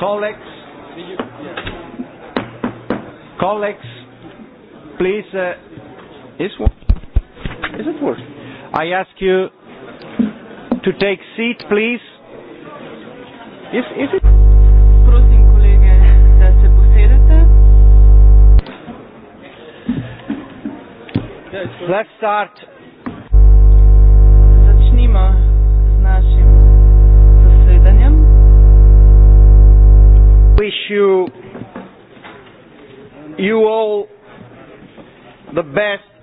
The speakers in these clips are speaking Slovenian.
colleagues, you, yeah. colleagues, please. Uh, is, is it working? I ask you to take seat, please. Is, is it? Let's start. wish you you all the best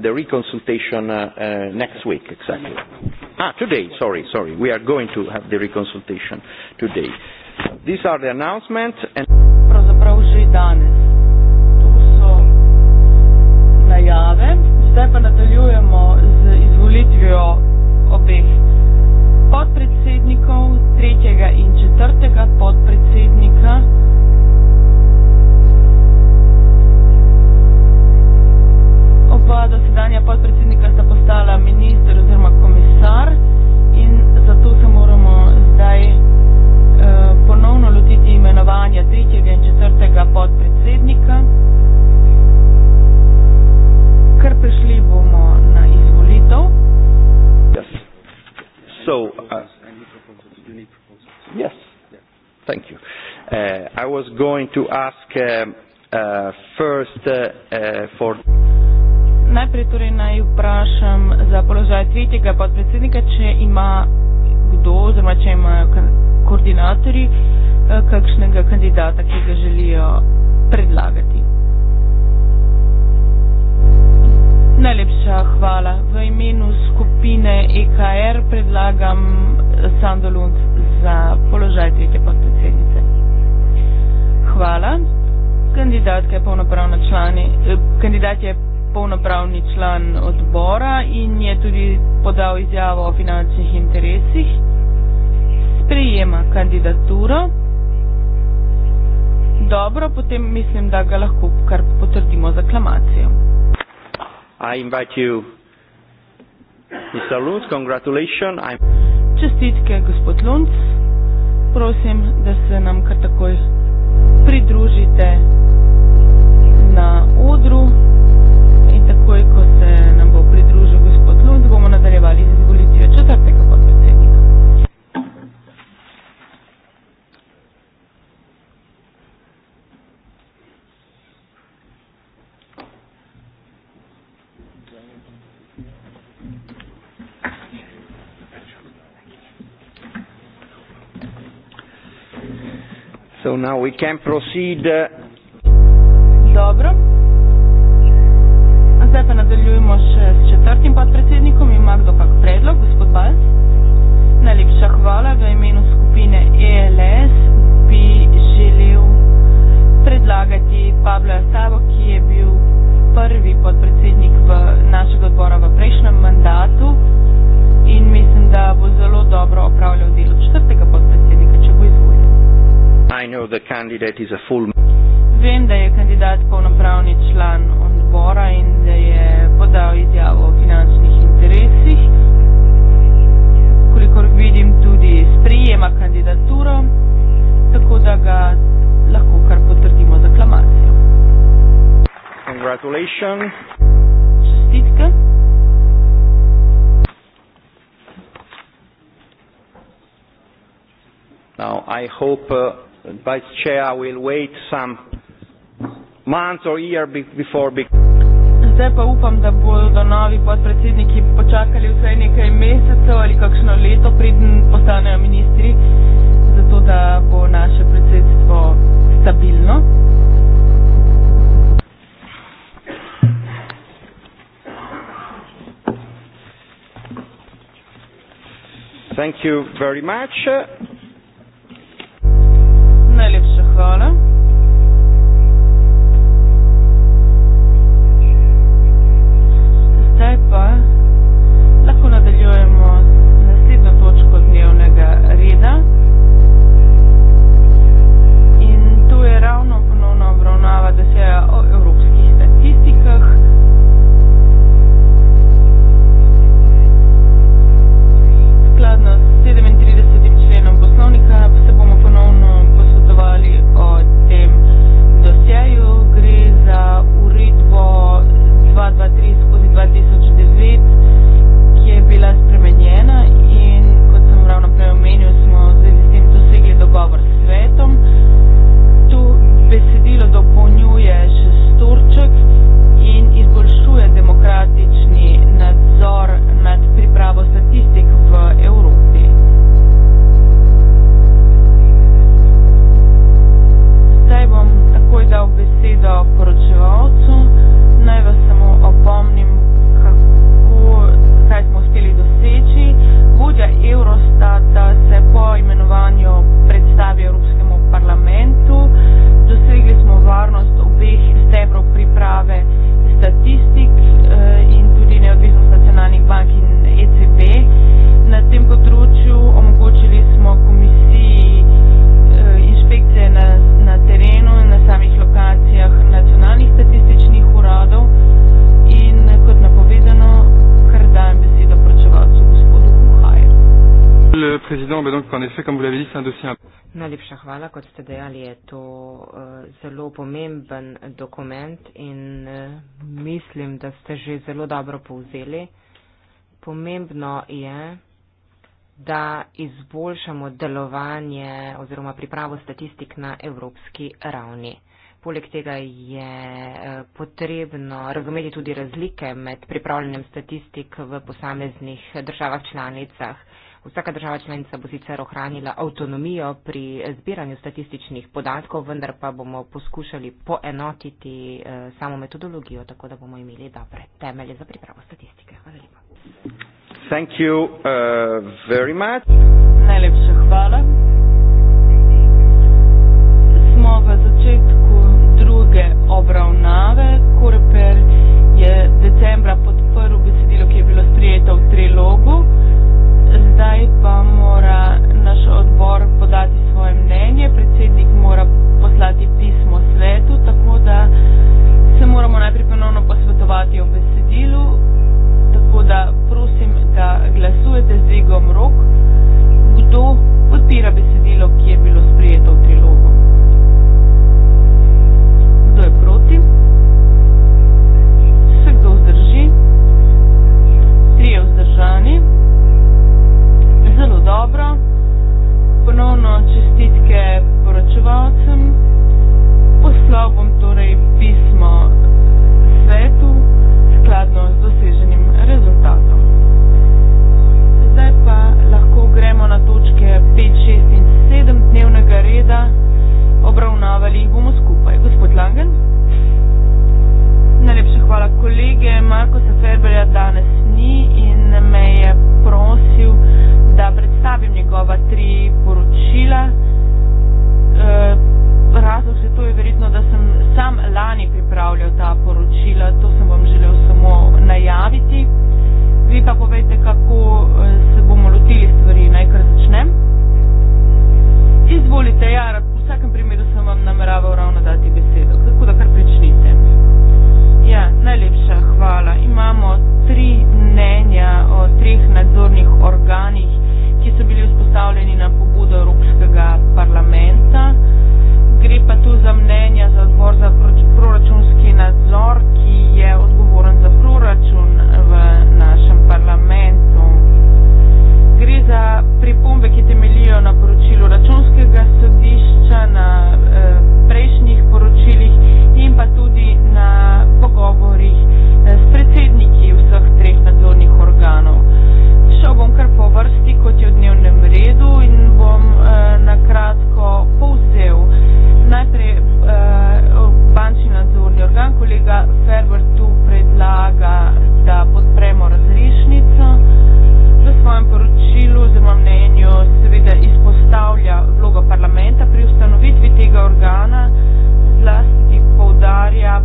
have the reconsultation uh, uh, next week, exactly. Ah, today, sorry, sorry. We are going to have the reconsultation today. These are the announcements. And Pravzaprav že danes. Tu so najave, zdaj pa nadaljujemo z izvolitvijo obeh podpredsednikov, tretjega in četrtega podpredsednika. oba zasedanja podpredsednika sta postala minister oziroma komisar in zato se moramo zdaj eh, ponovno lotiti imenovanja tretjega in četrtega podpredsednika. Ker prišli bomo na izvolitev. Yes. So, uh, yes. Thank you. Uh, I was going to ask uh, uh, first uh, uh, for. Najprej torej naj vprašam za položaj tretjega podpredsednika, če ima kdo oziroma če imajo koordinatorji eh, kakšnega kandidata, ki ga želijo predlagati. Najlepša hvala. V imenu skupine EKR predlagam Sando Lund za položaj tretje podpredsednice. Hvala. Kandidat je polnopravna člani, eh, kandidat je polnopravni član odbora in je tudi podal izjavo o finančnih interesih, sprejema kandidaturo. Dobro, potem mislim, da ga lahko kar potrdimo z aklamacijo. Čestitke, gospod Lunc. Prosim, da se nam kar takoj pridružite na odru takoj, ko se nam bo pridružil gospod Lund, bomo nadaljevali z izvolitvijo četrtega podpredsednika. So now we can proceed. Dobro zdaj pa nadaljujemo še s četrtim podpredsednikom. Ima kdo kak predlog, gospod Balc? Najlepša hvala v imenu skupine ELS bi želel predlagati Pablo Savo, ki je bil prvi podpredsednik v našega odbora v prejšnjem mandatu in mislim, da bo zelo dobro opravljal delo četrtega podpredsednika, če bo izvoljen. Vem, da je kandidat polnopravni član. On zbora in da je podal izjavo o finančnih interesih. Kolikor vidim, tudi sprijema kandidaturo, tako da ga lahko kar potrdimo z aklamacijo. Čestitke. Now, I hope uh, Vice Chair will wait some months or year before. Zdaj pa upam, da bodo novi podpredsedniki počakali vsaj nekaj mesecev ali kakšno leto, preden postanejo ministri, zato da bo naše predsedstvo stabilno. Najlepša hvala. type, hein? vsakem bolj velik na dosjem. Najlepša hvala, kot ste dejali, je to uh, zelo pomemben eh, dokument in uh, mislim, da ste že zelo dobro povzeli. Pomembno je, da izboljšamo delovanje oziroma pripravo statistik na evropski ravni. Poleg tega je potrebno razumeti tudi razlike med pripravljanjem statistik v posameznih državah članicah. Vsaka država članica bo sicer ohranila avtonomijo pri zbiranju statističnih podatkov, vendar pa bomo poskušali poenotiti eh, samo metodologijo, tako da bomo imeli dobre temelje za pripravo statistike. Hvala lepa. Thank you uh, very much. Najlepša hvala. Smo v začetku druge obravnave. Koreper je decembra podprl besedilo, ki je bilo sprijeto v trilogu zdaj pa mora naš odbor podati svoje mnenje, predsednik mora poslati pismo svetu, tako da se moramo najprej ponovno posvetovati o besedilu. Tako da prosim, da glasujete z dvigom rok, kdo podpira besedilo, ki je bilo sprijeto v trilogu. Kdo je proti? Vse, kdo vzdrži? Trije vzdržani zelo dobro. Ponovno čestitke poročevalcem. Poslal bom torej pismo svetu skladno z doseženim rezultatom. Zdaj pa lahko gremo na točke 5, 6 in 7 dnevnega reda. Obravnavali jih bomo skupaj. Gospod Langen. Najlepša hvala kolege. Marko Seferberja danes ni in me je da predstavim njegova tri poročila. Eh, razlog za to je verjetno, da sem sam lani pripravljal ta poročila, to sem vam želel samo najaviti. Vi pa povejte, kako eh, se bomo lotili stvari, naj kar začnem. Izvolite, ja, v vsakem primeru sem vam nameraval ravno dati besedo, tako da kar pričnite. Ja, najlepša hvala. Imamo tri mnenja o treh nadzornih organih, ki so bili vzpostavljeni na pobudo Evropskega parlamenta. Gre pa tu za mnenja za odbor za proračunski nadzor, ki je odgovoren za proračun v našem parlamentu. Gre za pripombe, ki temelijo na poročilu računskega sodišča, na eh, prejšnjih kolega Ferber tu predlaga, da podpremo razrešnico. V svojem poročilu oziroma mnenju seveda izpostavlja vlogo parlamenta pri ustanovitvi tega organa, zlasti poudarja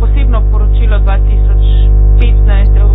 posebno poročilo 2015.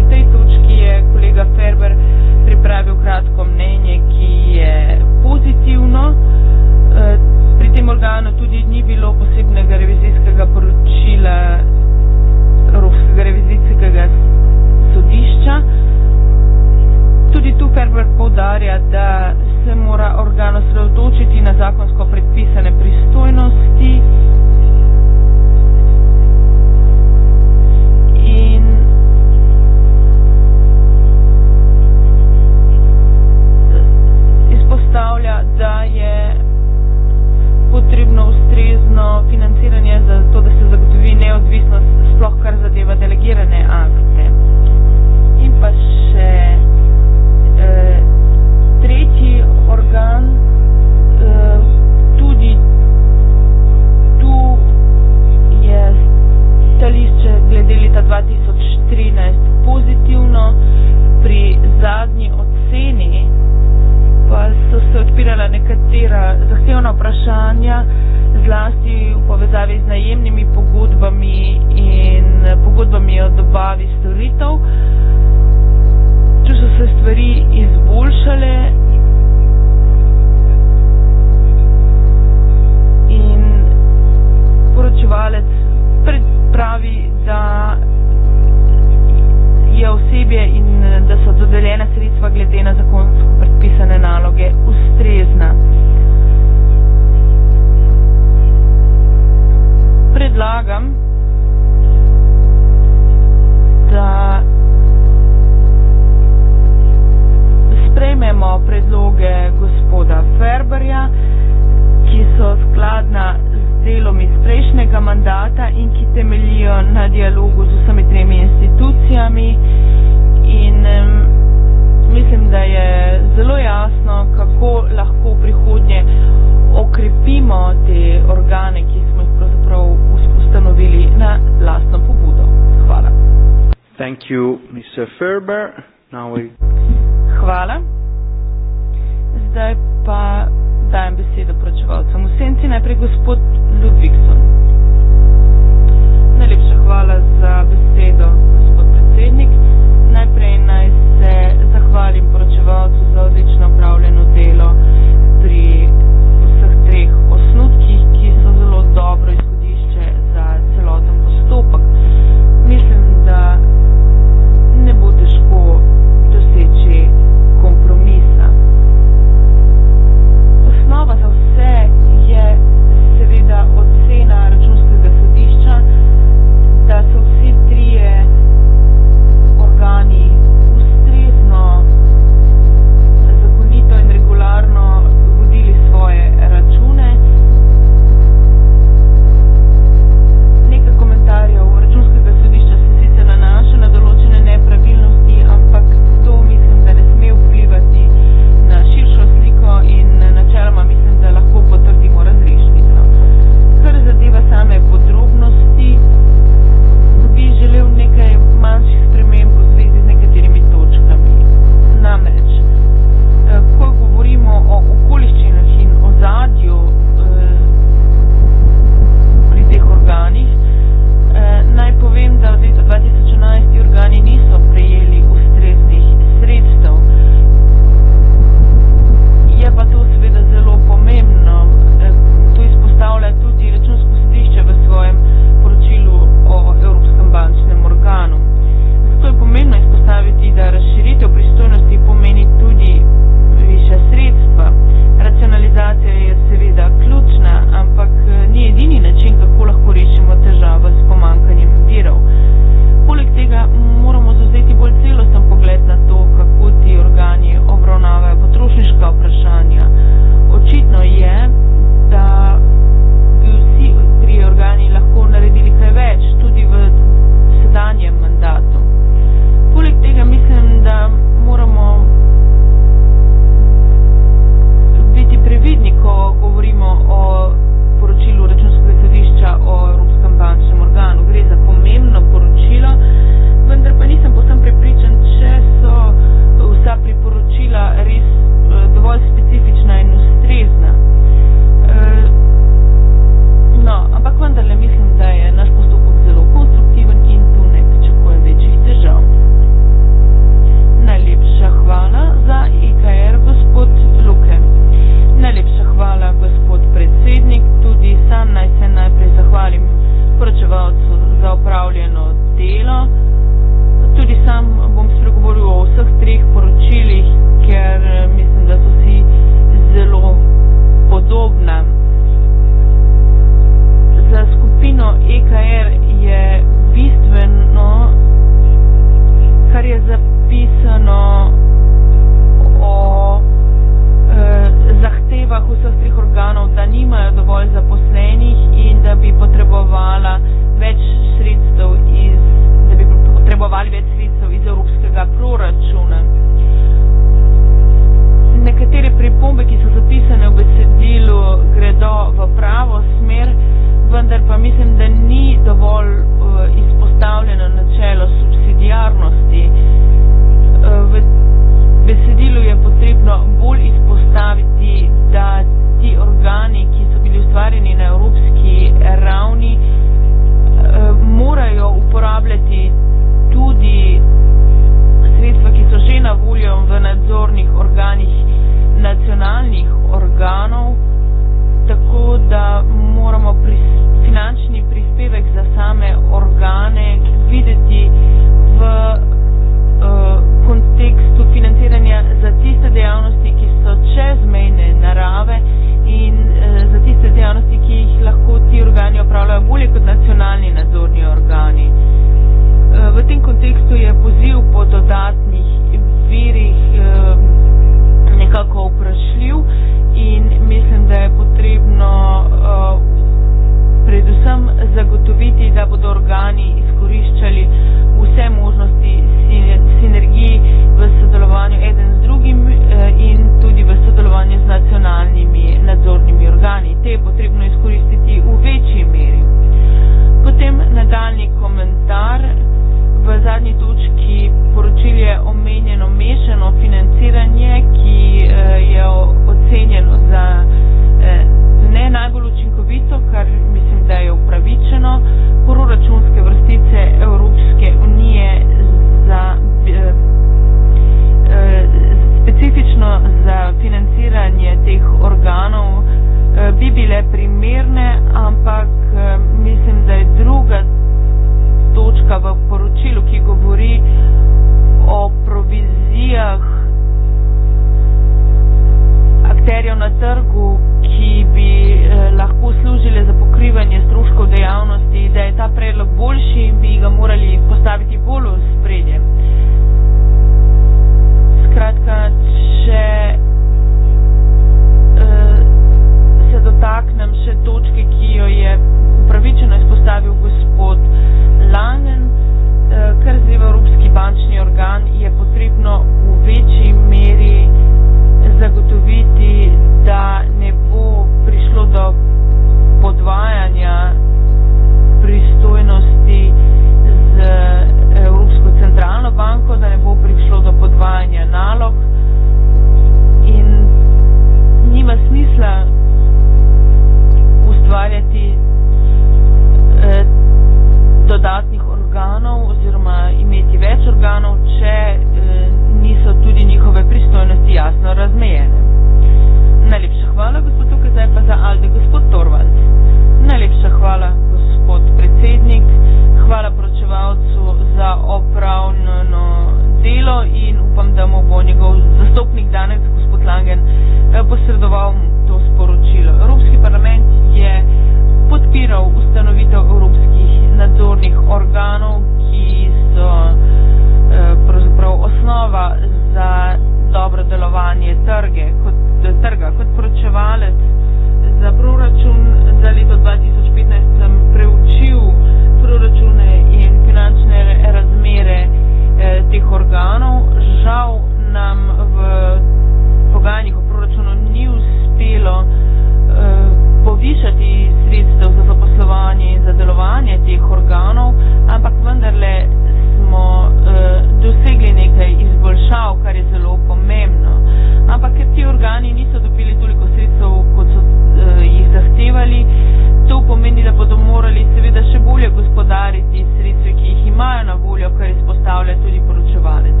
kar izpostavlja tudi poročevalec.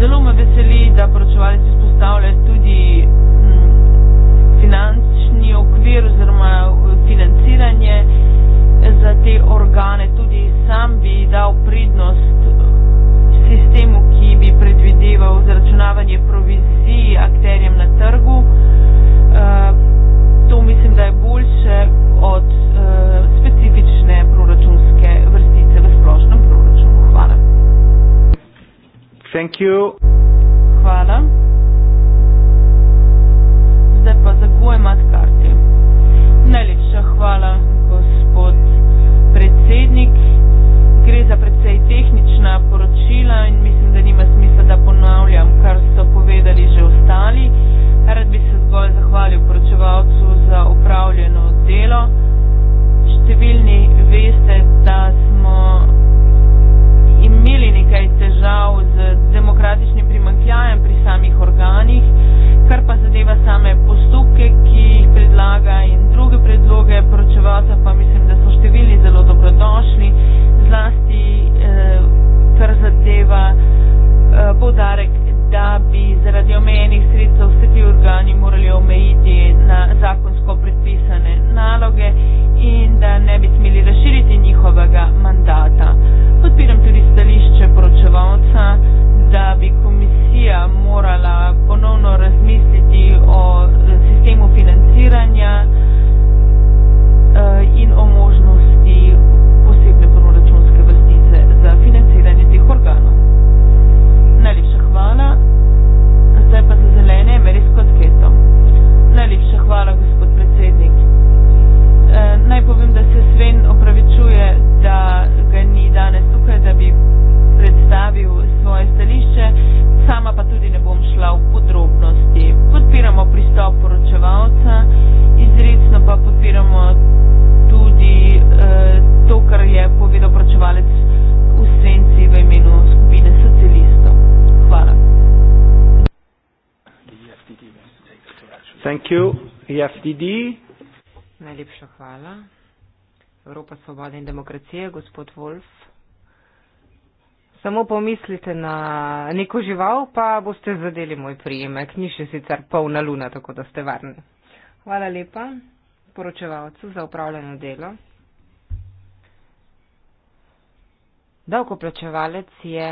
Zelo me veseli, da poročevalec izpostavlja tudi hm, finančni okvir oziroma financiranje za te organe. Tudi sam bi dal prednost sistemu, ki bi predvideval zaračunavanje provizij akterjem na trgu. E, to mislim, da je boljše od e, specifične provizije. Thank you. Hvala. Zdaj pa za Guemat karti. Najlepša hvala, gospod predsednik. Gre za predvsej tehnična poročila in mislim, da nima smisla, da ponavljam, kar so povedali že ostali. Rad bi se zgolj zahvalil poročevalcu za opravljeno delo. Številni veste, da smo imeli nekaj težav z demokratičnim primankljajem pri samih organih, kar pa zadeva same postopke, ki jih predlaga in druge predloge pročevalca, pa mislim, da so številni zelo dobrodošli, zlasti eh, kar zadeva eh, podarek da bi zaradi omejenih sredstev vse ti organi morali omejiti na zakonsko predpisane naloge in da ne bi smeli razširiti njihovega mandata. Podpiram tudi stališče poročevalca, da bi komisija morala ponovno razmisliti o sistemu financiranja eh, in o možnosti posebne proračunske vrstice za financiranje teh organov. Najlepša hvala. hvala, gospod predsednik. E, naj povem, da se Sven opravičuje, da ga ni danes tukaj, da bi predstavil svoje stališče, sama pa tudi ne bom šla v podrobnosti. Podpiramo pristop poročevalca, izredno pa podpiramo tudi e, to, kar je povedal poročevalec v senci v imenu skupine socialistov. Hvala. Thank you. PFDD. Najlepša hvala. Evropa svobode in demokracije, gospod Wolf. Samo pomislite na neko žival, pa boste zadeli moj prijemek. Ni še sicer polna luna, tako da ste varni. Hvala lepa poročevalcu za upravljeno delo. Davkoplačevalec je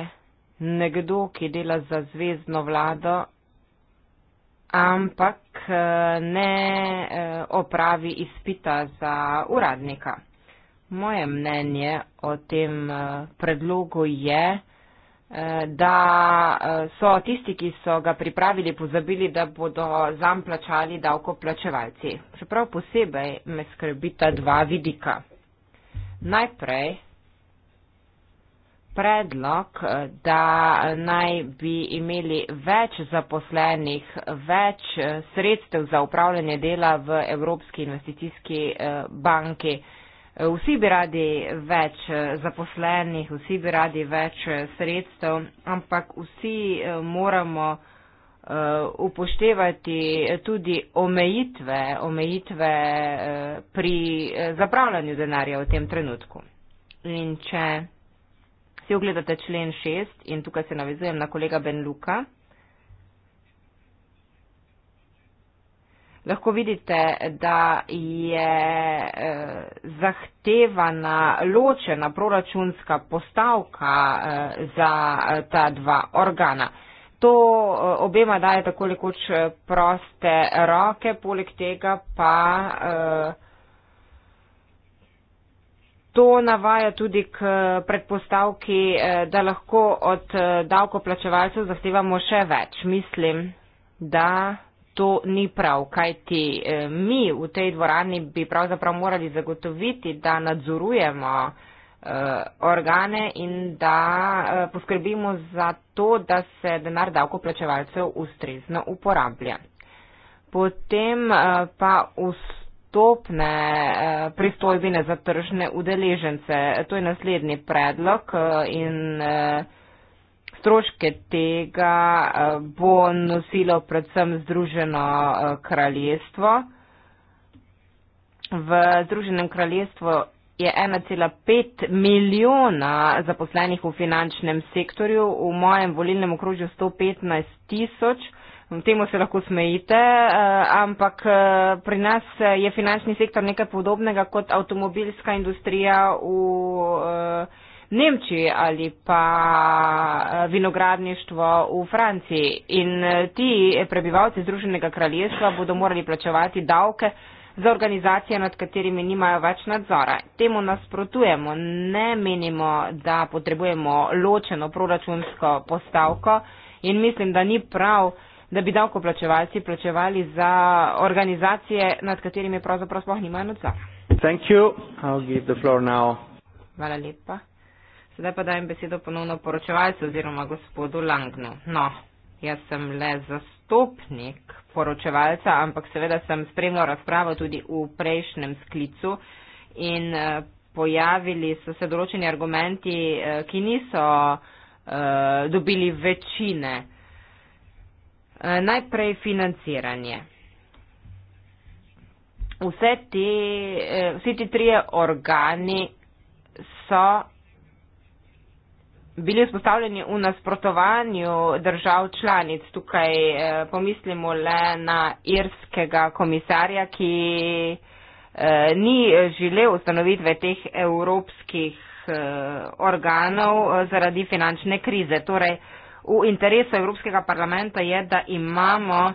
nekdo, ki dela za zvezdno vlado ampak eh, ne eh, opravi izpita za uradnika. Moje mnenje o tem eh, predlogu je, da so tisti, ki so ga pripravili, pozabili, da bodo zam plačali davkoplačevalci. Čeprav posebej me skrbita dva vidika. Najprej predlog, eh, da naj bi imeli več zaposlenih, več eh, sredstev za upravljanje dela v Evropski investicijski eh, banki. Vsi bi radi več zaposlenih, vsi bi radi več sredstev, ampak vsi moramo upoštevati tudi omejitve, omejitve pri zapravljanju denarja v tem trenutku. In če vsi ogledate člen 6 in tukaj se navizujem na kolega Benluka. Lahko vidite, da je eh, zahtevana ločena proračunska postavka eh, za eh, ta dva organa. To obema daje takoli kot proste roke, poleg tega pa. Uh, To navaja tudi k predpostavki, eh, da lahko od eh, davkoplačevalcev zahtevamo še več. Mislim, da to ni prav, kajti eh, mi v tej dvorani bi pravzaprav morali zagotoviti, da nadzorujemo organe in da poskrbimo za to, da se denar davkoplačevalcev ustrezno uporablja. Potem pa vse dostopne eh, pristojbine za tržne udeležence. To je naslednji predlog eh, in eh, stroške tega bo nosilo predvsem Združeno kraljestvo. V Združenem kraljestvu je 1,5 milijona zaposlenih v finančnem sektorju, v mojem volilnem okrožju 115 tisoč temu se lahko smejite, eh, ampak eh, pri nas eh, je finančni sektor nekaj podobnega kot avtomobilska industrija v Nemčiji ali pa vinogradništvo v Franciji. In ti prebivalci Združenega kraljestva bodo morali plačevati davke za organizacije, nad katerimi nimajo več nadzora. Temu nasprotujemo, ne menimo, da potrebujemo ločeno proračunsko postavko in mislim, da ni prav, da bi davkoplačevalci plačevali za organizacije, nad katerimi pravzaprav sploh nimajo nadzora. Hvala lepa. Zdaj pa dajem besedo ponovno poročevalcu oziroma gospodu Langnu. No, jaz sem le zastopnik poročevalca, ampak seveda sem spremljal razpravo tudi v prejšnjem sklicu in eh, pojavili so se določeni argumenti, eh, ki niso eh, dobili večine. Eh, najprej financiranje. Vse ti, eh, vsi ti trije organi so bili vzpostavljeni v nasprotovanju držav članic. Tukaj eh, pomislimo le na irskega komisarja, ki ni želel ustanovitve teh evropskih organov zaradi finančne krize. Torej, v interesu Evropskega parlamenta je, da imamo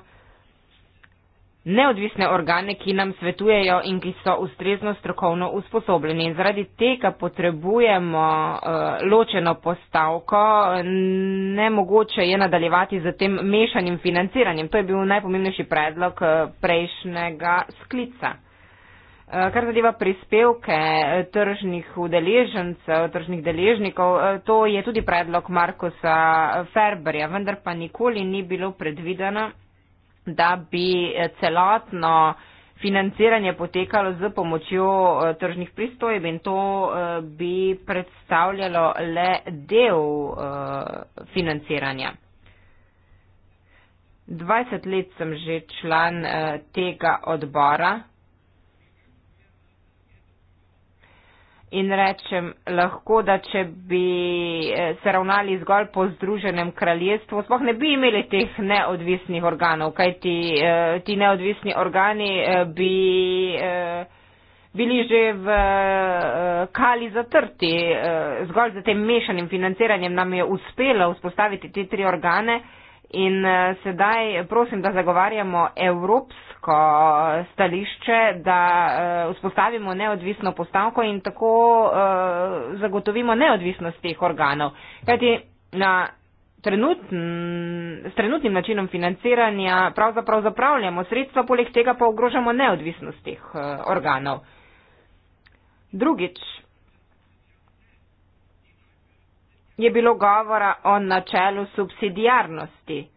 neodvisne organe, ki nam svetujejo in ki so ustrezno strokovno usposobljeni. Zaradi tega potrebujemo eh, ločeno postavko, nemogoče je nadaljevati z tem mešanim financiranjem. To je bil najpomembnejši predlog eh, prejšnjega sklica. Eh, kar zadeva prispevke eh, tržnih udeležencev, tržnih deležnikov, eh, to je tudi predlog Markusa Ferberja, vendar pa nikoli ni bilo predvideno, da bi celotno financiranje potekalo z pomočjo tržnih pristojb in to bi predstavljalo le del financiranja. 20 let sem že član tega odbora. in rečem lahko, da če bi eh, se ravnali zgolj po Združenem kraljestvu, sploh ne bi imeli teh neodvisnih organov, kaj ti, eh, ti neodvisni organi eh, bi bili že v kali zatrti. Zgolj za tem mešanim financiranjem nam je uspelo vzpostaviti te tri organe. In eh, sedaj prosim, da zagovarjamo evropsko stališče, da eh, vzpostavimo neodvisno postavko in tako eh, zagotovimo neodvisnost teh organov. Kajti na trenutn, s trenutnim načinom financiranja pravzaprav zapravljamo sredstva, poleg tega pa ogrožamo neodvisnost teh organov. Drugič. je bilo govora o načelu subsidijarnosti.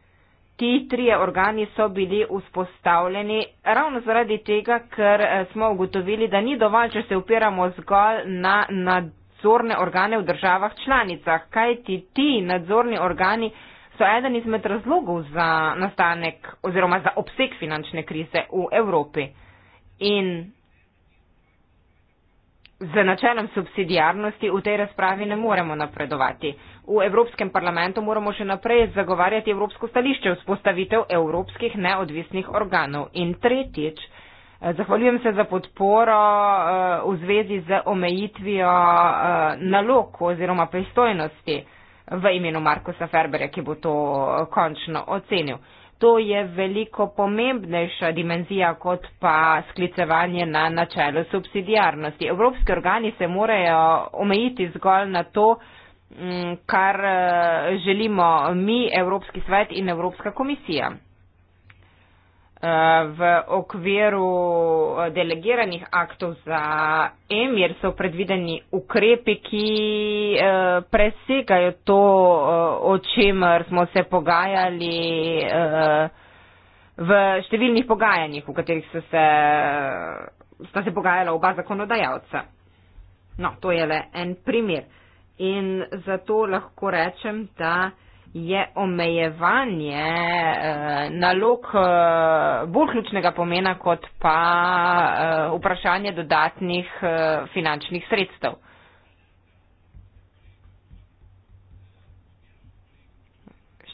Ti trije organi so bili vzpostavljeni ravno zaradi tega, ker eh, smo ugotovili, da ni dovolj, če se upiramo zgolj na nadzorne organe v državah članicah, kajti ti nadzorni organi so eden izmed razlogov za nastanek oziroma za obseg finančne krize v Evropi. In Za načelom subsidijarnosti v tej razpravi ne moremo napredovati. V Evropskem parlamentu moramo še naprej zagovarjati evropsko stališče vzpostavitev evropskih neodvisnih organov. In tretjič, eh, zahvaljujem se za podporo eh, v zvezi z omejitvijo eh, nalog oziroma pristojnosti v imenu Markusa Ferberja, ki bo to končno ocenil. To je veliko pomembnejša dimenzija kot pa sklicevanje na načelo subsidijarnosti. Evropski organi se morajo omejiti zgolj na to, mm, kar eh, želimo mi, Evropski svet in Evropska komisija. Eh, v okviru eh, delegiranih aktov za emir so predvideni ukrepi, ki eh, presegajo to, o čemer smo se pogajali v številnih pogajanjih, v katerih so se, sta se pogajala oba zakonodajalca. No, to je le en primer. In zato lahko rečem, da je omejevanje eh, nalog eh, bolj ključnega pomena kot pa eh, vprašanje dodatnih eh, finančnih sredstev.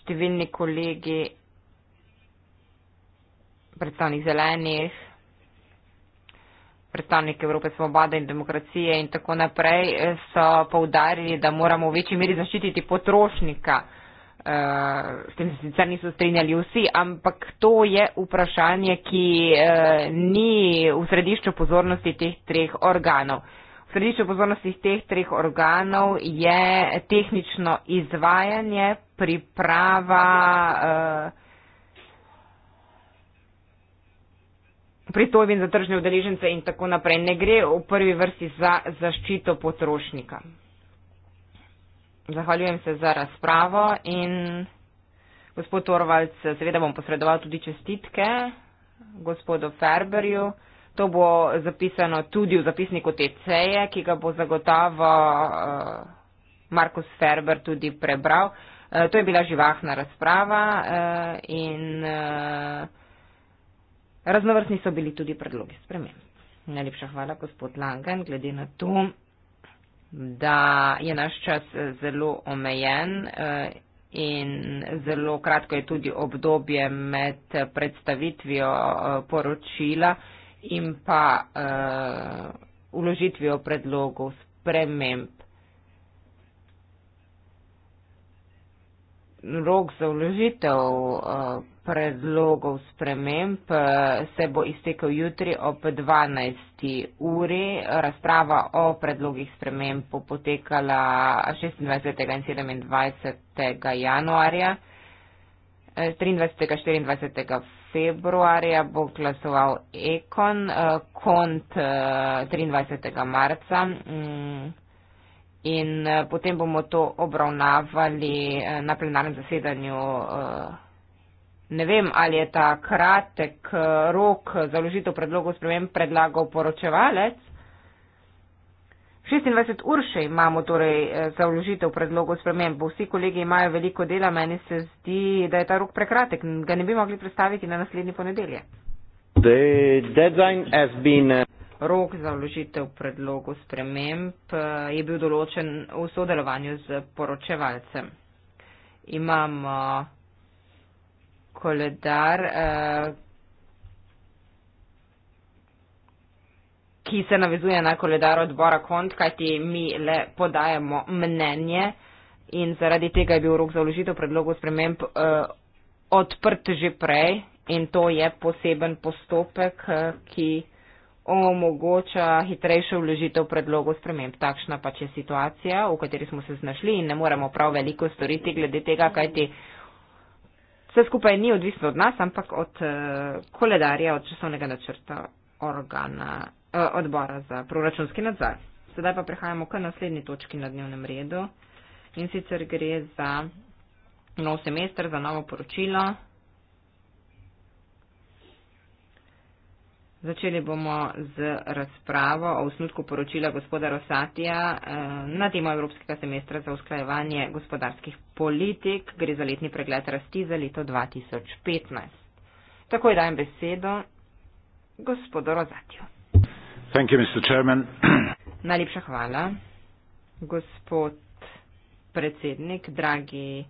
Številni kolegi, predstavnik zelenih, predstavnik Evrope svobode in demokracije in tako naprej so poudarili, da moramo v večji meri zaščititi potrošnika. Eh, s tem se sicer niso strinjali vsi, ampak to je vprašanje, ki eh, ni v središču pozornosti teh treh organov. V središču pozornosti teh treh organov je tehnično izvajanje, priprava. Eh, pritojbin za tržne udeležence in tako naprej. Ne gre v prvi vrsti za zaščito potrošnika. Zahvaljujem se za razpravo in gospod Torvalc, seveda bom posredoval tudi čestitke gospodu Ferberju. To bo zapisano tudi v zapisniku te ceje, ki ga bo zagotovo eh, Markus Ferber tudi prebral. Eh, to je bila živahna razprava eh, in raznovrstni so bili tudi predlogi spremem. Najlepša hvala, gospod Langen, glede na to da je naš čas eh, zelo omejen eh, in zelo kratko je tudi obdobje med predstavitvijo eh, poročila in pa uložitvijo predlogov sprememb. Rok za vložitev uh, predlogov sprememb eh, se bo iztekel jutri ob 12. uri. Razprava o predlogih sprememb bo potekala 26. in 27. januarja. 23. in 24. februarja bo glasoval Ekon eh, kont 23. Eh, marca. Mm, in potem bomo to obravnavali na plenarnem zasedanju Ne vem, ali je ta kratek eh, rok za ložitev predlogov sprememb predlagal poročevalec. 26 ur še imamo torej eh, za vložitev predlogov sprememb. Vsi kolegi imajo veliko dela, meni se zdi, da je ta rok prekratek. Ga ne bi mogli predstaviti na naslednji ponedelje. Been... Eh, rok za vložitev predlogov sprememb je bil določen v sodelovanju z poročevalcem. Imamo koledar, uh, ki se navezuje na koledar odbora kont, kajti mi le podajamo mnenje in zaradi tega je bil rok za vložitev predlogov sprememb uh, odprt že prej in to je poseben postopek, uh, ki omogoča hitrejšo vložitev predlogov sprememb. Takšna pač je situacija, v kateri smo se znašli in ne moremo prav veliko storiti glede tega, kajti. Uh, vse skupaj ni odvisno od nas, ampak od uh, koledarja, od časovnega načrta organa, uh, odbora za proračunski nadzor. Sedaj pa prehajamo k naslednji točki na dnevnem redu in sicer gre za nov semester, za novo poročilo. Začeli bomo z razpravo o usnutku poročila gospoda Rosatija eh, na temo Evropskega semestra za usklajevanje gospodarskih politik. Gre za letni pregled rasti za leto 2015. Takoj dajem besedo gospodu Rosatiju. Najlepša hvala, gospod predsednik, dragi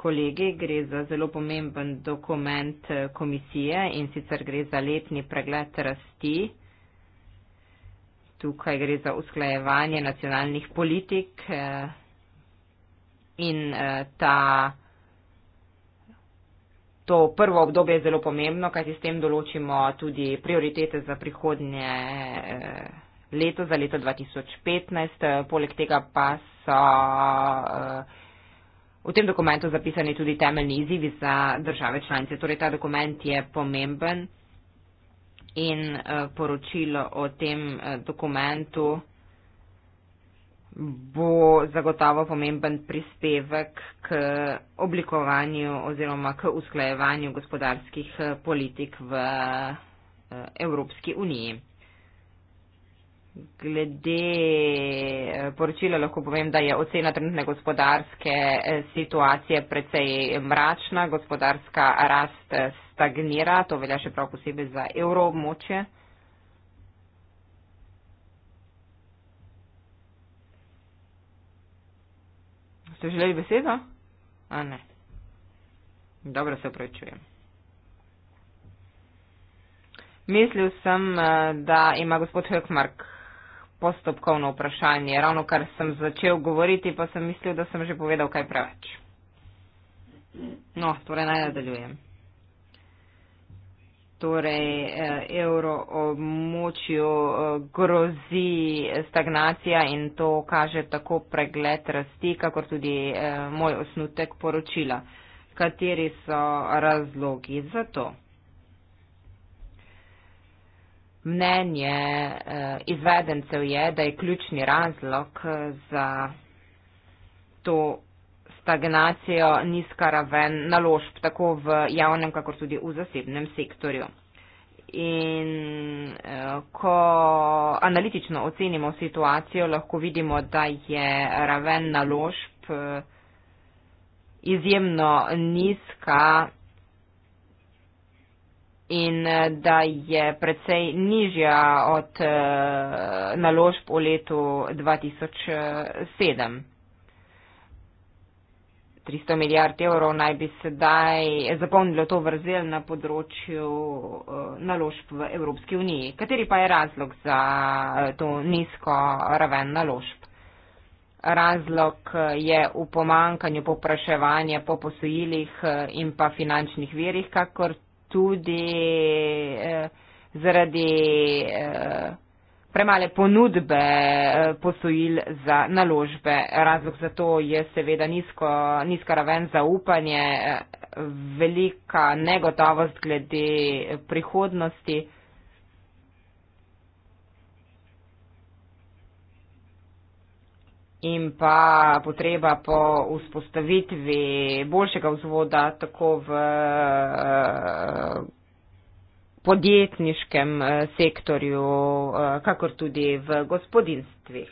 kolegi, gre za zelo pomemben dokument eh, komisije in sicer gre za letni pregled rasti. Tukaj gre za usklajevanje nacionalnih politik eh, in eh, ta, to prvo obdobje je zelo pomembno, kajti s tem določimo tudi prioritete za prihodnje leto, za leto 2015. Poleg tega pa so V tem dokumentu zapisani tudi temeljni izzivi za države članice. Torej, ta dokument je pomemben in e, poročilo o tem e, dokumentu bo zagotovo pomemben prispevek k oblikovanju oziroma k usklajevanju gospodarskih e, politik v Evropski uniji. Glede eh, poročila lahko povem, da je ocena trenutne gospodarske eh, situacije precej eh, mračna, gospodarska rast stagnira, to velja še prav posebej za evroobmočje. Ste želeli besedo? A ne. Dobro se opravičujem. Mislil sem, da ima gospod Hökmark postopkovno vprašanje. Ravno kar sem začel govoriti, pa sem mislil, da sem že povedal kaj preveč. No, torej naj nadaljujem. Torej, eh, evro območju eh, grozi stagnacija in to kaže tako pregled rasti, kakor tudi eh, moj osnutek poročila. Kateri so razlogi za to? Mnenje eh, izvedencev je, da je ključni razlog eh, za to stagnacijo nizka raven naložb, tako v javnem, kakor tudi v zasebnem sektorju. In eh, ko analitično ocenimo situacijo, lahko vidimo, da je raven naložb izjemno nizka in eh, da je precej nižja od eh, naložb v letu 2007. 300 milijard evrov naj bi sedaj zapolnilo to vrzel na področju eh, naložb v Evropski uniji. Kateri pa je razlog za to nizko raven naložb? Razlog je v pomankanju popraševanja po posojilih in pa finančnih verjih, kakor tudi eh, zaradi eh, premale ponudbe eh, posojil za naložbe. Razlog za to je seveda nizko, nizka raven zaupanje, eh, velika negotovost glede prihodnosti. Eh, in pa potreba po vzpostavitvi boljšega vzvoda tako v eh, podjetniškem eh, sektorju, eh, kakor tudi v gospodinstvih.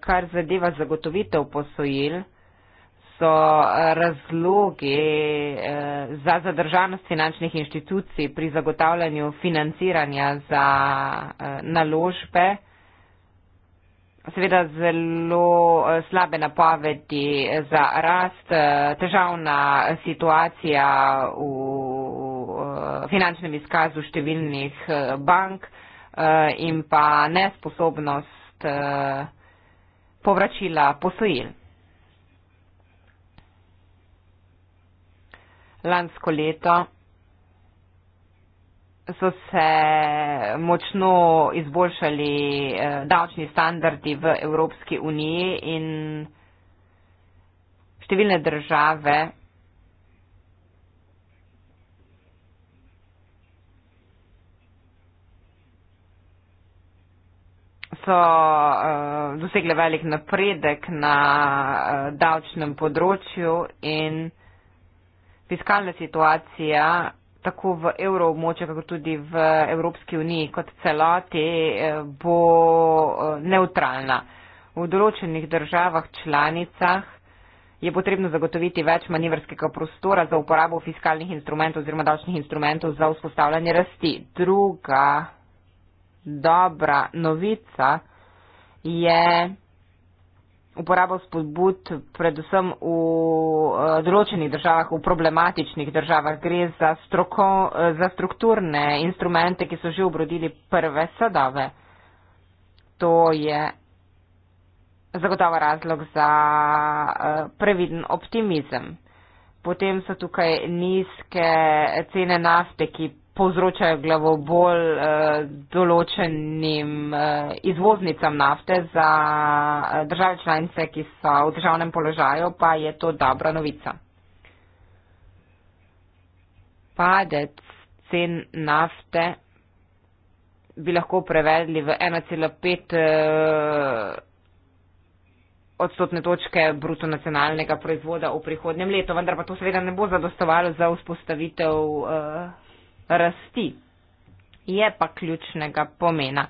Kar zadeva zagotovitev posojil, so razlogi za zadržanost finančnih inštitucij pri zagotavljanju financiranja za naložbe seveda zelo eh, slabe napovedi za rast, eh, težavna situacija v eh, finančnem izkazu številnih bank in pa nesposobnost povračila posojil. Lansko leto so se močno izboljšali eh, davčni standardi v Evropski uniji in številne države so eh, dosegle velik napredek na eh, davčnem področju in fiskalna situacija tako v evroobmočju, kako tudi v Evropski uniji kot celoti, eh, bo eh, neutralna. V določenih državah članicah je potrebno zagotoviti več manevrskega prostora za uporabo fiskalnih instrumentov oziroma davčnih instrumentov za vzpostavljanje rasti. Druga dobra novica je, uporabo spodbud predvsem v eh, določenih državah, v problematičnih državah. Gre za, stroko, eh, za strukturne instrumente, ki so že obrodili prve sadove. To je zagotovo razlog za eh, previden optimizem. Potem so tukaj nizke cene nafte, ki povzročajo glavobol eh, določenim eh, izvoznicam nafte za eh, države članice, ki so v državnem položaju, pa je to dobra novica. Padec cen nafte bi lahko prevedli v 1,5 eh, odstotne točke bruto nacionalnega proizvoda v prihodnjem letu, vendar pa to seveda ne bo zadostovalo za vzpostavitev. Eh, rasti. Je pa ključnega pomena.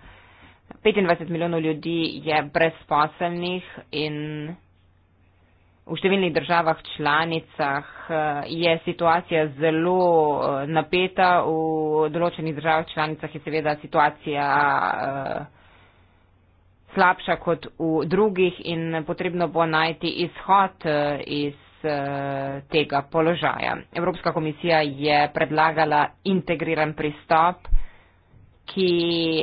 25 milijonov ljudi je brezposelnih in v številnih državah članicah eh, je situacija zelo eh, napeta. V določenih državah članicah je seveda situacija eh, slabša kot v drugih in potrebno bo najti izhod iz Eh, tega položaja. Evropska komisija je predlagala integriran pristop, ki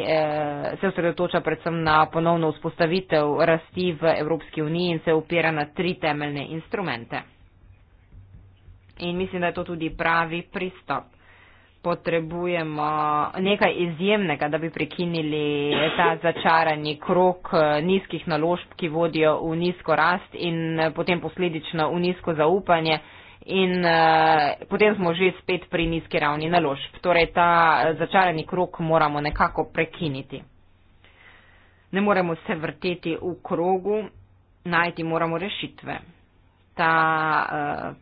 eh, se osredotoča predvsem na ponovno vzpostavitev rasti v Evropski uniji in se upira na tri temeljne instrumente. In mislim, da je to tudi pravi pristop potrebujemo nekaj izjemnega, da bi prekinili ta začarani krok eh, nizkih naložb, ki vodijo v nizko rast in eh, potem posledično v nizko zaupanje. In uh, potem smo že spet pri nizki ravni naložb. Torej, ta začarani krok moramo nekako prekiniti. Ne moremo se vrteti v krogu, najti moramo rešitve. Ta uh,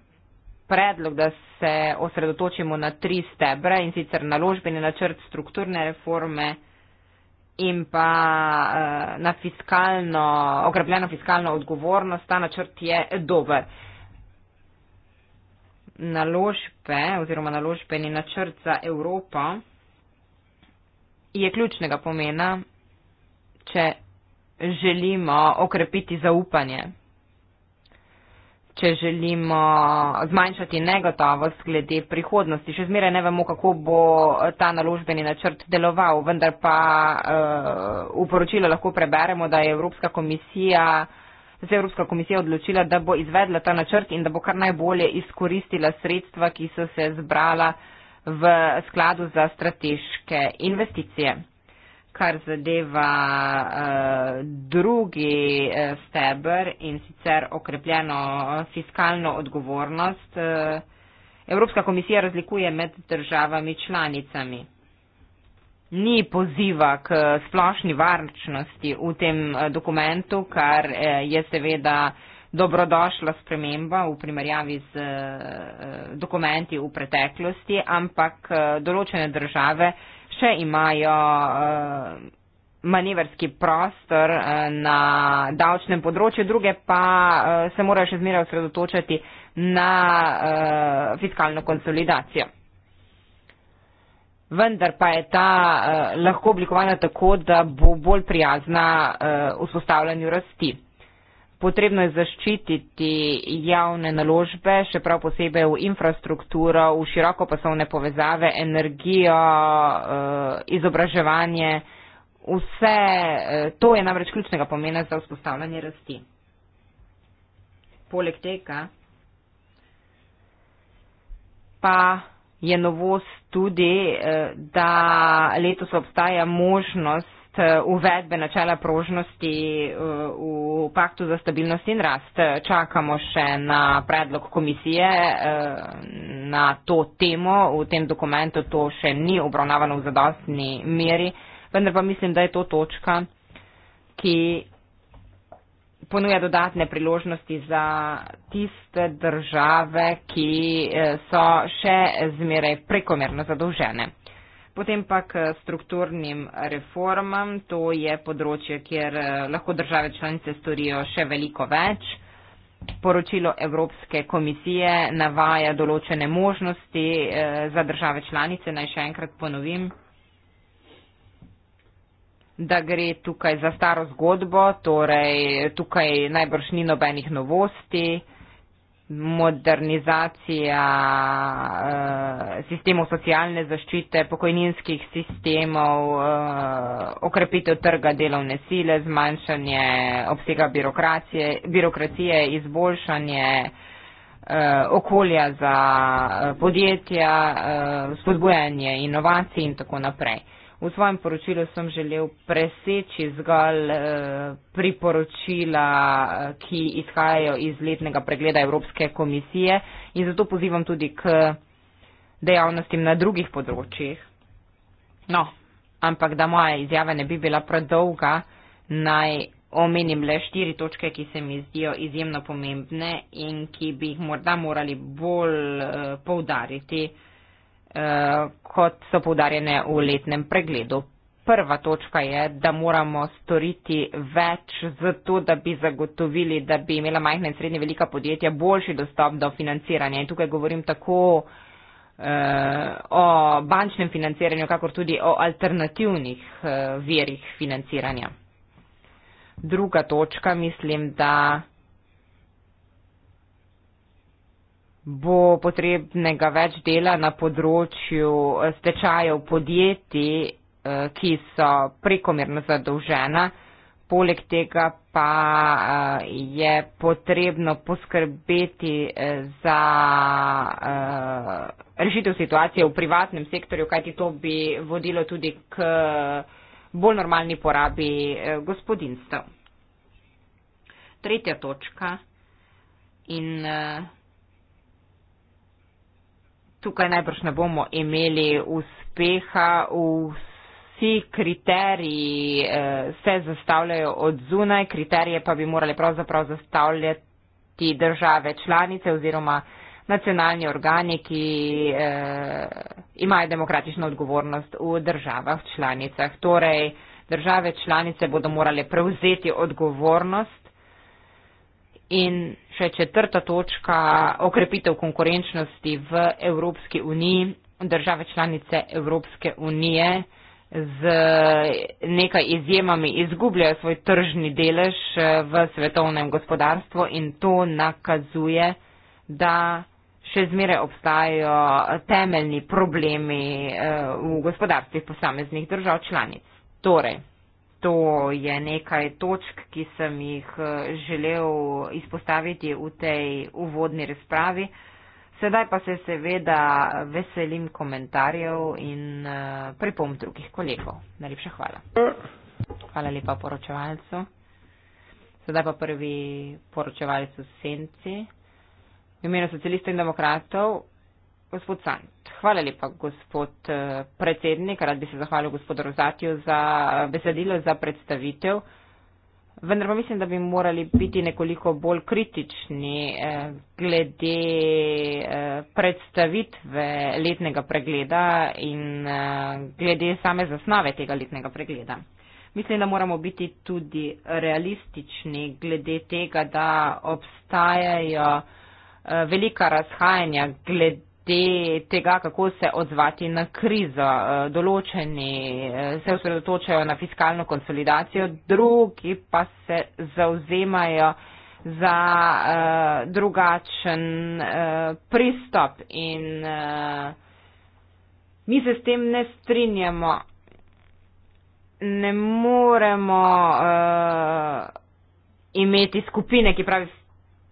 predlog, da se osredotočimo na tri stebre in sicer naložbeni načrt strukturne reforme in pa uh, na fiskalno, okrepljeno fiskalno odgovornost. Ta načrt je dober. Naložbe oziroma naložbeni načrt za Evropo je ključnega pomena, če želimo okrepiti zaupanje če želimo zmanjšati negotovost glede prihodnosti. Še zmeraj ne vemo, kako bo ta naložbeni načrt deloval, vendar pa uh, v poročilu lahko preberemo, da je Evropska komisija, da se je Evropska komisija odločila, da bo izvedla ta načrt in da bo kar najbolje izkoristila sredstva, ki so se zbrala v skladu za strateške investicije kar zadeva uh, drugi uh, steber in sicer okrepljeno fiskalno odgovornost. Uh, Evropska komisija razlikuje med državami članicami. Ni poziva k splošni varčnosti v tem uh, dokumentu, kar uh, je seveda dobrodošla sprememba v primerjavi z uh, dokumenti v preteklosti, ampak uh, določene države še imajo uh, manevrski prostor uh, na davčnem področju, druge pa uh, se morajo še zmeraj osredotočati na uh, fiskalno konsolidacijo. Vendar pa je ta uh, lahko oblikovana tako, da bo bolj prijazna uh, vzpostavljanju rasti. Potrebno je zaščititi javne naložbe, še prav posebej v infrastrukturo, v širokopasovne povezave, energijo, eh, izobraževanje. Vse eh, to je namreč ključnega pomena za vzpostavljanje rasti. Poleg tega pa je novost tudi, eh, da letos obstaja možnost kontekst eh, uvedbe načela prožnosti eh, v paktu za stabilnost in rast. Čakamo še na predlog komisije eh, na to temo. V tem dokumentu to še ni obravnavano v zadostni meri, vendar pa mislim, da je to točka, ki ponuja dodatne priložnosti za tiste države, ki so še zmeraj prekomerno zadolžene. Potem pa k strukturnim reformam, to je področje, kjer eh, lahko države članice storijo še veliko več. Poročilo Evropske komisije navaja določene možnosti eh, za države članice, naj še enkrat ponovim, da gre tukaj za staro zgodbo, torej tukaj najbrž ni nobenih novosti modernizacija e, sistemov socialne zaščite, pokojninskih sistemov, e, okrepitev trga delovne sile, zmanjšanje obsega birokracije, birokracije izboljšanje e, okolja za podjetja, e, spodbujanje inovacij in tako naprej. E, V svojem poročilu sem želel preseči zgolj eh, priporočila, eh, ki izhajajo iz letnega pregleda Evropske komisije in zato pozivam tudi k dejavnostim na drugih področjih. No, ampak da moja izjava ne bi bila predolga, naj omenim le štiri točke, ki se mi zdijo izjemno pomembne in ki bi jih morda morali bolj eh, poudariti kot so poudarjene v letnem pregledu. Prva točka je, da moramo storiti več za to, da bi zagotovili, da bi imela majhna in srednje velika podjetja boljši dostop do financiranja. In tukaj govorim tako eh, o bančnem financiranju, kakor tudi o alternativnih eh, verih financiranja. Druga točka, mislim, da. bo potrebnega več dela na področju eh, stečajev podjetij, eh, ki so prekomerno zadolžena. Poleg tega pa eh, je potrebno poskrbeti za rešitev situacije v privatnem sektorju, kajti to bi vodilo tudi k bolj normalni porabi gospodinstv. Tretja točka. In tukaj najbrž ne bomo imeli uspeha, vsi kriteriji eh, se zastavljajo od zunaj, kriterije pa bi morali pravzaprav zastavljati države članice oziroma nacionalni organi, ki eh, imajo demokratično odgovornost v državah članicah. Torej, države članice bodo morale prevzeti odgovornost In še četrta točka, okrepitev konkurenčnosti v Evropski uniji, države članice Evropske unije z nekaj izjemami izgubljajo svoj tržni delež eh, v svetovnem gospodarstvu in to nakazuje, da še zmeraj obstajajo temeljni problemi eh, v gospodarstvih posameznih držav članic. Torej, to je nekaj točk, ki sem jih eh, želel izpostaviti v tej uvodni razpravi. Sedaj pa se seveda veselim komentarjev in eh, pripomb drugih kolegov. Najlepša hvala. Hvala lepa poročevalcu. Sedaj pa prvi poročevalec v senci. V imenu socialistov in demokratov, gospod Sanč. Hvala lepa, gospod eh, predsednik. Rad bi se zahvalil gospodu Rozatiju za eh, besedilo, za predstavitev. Vendar pa mislim, da bi morali biti nekoliko bolj kritični eh, glede predstavitve letnega pregleda in glede same zasnove tega letnega pregleda. Mislim, da moramo biti tudi realistični glede tega, da obstajajo velika razhajanja glede te, tega, kako se odzvati na krizo. Eh, določeni eh, se osredotočajo na fiskalno konsolidacijo, drugi pa se zauzemajo za uh, drugačen uh, pristop in uh, mi se s tem ne strinjamo. Ne moremo uh, imeti skupine, ki pravi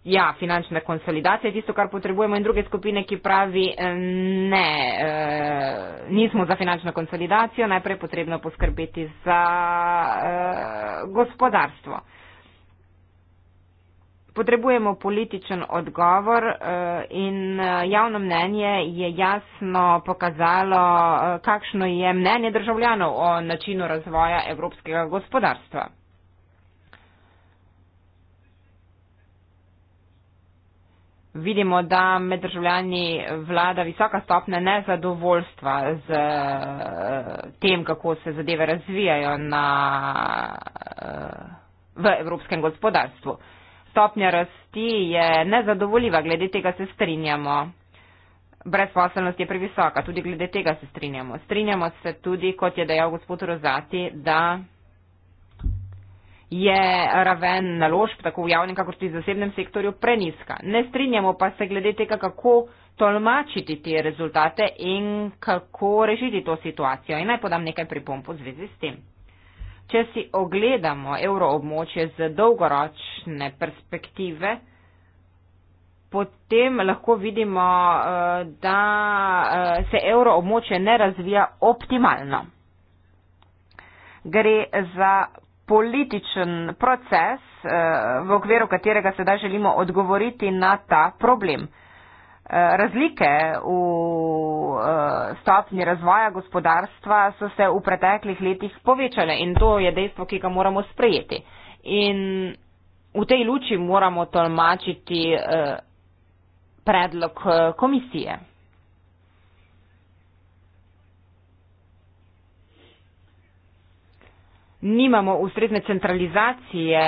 Ja, finančna konsolidacija je tisto, kar potrebujemo in druge skupine, ki pravi eh, ne, eh, nismo za finančno konsolidacijo, najprej je potrebno poskrbeti za eh, gospodarstvo. Potrebujemo političen odgovor in javno mnenje je jasno pokazalo, kakšno je mnenje državljanov o načinu razvoja evropskega gospodarstva. vidimo, da med državljani vlada visoka stopna nezadovoljstva z eh, tem, kako se zadeve razvijajo na, eh, v evropskem gospodarstvu. Stopnja rasti je nezadovoljiva, glede tega se strinjamo. Brezposelnost je previsoka, tudi glede tega se strinjamo. Strinjamo se tudi, kot je dejal gospod Rozati, da je raven naložb tako v javnem, kakor tudi v zasebnem sektorju preniska. Ne strinjamo pa se glede tega, kako tolmačiti te rezultate in kako rešiti to situacijo. In naj podam nekaj pripomp v zvezi s tem. Če si ogledamo evroobmočje z dolgoročne perspektive, potem lahko vidimo, eh, da eh, se evroobmočje ne razvija optimalno. Gre za političen proces, eh, v okviru katerega sedaj želimo odgovoriti na ta problem. Eh, razlike v eh, stopni razvoja gospodarstva so se v preteklih letih povečale in to je dejstvo, ki ga moramo sprejeti. In v tej luči moramo tolmačiti predlog komisije. nimamo ustrezne centralizacije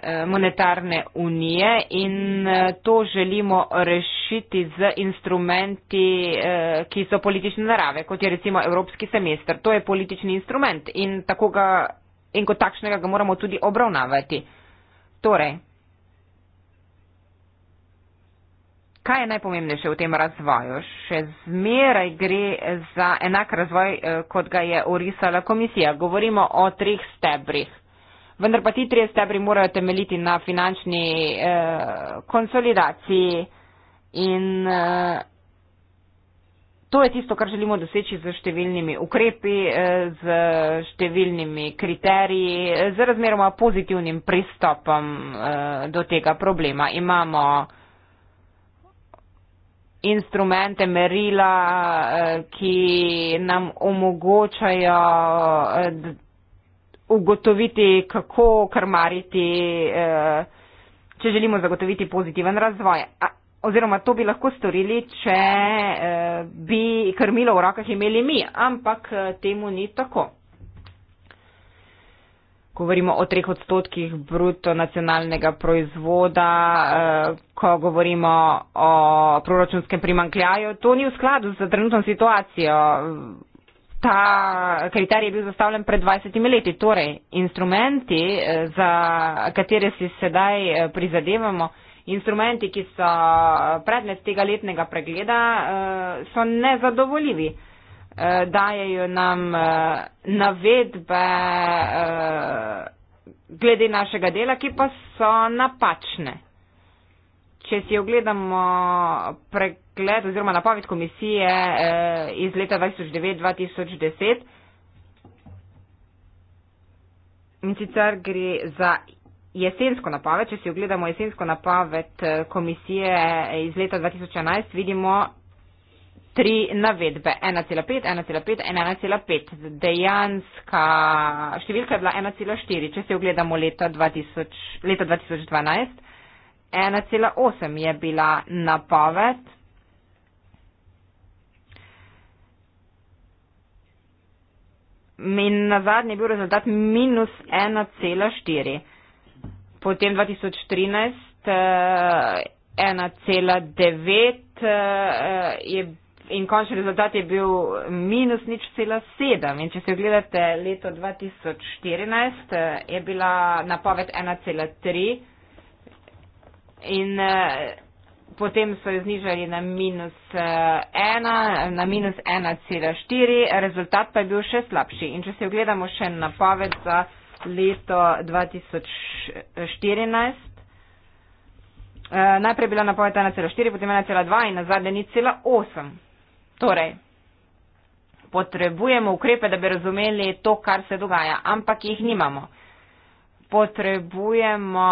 eh, monetarne unije in eh, to želimo rešiti z instrumenti, eh, ki so politične narave, kot je recimo Evropski semester. To je politični instrument in, ga, in kot takšnega ga moramo tudi obravnavati. Torej, Kaj je najpomembnejše v tem razvoju? Še zmeraj gre za enak razvoj, eh, kot ga je urisala komisija. Govorimo o trih stebrih. Vendar pa ti trije stebri morajo temeljiti na finančni eh, konsolidaciji in eh, to je tisto, kar želimo doseči z številnimi ukrepi, eh, z številnimi kriteriji, eh, z razmeroma pozitivnim pristopom eh, do tega problema. Imamo instrumente, merila, eh, ki nam omogočajo eh, ugotoviti, kako krmariti, eh, če želimo zagotoviti pozitiven razvoj. Oziroma, to bi lahko storili, če bi krmilo v rokah imeli mi, ampak temu ni tako govorimo o treh odstotkih bruto nacionalnega proizvoda, eh, ko govorimo o proračunskem primankljaju. To ni v skladu z trenutno situacijo. Ta kriterij je bil zastavljen pred 20 leti. Torej, instrumenti, eh, za katere si sedaj eh, prizadevamo, instrumenti, ki so predmet tega letnega pregleda, so nezadovoljivi eh, dajejo nam eh, navedbe eh, glede našega dela, ki pa so napačne. Če si ogledamo pregled oziroma napoved komisije eh, iz leta 2009-2010, in sicer gre za jesensko napoved, če si ogledamo jesensko napoved eh, komisije eh, iz leta 2011, vidimo, tri navedbe. 1,5, 1,5, 1,5. Dejanska številka je bila 1,4. Če se ogledamo leta, 2000, leta 2012, 1,8 je bila napoved. In na zadnji je bil rezultat minus 1,4. Potem 2013 1,9 eh, eh, je in končni rezultat je bil minus nič cela sedem. In če se ogledate leto 2014, eh, je bila napoved 1,3 in eh, potem so jo znižali na minus 1, eh, na minus 1,4, rezultat pa je bil še slabši. In če se ogledamo še napoved za leto 2014. Uh, najprej je bila napoved 1,4, potem 1,2 in na zadnje ni cela 8. Torej, potrebujemo ukrepe, da bi razumeli to, kar se dogaja, ampak jih nimamo. Potrebujemo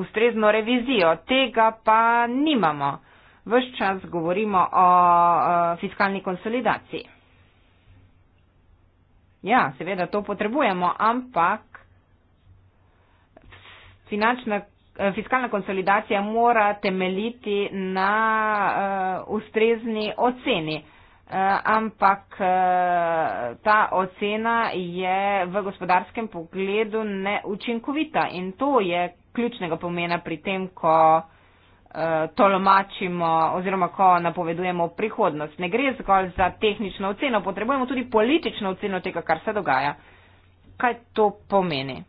ustrezno revizijo, tega pa nimamo. Ves čas govorimo o fiskalni konsolidaciji. Ja, seveda to potrebujemo, ampak finančna, eh, fiskalna konsolidacija mora temeliti na uh, ustrezni oceni. Eh, ampak eh, ta ocena je v gospodarskem pogledu neučinkovita in to je ključnega pomena pri tem, ko eh, tolomačimo oziroma ko napovedujemo prihodnost. Ne gre zgolj za tehnično oceno, potrebujemo tudi politično oceno tega, kar se dogaja. Kaj to pomeni?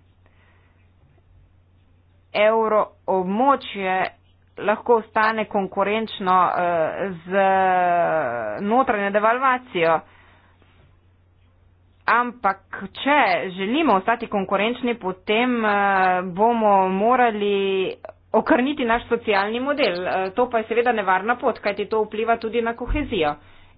Euro območje lahko ostane konkurenčno eh, z notranjo devalvacijo. Ampak, če želimo ostati konkurenčni, potem eh, bomo morali okrniti naš socialni model. Eh, to pa je seveda nevarna pot, kajti to vpliva tudi na kohezijo.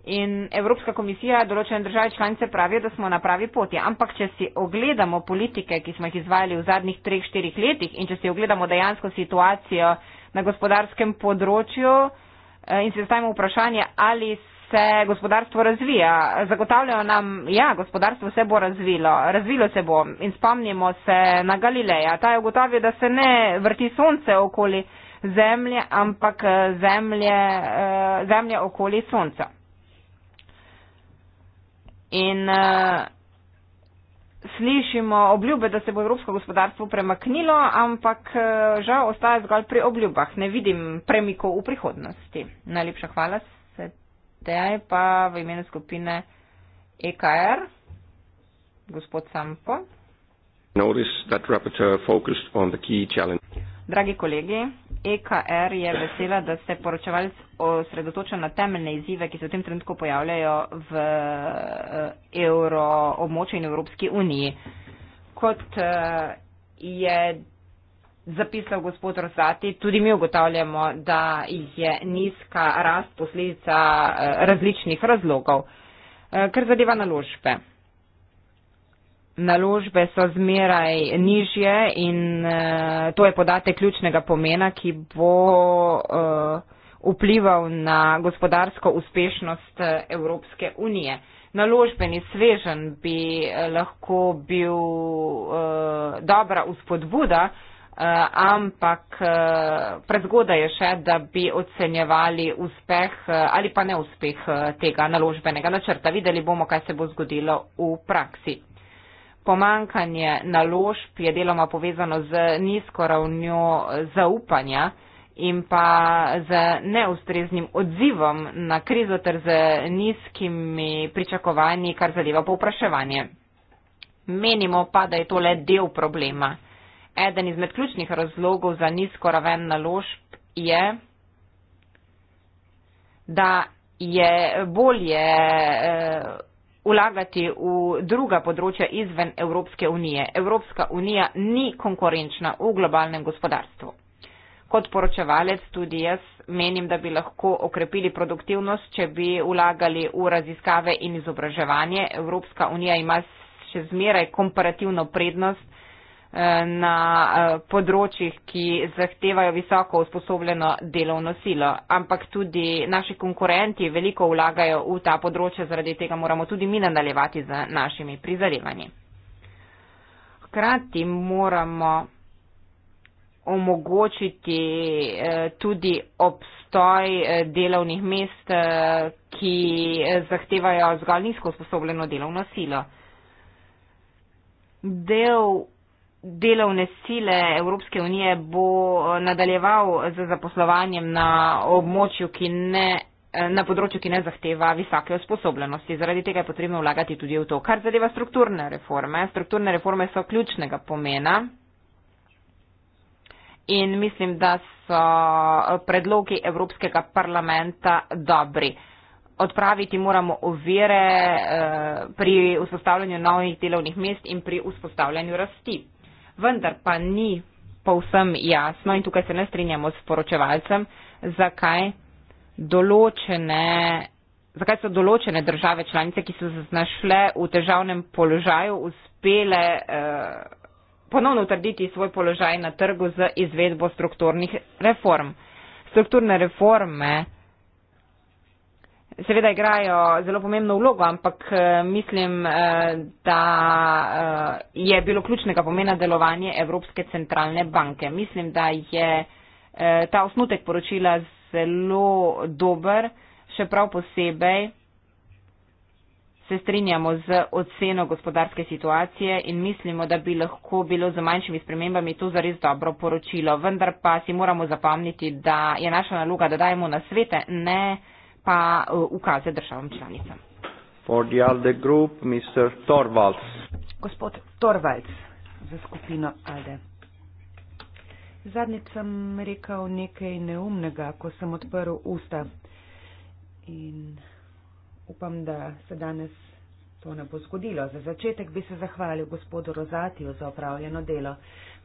In Evropska komisija, določene države članice pravijo, da smo na pravi poti. Ampak, če si ogledamo politike, ki smo jih izvajali v zadnjih treh, štirih letih in če si ogledamo dejansko situacijo, na gospodarskem področju eh, in se stavimo vprašanje, ali se gospodarstvo razvija. Zagotavljajo nam, ja, gospodarstvo se bo razvilo, razvilo se bo in spomnimo se na Galileja. Ta je ugotovil, da se ne vrti sonce okoli zemlje, ampak eh, zemlje, eh, zemlje okoli sonca. In uh, slišimo obljube, da se bo evropsko gospodarstvo premaknilo, ampak eh, žal ostaja zgolj pri obljubah. Ne vidim premikov v prihodnosti. Najlepša hvala se tej pa v imenu skupine EKR, gospod Sampo. Dragi kolegi, EKR je vesela, da se poročevalc osredotoča na temeljne izzive, ki se v tem trenutku pojavljajo v eh, evroobmočju in Evropski uniji. Kot eh, je zapisal gospod Rosati, tudi mi ugotavljamo, da je nizka rast posledica eh, različnih razlogov, kar zadeva naložbe naložbe so zmeraj nižje in uh, to je podatek ključnega pomena, ki bo uh, vplival na gospodarsko uspešnost eh, Evropske unije. Naložbeni svežen bi lahko bil uh, dobra uspodbuda, uh, ampak uh, prezgoda je še, da bi ocenjevali uspeh uh, ali pa neuspeh uh, tega naložbenega načrta. Videli bomo, kaj se bo zgodilo v praksi pomankanje naložb je deloma povezano z nizko ravnjo zaupanja in pa z neustreznim odzivom na krizo ter z nizkimi pričakovanji, kar zadeva povpraševanje. Menimo pa, da je to le del problema. Eden izmed ključnih razlogov za nizko raven naložb je, da je bolje. Eh, vlagati v druga področja izven Evropske unije. Evropska unija ni konkurenčna v globalnem gospodarstvu. Kot poročevalec tudi jaz menim, da bi lahko okrepili produktivnost, če bi vlagali v raziskave in izobraževanje. Evropska unija ima še zmeraj komparativno prednost na eh, področjih, ki zahtevajo visoko usposobljeno delovno silo. Ampak tudi naši konkurenti veliko vlagajo v ta področja, zaradi tega moramo tudi mi nadaljevati z našimi prizadevanji. Hkrati moramo omogočiti eh, tudi obstoj eh, delovnih mest, ki zahtevajo zgolj nizko usposobljeno delovno silo. Del delovne sile Evropske unije bo eh, nadaljeval z zaposlovanjem na območju, ki ne eh, na področju, ki ne zahteva visoke usposobljenosti. Zaradi tega je potrebno vlagati tudi v to, kar zadeva strukturne reforme. Strukturne reforme so ključnega pomena in mislim, da so eh, predlogi Evropskega parlamenta dobri. Odpraviti moramo ovire pri vzpostavljanju novih delovnih mest in pri vzpostavljanju rasti vendar pa ni povsem jasno in tukaj se ne strinjamo s poročevalcem, zakaj, določene, zakaj so določene države članice, ki so se znašle v težavnem položaju, uspele eh, ponovno utrditi svoj položaj na trgu z izvedbo strukturnih reform. Strukturne reforme seveda igrajo zelo pomembno vlogo, ampak eh, mislim, eh, da eh, je bilo ključnega pomena delovanje Evropske centralne banke. Mislim, da je ta osnutek poročila zelo dober, še prav posebej se strinjamo z oceno gospodarske situacije in mislimo, da bi lahko bilo z manjšimi spremembami to zares dobro poročilo. Vendar pa si moramo zapomniti, da je naša naloga, da dajemo na svete, ne pa eh, ukaze državam članicam. For the ALDE group, Mr. Torvalds. Gospod Torvalds za skupino ALDE. Zadnjič sem rekel nekaj neumnega, ko sem odprl usta. In upam, da se danes to ne bo zgodilo. Za začetek bi se zahvalil gospodu Rozatiju za opravljeno delo.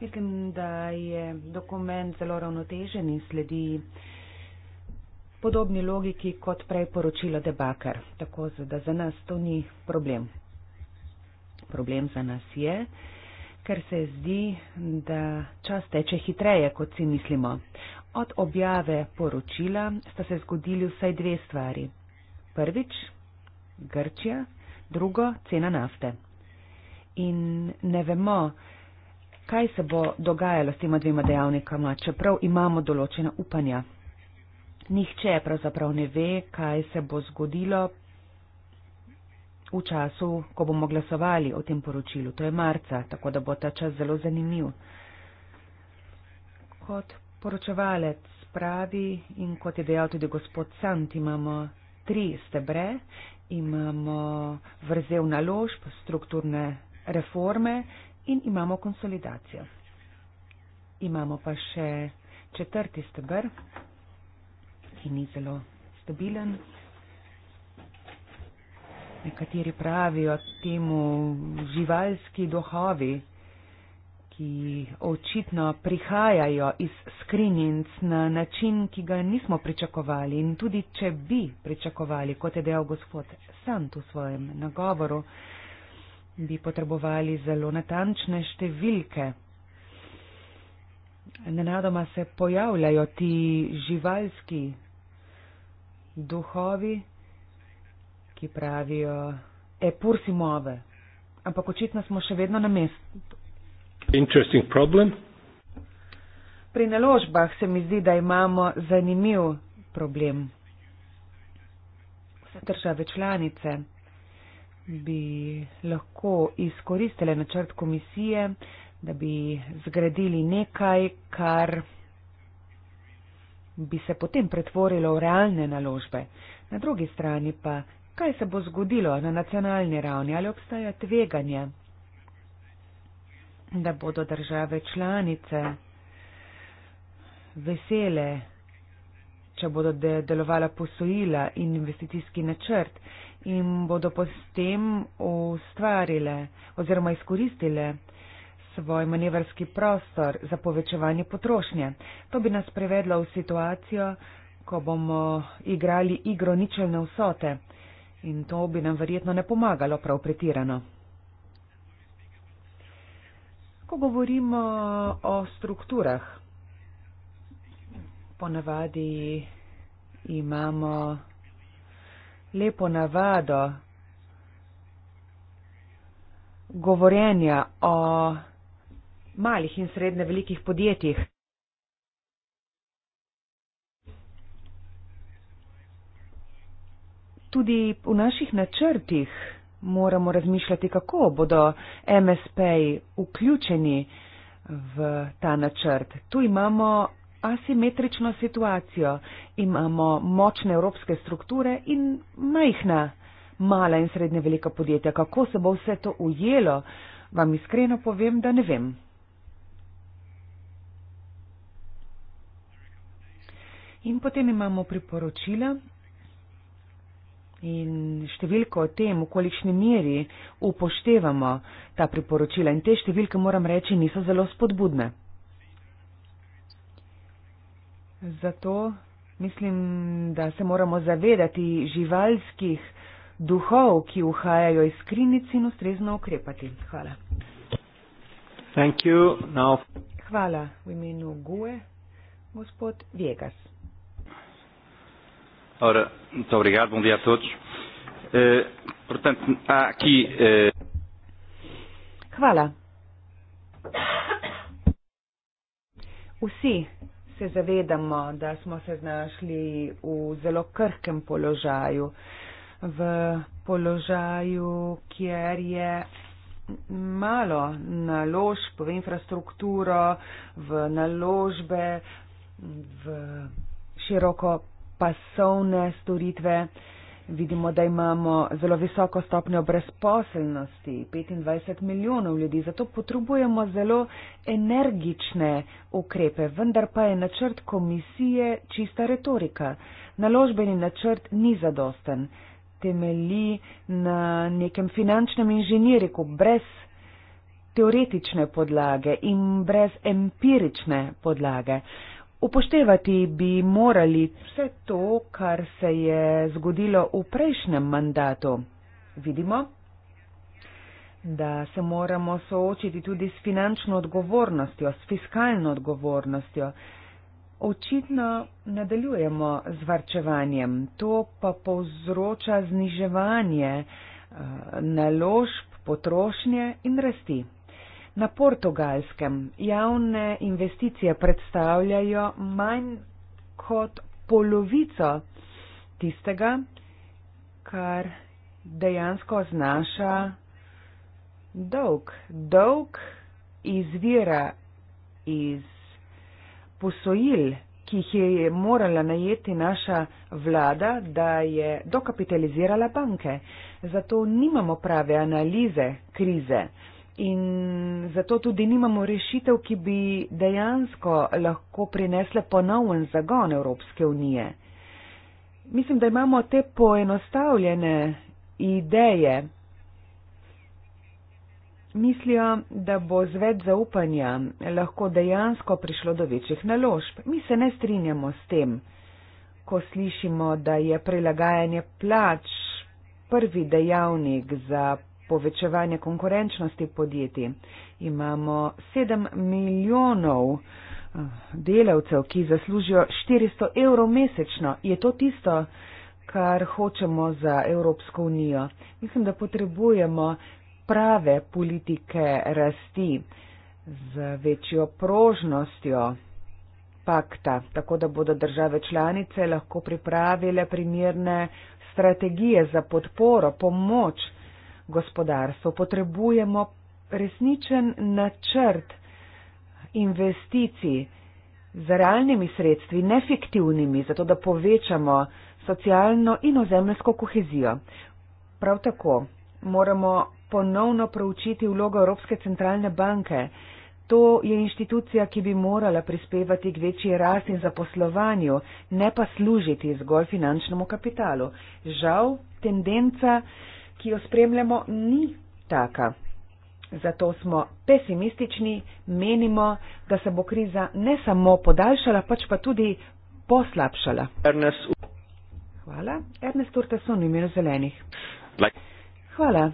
Mislim, da je dokument zelo ravnotežen in sledi uh, podobni logiki kot prej poročilo debaker. Tako da za nas to ni problem. Problem za nas je, ker se zdi, da čas teče hitreje, kot si mislimo. Od objave poročila sta se zgodili vsaj dve stvari. Prvič, Grčija, drugo, cena nafte. In ne vemo, kaj se bo dogajalo s tema dvema dejavnikama, čeprav imamo določena upanja nihče pravzaprav ne ve, kaj se bo zgodilo v času, ko bomo glasovali o tem poročilu. To je marca, tako da bo ta čas zelo zanimiv. Kot poročevalec pravi in kot je dejal tudi gospod Sant, imamo tri stebre, imamo vrzel naložb, strukturne reforme in imamo konsolidacijo. Imamo pa še četrti stebr, ki ni zelo stabilen. Nekateri pravijo temu živalski duhovi, ki očitno prihajajo iz skrinjic na način, ki ga nismo pričakovali in tudi če bi pričakovali, kot je dejal gospod Sant v svojem nagovoru, bi potrebovali zelo natančne številke. Nenadoma se pojavljajo ti živalski duhovi, ki pravijo, e, pur si move, ampak očitno smo še vedno na mestu. Interesting problem. Pri naložbah se mi zdi, da imamo zanimiv problem. Vse države članice bi lahko izkoristile načrt komisije, da bi zgradili nekaj, kar bi se potem pretvorilo v realne naložbe. Na drugi strani pa, kaj se bo zgodilo na nacionalni ravni, ali obstaja tveganje, da bodo države članice vesele, če bodo de delovala posojila in investicijski načrt in bodo potem ustvarile oziroma izkoristile svoj manevrski prostor za povečevanje potrošnje. To bi nas prevedlo v situacijo, ko bomo igrali igro ničelne vsote in to bi nam verjetno ne pomagalo prav pretirano. Ko govorimo o strukturah, ponavadi imamo lepo navado govorjenja o malih in srednje velikih podjetjih. Tudi v naših načrtih moramo razmišljati, kako bodo MSP-ji vključeni v ta načrt. Tu imamo asimetrično situacijo, imamo močne evropske strukture in majhna, mala in srednje velika podjetja. Kako se bo vse to ujelo, vam iskreno povem, da ne vem. In potem imamo priporočila in številko o tem, v kolikšni meri upoštevamo ta priporočila. In te številke, moram reči, niso zelo spodbudne. Zato mislim, da se moramo zavedati živalskih duhov, ki uhajajo iz skrinjice in ustrezno ukrepati. Hvala. Hvala v imenu Gue, gospod Vegas. Muito obrigado, bom dia a todos. Eh, portanto, há aqui. Eh, Hvala. Vsi se zavedamo, da smo se znašli v zelo krhkem položaju, v položaju, kjer je malo naložb v infrastrukturo, v naložbe, v široko pasovne storitve. Vidimo, da imamo zelo visoko stopnjo brezposelnosti, 25 milijonov ljudi, zato potrebujemo zelo energične ukrepe, vendar pa je načrt komisije čista retorika. Naložbeni načrt ni zadosten, temeli na nekem finančnem inženiriku brez teoretične podlage in brez empirične podlage. Uh, Upoštevati bi morali vse to, kar se je zgodilo v prejšnjem mandatu. Vidimo, da se moramo soočiti tudi s finančno odgovornostjo, s fiskalno odgovornostjo. Očitno nadaljujemo z varčevanjem, to pa povzroča zniževanje eh, naložb, potrošnje in rasti. Na portugalskem javne investicije predstavljajo manj kot polovico tistega, kar dejansko znaša dolg. Dolg izvira iz posojil, ki jih je morala najeti naša vlada, da je dokapitalizirala banke. Zato nimamo prave analize krize in zato tudi nimamo rešitev, ki bi dejansko lahko prinesle ponovn zagon Evropske unije. Mislim, da imamo te poenostavljene ideje. Mislijo, da bo z več zaupanja lahko dejansko prišlo do večjih naložb. Mi se ne strinjamo s tem, ko slišimo, da je prilagajanje plač prvi dejavnik za povečevanje konkurenčnosti podjetij. Imamo 7 milijonov eh, delavcev, ki zaslužijo 400 evrov mesečno. Je to tisto, kar hočemo za Evropsko unijo? Mislim, da potrebujemo prave politike rasti z večjo prožnostjo pakta, tako da bodo države članice lahko pripravile primirne strategije za podporo, pomoč, gospodarstvo. Potrebujemo resničen načrt investicij z realnimi sredstvi, nefiktivnimi, zato da povečamo socialno in ozemljsko kohezijo. Prav tako moramo ponovno proučiti vlogo Evropske centralne banke. To je inštitucija, ki bi morala prispevati k večji rasti in zaposlovanju, ne pa služiti zgolj finančnemu kapitalu. Žal, tendenca ki jo spremljamo, ni taka. Zato smo pesimistični, menimo, da se bo kriza ne samo podaljšala, pač pa tudi poslabšala. Ernest. Hvala. Ernest Urteson, imenu zelenih. Like. Hvala.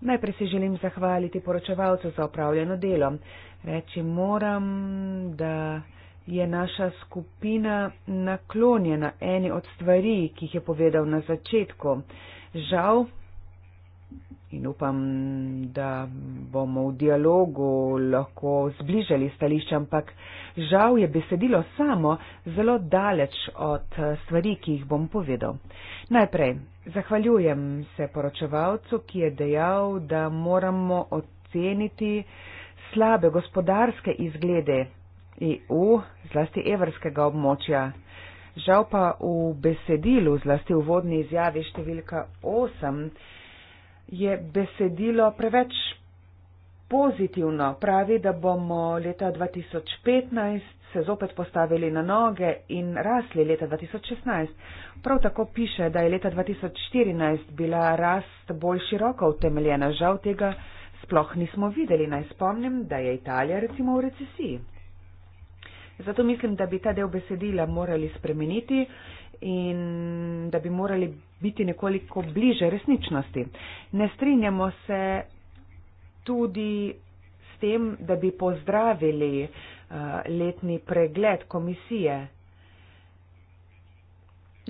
Najprej si želim zahvaliti poročevalcu za opravljeno delo. Reči moram, da je naša skupina naklonjena eni od stvari, ki jih je povedal na začetku. Žal, In upam, da bomo v dialogu lahko zbližali stališče, ampak žal je besedilo samo zelo daleč od eh, stvari, ki jih bom povedal. Najprej, zahvaljujem se poročevalcu, ki je dejal, da moramo oceniti slabe gospodarske izglede EU, zlasti evrskega območja. Žal pa v besedilu, zlasti v vodni izjavi številka 8, je besedilo preveč pozitivno. Pravi, da bomo leta 2015 se zopet postavili na noge in rasli leta 2016. Prav tako piše, da je leta 2014 bila rast bolj široko utemeljena. Žal tega sploh nismo videli. Naj spomnim, da je Italija recimo v recesiji. Zato mislim, da bi ta del besedila morali spremeniti. Uh, in da bi morali biti nekoliko bliže resničnosti. Ne strinjamo se tudi s tem, da bi pozdravili uh, letni pregled komisije.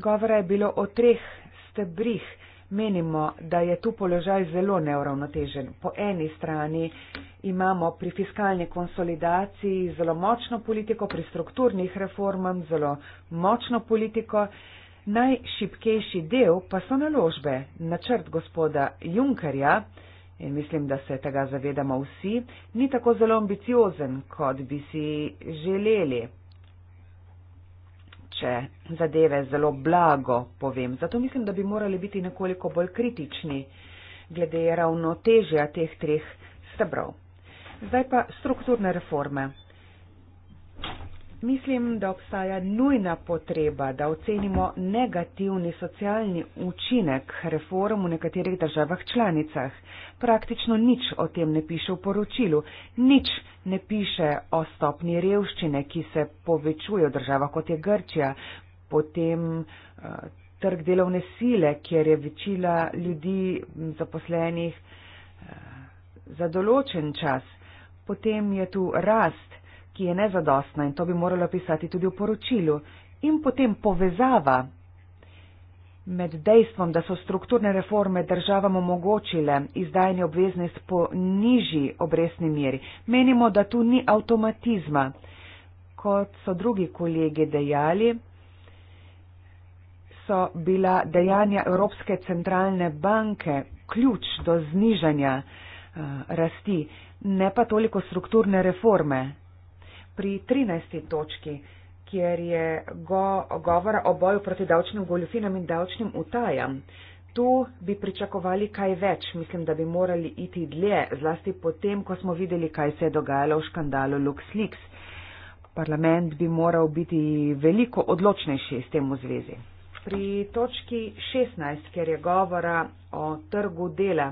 Govora je bilo o treh stebrih. Menimo, da je tu položaj zelo neuravnotežen. Po eni strani uh, imamo pri fiskalni konsolidaciji zelo močno politiko, pri strukturnih reformam zelo močno politiko. Najšipkejši del pa so naložbe. Načrt gospoda Junkerja, in mislim, da se tega zavedamo vsi, ni tako zelo ambiciozen, kot bi si želeli, če zadeve zelo blago povem. Zato mislim, da bi morali biti nekoliko bolj kritični glede ravnotežja teh treh stebrov. Zdaj pa strukturne reforme. Mislim, da obstaja nujna potreba, da ocenimo negativni socialni učinek reform v nekaterih državah članicah. Praktično nič o tem ne piše v poročilu, nič ne piše o stopni revščine, ki se povečuje v državah kot je Grčija, potem eh, trg delovne sile, kjer je večina ljudi zaposlenih eh, za določen čas potem je tu rast, ki je nezadostna in to bi moralo pisati tudi v poročilu, in potem povezava med dejstvom, da so strukturne reforme državam omogočile izdajanje obveznic po nižji obresni meri. Menimo, da tu ni avtomatizma, kot so drugi kolegi dejali so bila dejanja Evropske centralne banke ključ do znižanja uh, Eh, rasti, ne pa toliko strukturne reforme. Pri 13. točki, kjer je go, govora o boju proti davčnim goljufinam in davčnim utajam, tu bi pričakovali kaj več. Mislim, da bi morali iti dlje, zlasti potem, ko smo videli, kaj se je dogajalo v škandalu LuxLeaks. Parlament bi moral biti veliko odločnejši s tem v zvezi. Pri točki 16, kjer je govora o trgu dela,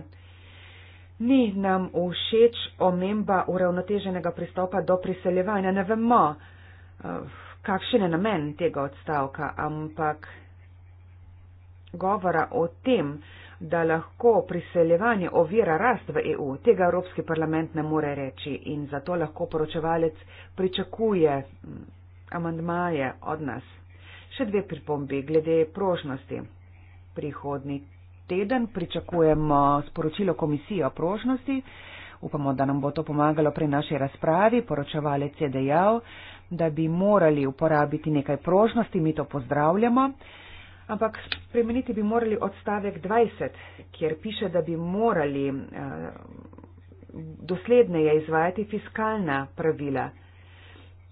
Ni nam všeč omemba uravnoteženega pristopa do priseljevanja, ne vemo, eh, kakšen je namen tega odstavka, ampak govora o tem, da lahko priseljevanje ovira rast v EU, tega Evropski parlament ne more reči in zato lahko poročevalec pričakuje mm, amandmaje od nas. Še dve pripombi glede prožnosti prihodnih teden pričakujemo sporočilo komisije o prožnosti. Upamo, da nam bo to pomagalo pri naši razpravi. Poročevalec je dejal, da bi morali uporabiti nekaj prožnosti, mi to pozdravljamo. Ampak spremeniti bi morali odstavek 20, kjer piše, da bi morali eh, dosledneje izvajati fiskalna pravila.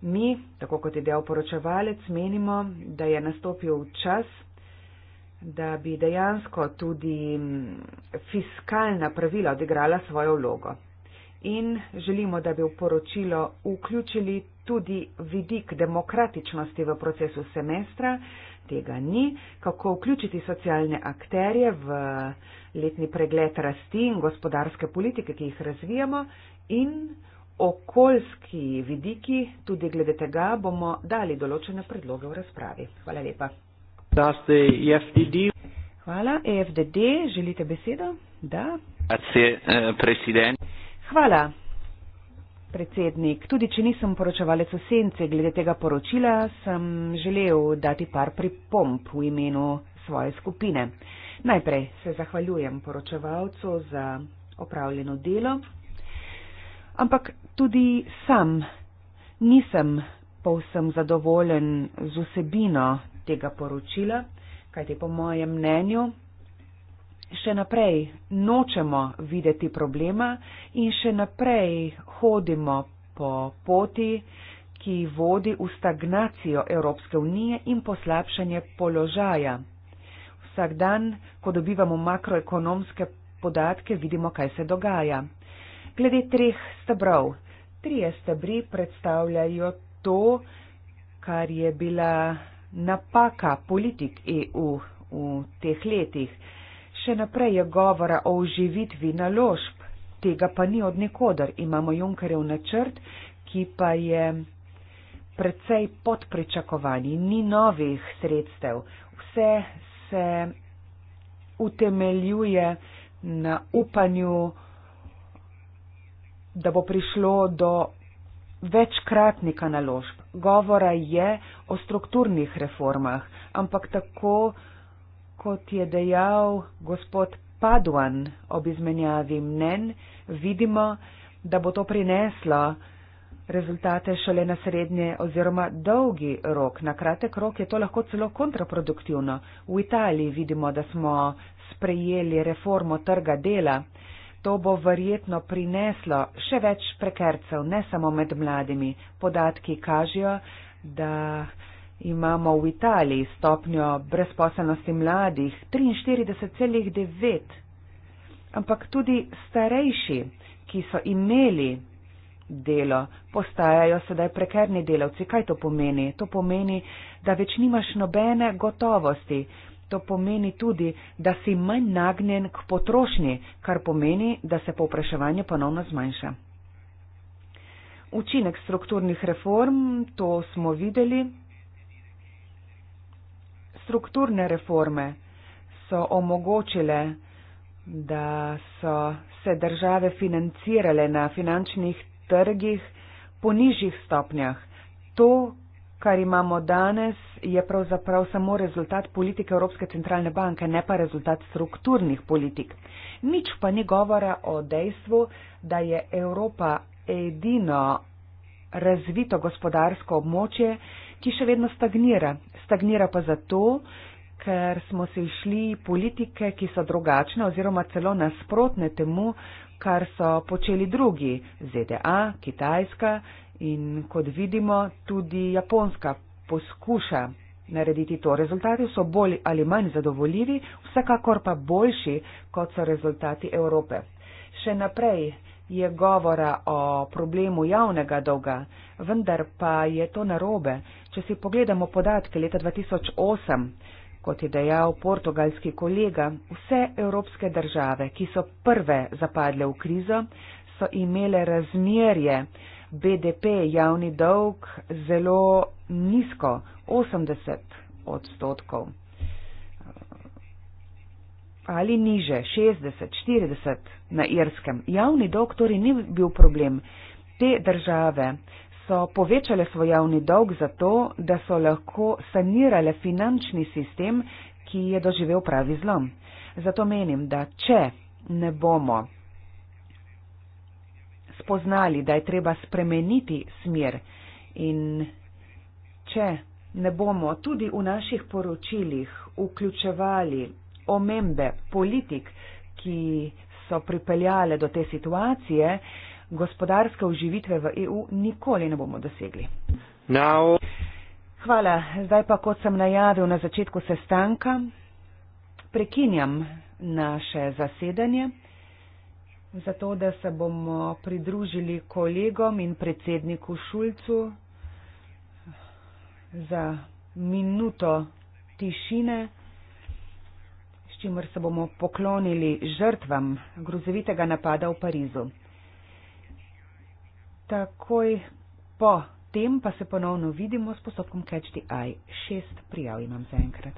Mi, tako kot je dejal poročevalec, menimo, da je nastopil čas, da bi dejansko tudi mm, fiskalna pravila odigrala svojo vlogo. In želimo, da bi v poročilo vključili tudi vidik demokratičnosti v procesu semestra. Tega ni, kako vključiti socialne akterje v letni pregled rasti in gospodarske politike, ki jih razvijamo in okoljski vidiki, tudi glede tega bomo dali določene predloge v razpravi. Hvala lepa da ste FDD. Hvala, e FDD, želite besedo? Da. Eh, Hvala, predsednik. Tudi, če nisem poročevalec o sence, glede tega poročila sem želel dati par pripomp v imenu svoje skupine. Najprej se zahvaljujem poročevalcu za opravljeno delo, ampak tudi sam nisem povsem zadovoljen z vsebino tega poročila, kajti po mojem mnenju še naprej nočemo videti problema in še naprej hodimo po poti, ki vodi v stagnacijo Evropske unije in poslabšanje položaja. Vsak dan, ko dobivamo makroekonomske podatke, vidimo, kaj se dogaja. Glede treh stebrov. Trije stebri predstavljajo to, kar je bila napaka politik EU v teh letih. Še naprej je govora o oživitvi naložb, tega pa ni od nikoder. Imamo Junkerjev načrt, ki pa je precej pod pričakovanji, ni novih sredstev. Vse se utemeljuje na upanju, da bo prišlo do večkratnika naložb. Govora je o strukturnih reformah, ampak tako, kot je dejal gospod Paduan ob izmenjavi mnen, vidimo, da bo to prineslo rezultate šele na srednje oziroma dolgi rok. Na kratek rok je to lahko celo kontraproduktivno. V Italiji vidimo, da smo sprejeli reformo trga dela. To bo verjetno prineslo še več prekercev, ne samo med mladimi. Podatki kažejo, da imamo v Italiji stopnjo brezposelnosti mladih 43,9, ampak tudi starejši, ki so imeli delo, postajajo sedaj prekerni delavci. Kaj to pomeni? To pomeni, da več nimaš nobene gotovosti. To pomeni tudi, da si manj nagnjen k potrošnji, kar pomeni, da se povpraševanje ponovno zmanjša. Učinek strukturnih reform, to smo videli. Strukturne reforme so omogočile, da so se države financirale na finančnih trgih po nižjih stopnjah. To, kar imamo danes, je pravzaprav samo rezultat politike Evropske centralne banke, ne pa rezultat strukturnih politik. Nič pa ni govora o dejstvu, da je Evropa edino razvito gospodarsko območje, ki še vedno stagnira. Stagnira pa zato, ker smo se išli politike, ki so drugačne oziroma celo nasprotne temu, kar so počeli drugi, ZDA, Kitajska, In kot vidimo, tudi Japonska poskuša narediti to. Rezultati so bolj ali manj zadovoljivi, vsekakor pa boljši, kot so rezultati Evrope. Še naprej je govora o problemu javnega dolga, vendar pa je to narobe. Če si pogledamo podatke leta 2008, kot je dejal portugalski kolega, vse evropske države, ki so prve zapadle v krizo, so imele razmerje, BDP javni dolg zelo nizko, 80 odstotkov ali niže, 60, 40 na Irskem. Javni dolg torej ni bil problem. Te države so povečale svoj javni dolg zato, da so lahko sanirale finančni sistem, ki je doživel pravi zlom. Zato menim, da če ne bomo spoznali, da je treba spremeniti smer. In če ne bomo tudi v naših poročilih vključevali omembe politik, ki so pripeljale do te situacije, gospodarske uživitve v EU nikoli ne bomo dosegli. Now. Hvala. Zdaj pa, kot sem najavil na začetku sestanka, prekinjam naše zasedanje zato da se bomo pridružili kolegom in predsedniku Šulcu za minuto tišine, s čimer se bomo poklonili žrtvam grozovitega napada v Parizu. Takoj po tem pa se ponovno vidimo s postopkom Catch the Eye. Šest prijav imam zaenkrat.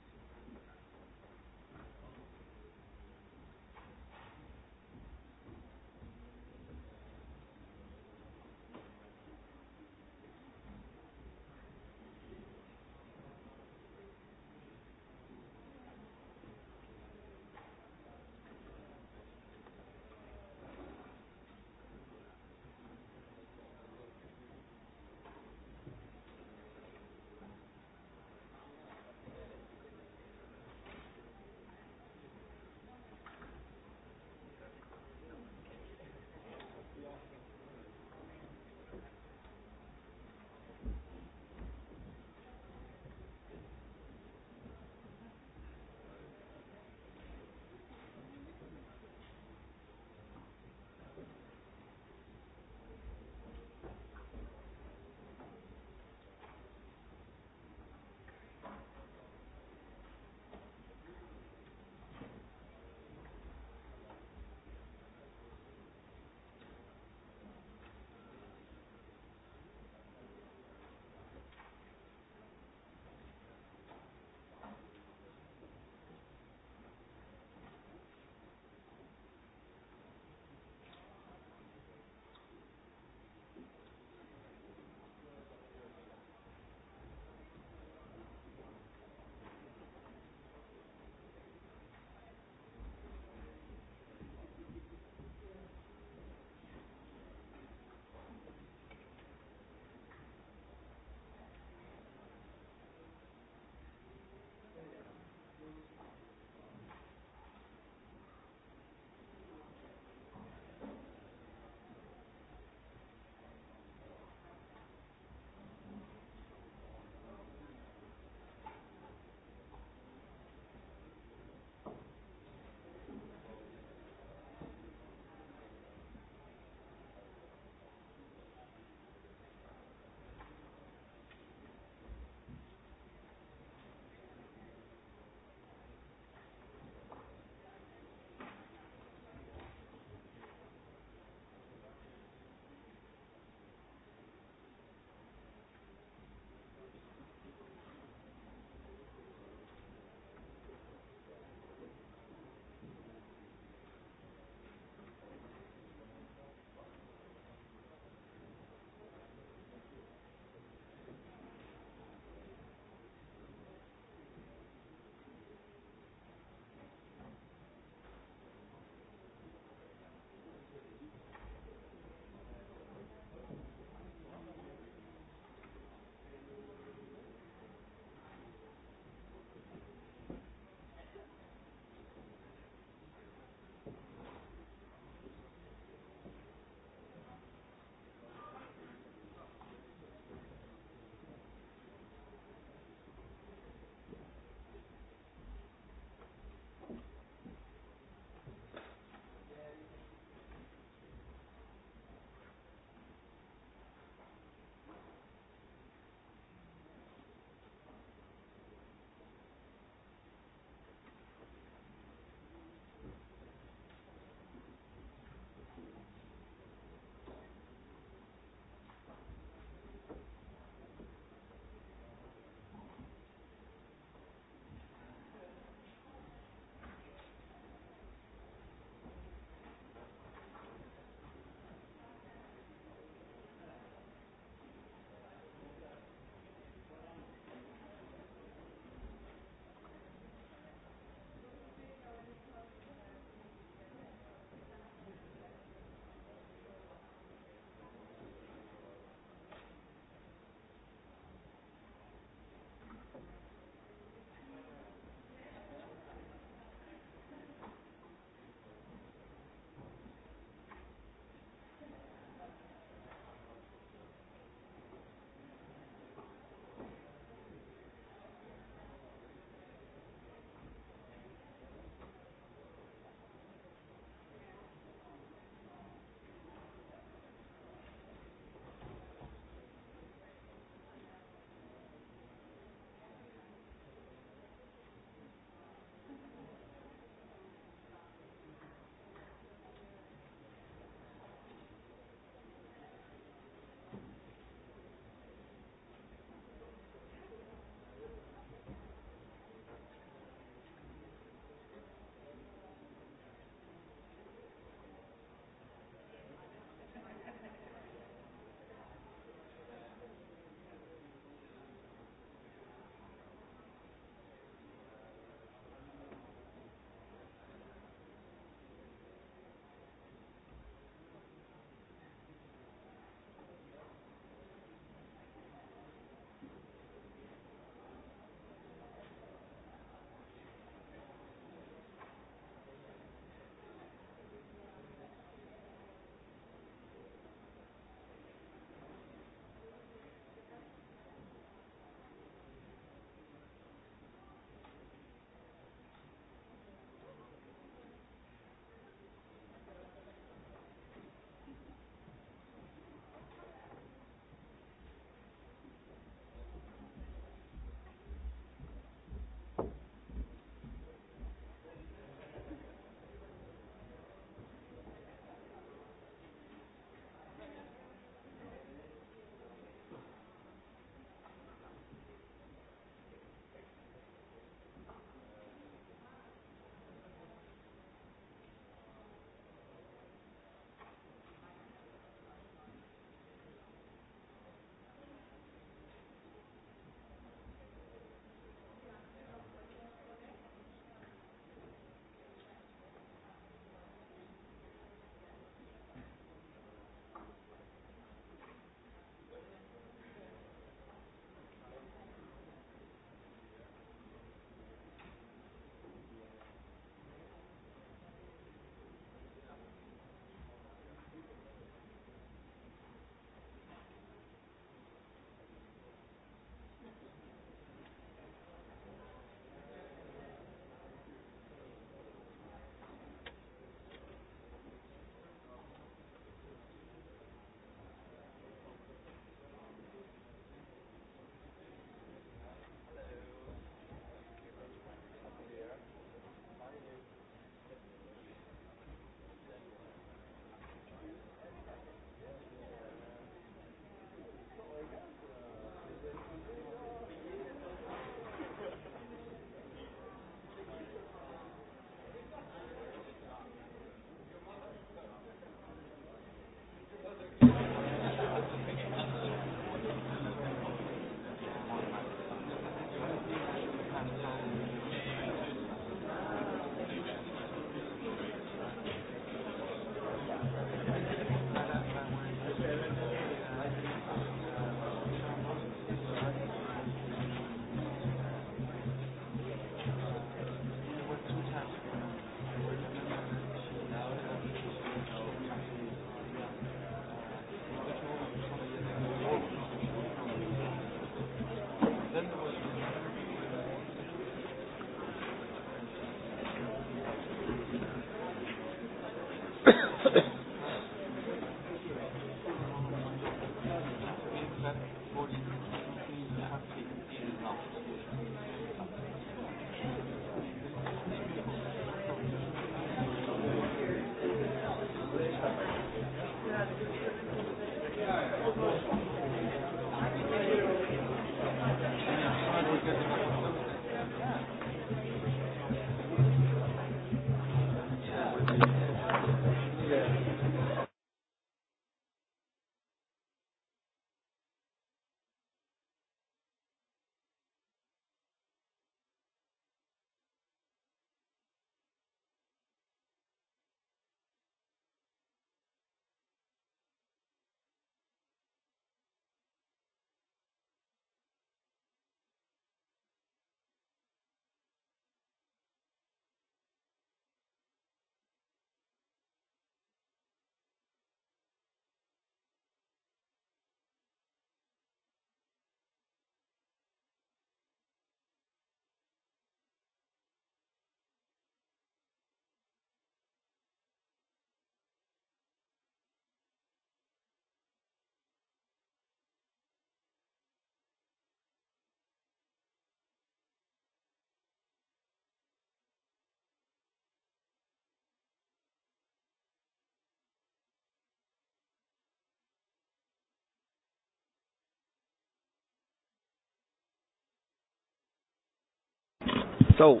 so.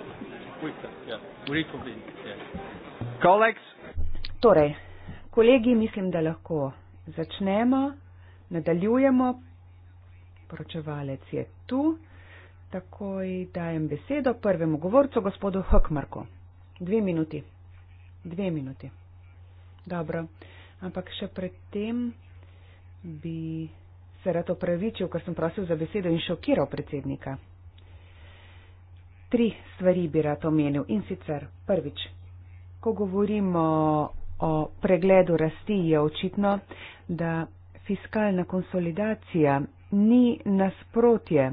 Torej, kolegi, mislim, da lahko začnemo, nadaljujemo. Poročevalec je tu. Takoj dajem besedo prvemu govorcu, gospodu Hkmarku. Dve minuti. Dve minuti. Dobro. Ampak še predtem bi se rad opravičil, ker sem prosil za besedo in šokiral predsednika tri stvari bi rad omenil in sicer prvič, ko govorimo o pregledu rasti, je očitno, da fiskalna konsolidacija ni nasprotje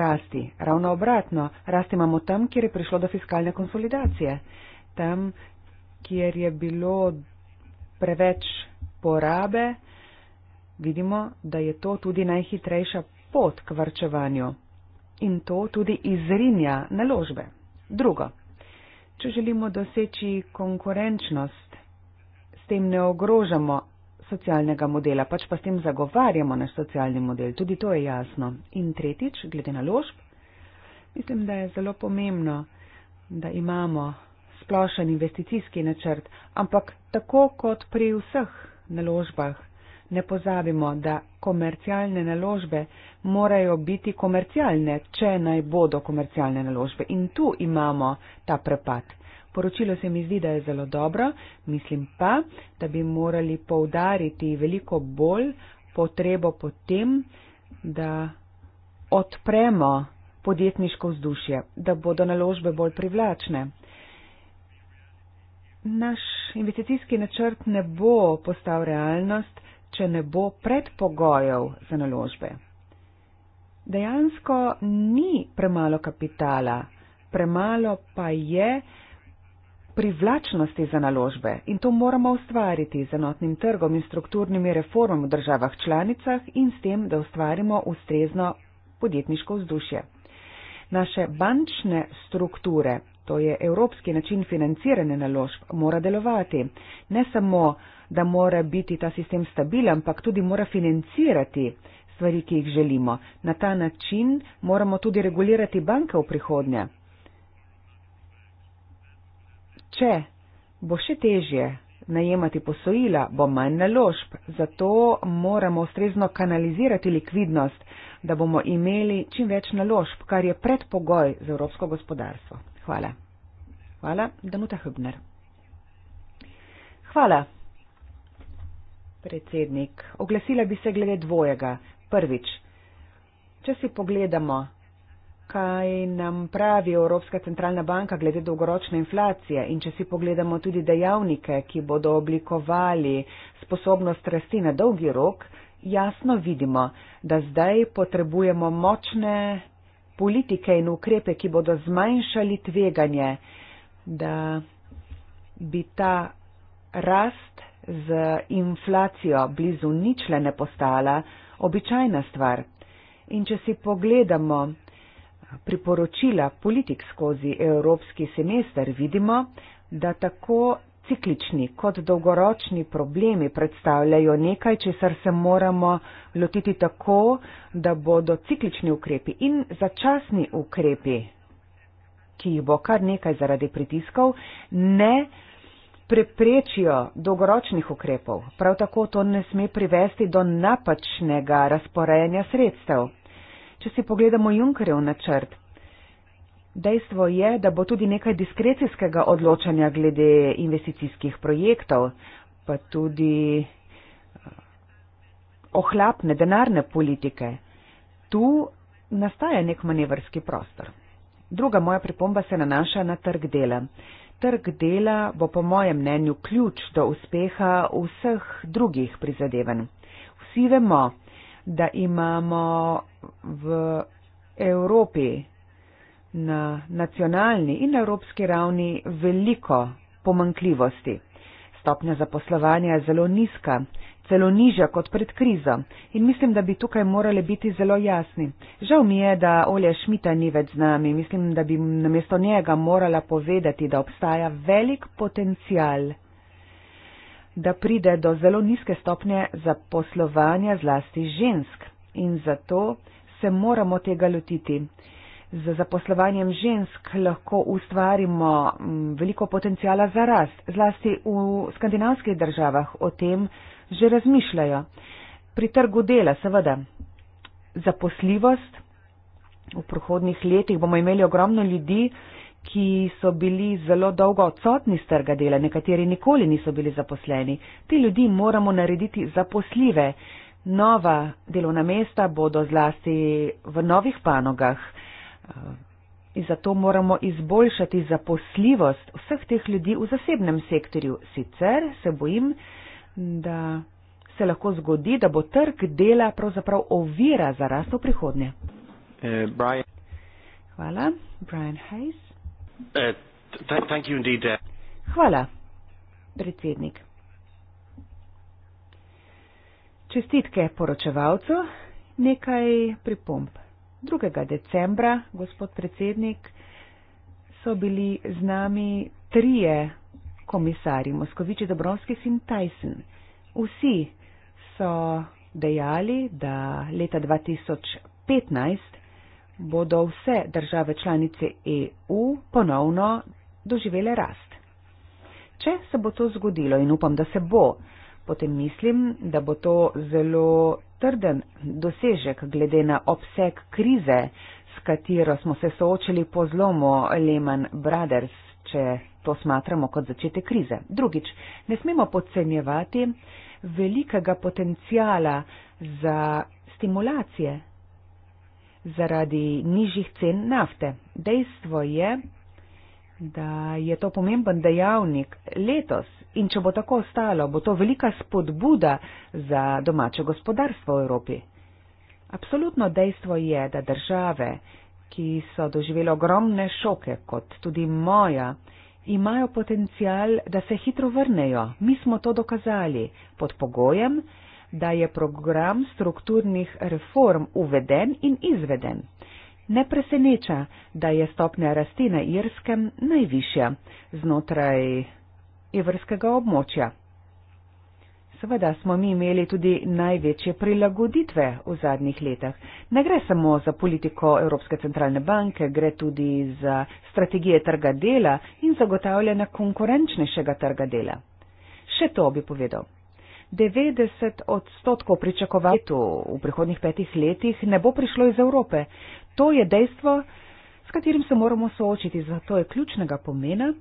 rasti. Ravno obratno, rasti imamo tam, kjer je prišlo do fiskalne konsolidacije, tam, kjer je bilo preveč porabe, vidimo, da je to tudi najhitrejša pot k vrčevanju in to tudi izrinja naložbe. Drugo, če želimo doseči konkurenčnost, s tem ne ogrožamo socialnega modela, pač pa s tem zagovarjamo naš socialni model, tudi to je jasno. In tretjič, glede naložb, mislim, da je zelo pomembno, da imamo splošen investicijski načrt, ampak tako kot pri vseh naložbah, ne pozabimo, da komercialne naložbe morajo biti komercialne, če naj bodo komercialne naložbe. In tu imamo ta prepad. Poročilo se mi zdi, da je zelo dobro, mislim pa, da bi morali poudariti veliko bolj potrebo po tem, da odpremo podjetniško vzdušje, da bodo naložbe bolj privlačne. Naš investicijski načrt ne bo postal realnost, če ne bo predpogojev za naložbe. Dejansko ni premalo kapitala, premalo pa je privlačnosti za naložbe in to moramo ustvariti z enotnim trgom in strukturnimi reformami v državah članicah in s tem, da ustvarimo ustrezno podjetniško vzdušje. Naše bančne strukture to je evropski način financiranja naložb, mora delovati. Ne samo, da mora biti ta sistem stabilen, ampak tudi mora financirati stvari, ki jih želimo. Na ta način moramo tudi regulirati banke v prihodnje. Če bo še težje najemati posojila, bo manj naložb, zato moramo ustrezno kanalizirati likvidnost, da bomo imeli čim več naložb, kar je predpogoj za evropsko gospodarstvo. Hvala. Hvala, Danuta Hübner. Hvala, predsednik. Oglasila bi se glede dvojega. Prvič, če si pogledamo, kaj nam pravi Evropska centralna banka glede dolgoročne inflacije in če si pogledamo tudi dejavnike, ki bodo oblikovali sposobnost rasti na dolgi rok, jasno vidimo, da zdaj potrebujemo močne politike in ukrepe, ki bodo zmanjšali tveganje, da bi ta rast z inflacijo blizu ničle ne postala običajna stvar. In če si pogledamo priporočila politik skozi evropski semester, vidimo, da tako ciklični kot dolgoročni problemi predstavljajo nekaj, česar se moramo lotiti tako, da bodo ciklični ukrepi in začasni ukrepi, ki jih bo kar nekaj zaradi pritiskov, ne preprečijo dolgoročnih ukrepov. Prav tako to ne sme privesti do napačnega razporejanja sredstev. Če si pogledamo Junkerjev načrt, Dejstvo je, da bo tudi nekaj diskrecijskega odločanja glede investicijskih projektov, pa tudi eh, ohlapne denarne politike. Tu nastaja nek manevrski prostor. Druga moja pripomba se nanaša na trg dela. Trg dela bo po mojem mnenju ključ do uspeha vseh drugih prizadevanj. Vsi vemo, da imamo v Evropi na nacionalni in evropski ravni veliko pomankljivosti. Stopnja zaposlovanja je zelo nizka, celo nižja kot pred krizo in mislim, da bi tukaj morali biti zelo jasni. Žal mi je, da Olja Šmita ni več z nami. Mislim, da bi namesto njega morala povedati, da obstaja velik potencial, da pride do zelo nizke stopnje zaposlovanja zlasti žensk. In zato se moramo tega lotiti z zaposlovanjem žensk lahko ustvarimo mm, veliko potencijala za rast, zlasti v skandinavskih državah o tem že razmišljajo. Pri trgu dela seveda zaposljivost, v prihodnih letih bomo imeli ogromno ljudi, ki so bili zelo dolgo odsotni z trga dela, nekateri nikoli niso bili zaposleni. Ti ljudi moramo narediti zaposljive. Nova delovna mesta bodo zlasti v novih panogah. In zato moramo izboljšati zaposljivost vseh teh ljudi v zasebnem sektorju. Sicer se bojim, da se lahko zgodi, da bo trg dela pravzaprav ovira za rast v prihodnje. Uh, Brian. Hvala. Brian Hayes. Uh, th indeed, uh. Hvala, predsednik. Čestitke poročevalcu. Nekaj pripomp. 2. decembra, gospod predsednik, so bili z nami trije komisarji, Moskoviči, Dobrovskis in Tyson. Vsi so dejali, da leta 2015 bodo vse države članice EU ponovno doživele rast. Če se bo to zgodilo in upam, da se bo, potem mislim, da bo to zelo trden dosežek glede na obseg krize, s katero smo se soočili po zlomu Lehman Brothers, če to smatramo kot začetek krize. Drugič, ne smemo podcenjevati velikega potencijala za stimulacije zaradi nižjih cen nafte. Dejstvo je, da je to pomemben dejavnik letos in če bo tako ostalo, bo to velika spodbuda za domače gospodarstvo v Evropi. Absolutno dejstvo je, da države, ki so doživele ogromne šoke, kot tudi moja, imajo potencial, da se hitro vrnejo. Mi smo to dokazali pod pogojem, da je program strukturnih reform uveden in izveden ne preseneča, da je stopnja rasti na Irskem najvišja znotraj evrskega območja. Seveda smo mi imeli tudi največje prilagoditve v zadnjih letih. Ne gre samo za politiko Evropske centralne banke, gre tudi za strategije trga dela in zagotavljanja konkurenčnejšega trga dela. Še to bi povedal. 90 odstotkov pričakovanj v prihodnjih petih letih ne bo prišlo iz Evrope. To je dejstvo, s katerim se moramo soočiti. Zato je ključnega pomena,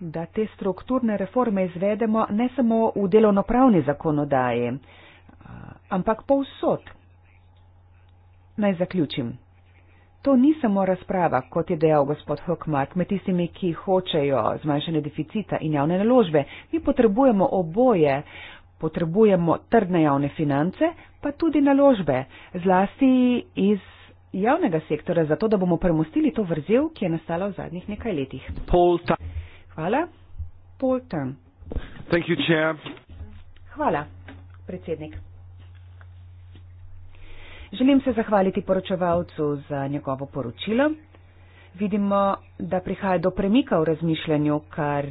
da te strukturne reforme izvedemo ne samo v delovnopravni zakonodaji, ampak povsod. Naj zaključim. To ni samo razprava, kot je dejal gospod Hockmark, med tistimi, ki hočejo zmanjšanje deficita in javne naložbe. Mi potrebujemo oboje, potrebujemo trdne javne finance, pa tudi naložbe, zlasti iz javnega sektora, zato da bomo premostili to vrzel, ki je nastala v zadnjih nekaj letih. Polta. Hvala. Polta. You, Hvala, predsednik. Želim se zahvaliti poročevalcu za njegovo poročilo. Vidimo, da prihaja do premika v razmišljanju, kar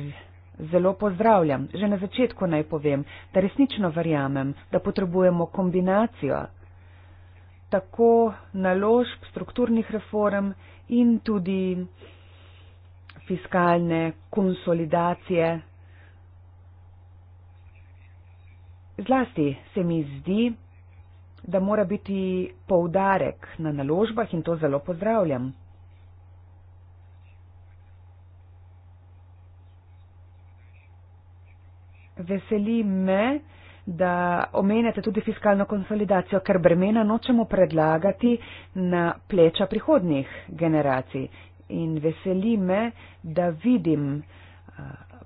zelo pozdravljam. Že na začetku naj povem, da resnično verjamem, da potrebujemo kombinacijo tako naložb, strukturnih reform in tudi fiskalne konsolidacije. Zlasti se mi zdi, da mora biti poudarek na naložbah in to zelo pozdravljam. Veseli me, da omenjate tudi fiskalno konsolidacijo, ker bremena nočemo predlagati na pleča prihodnih generacij. In veseli me, da vidim eh,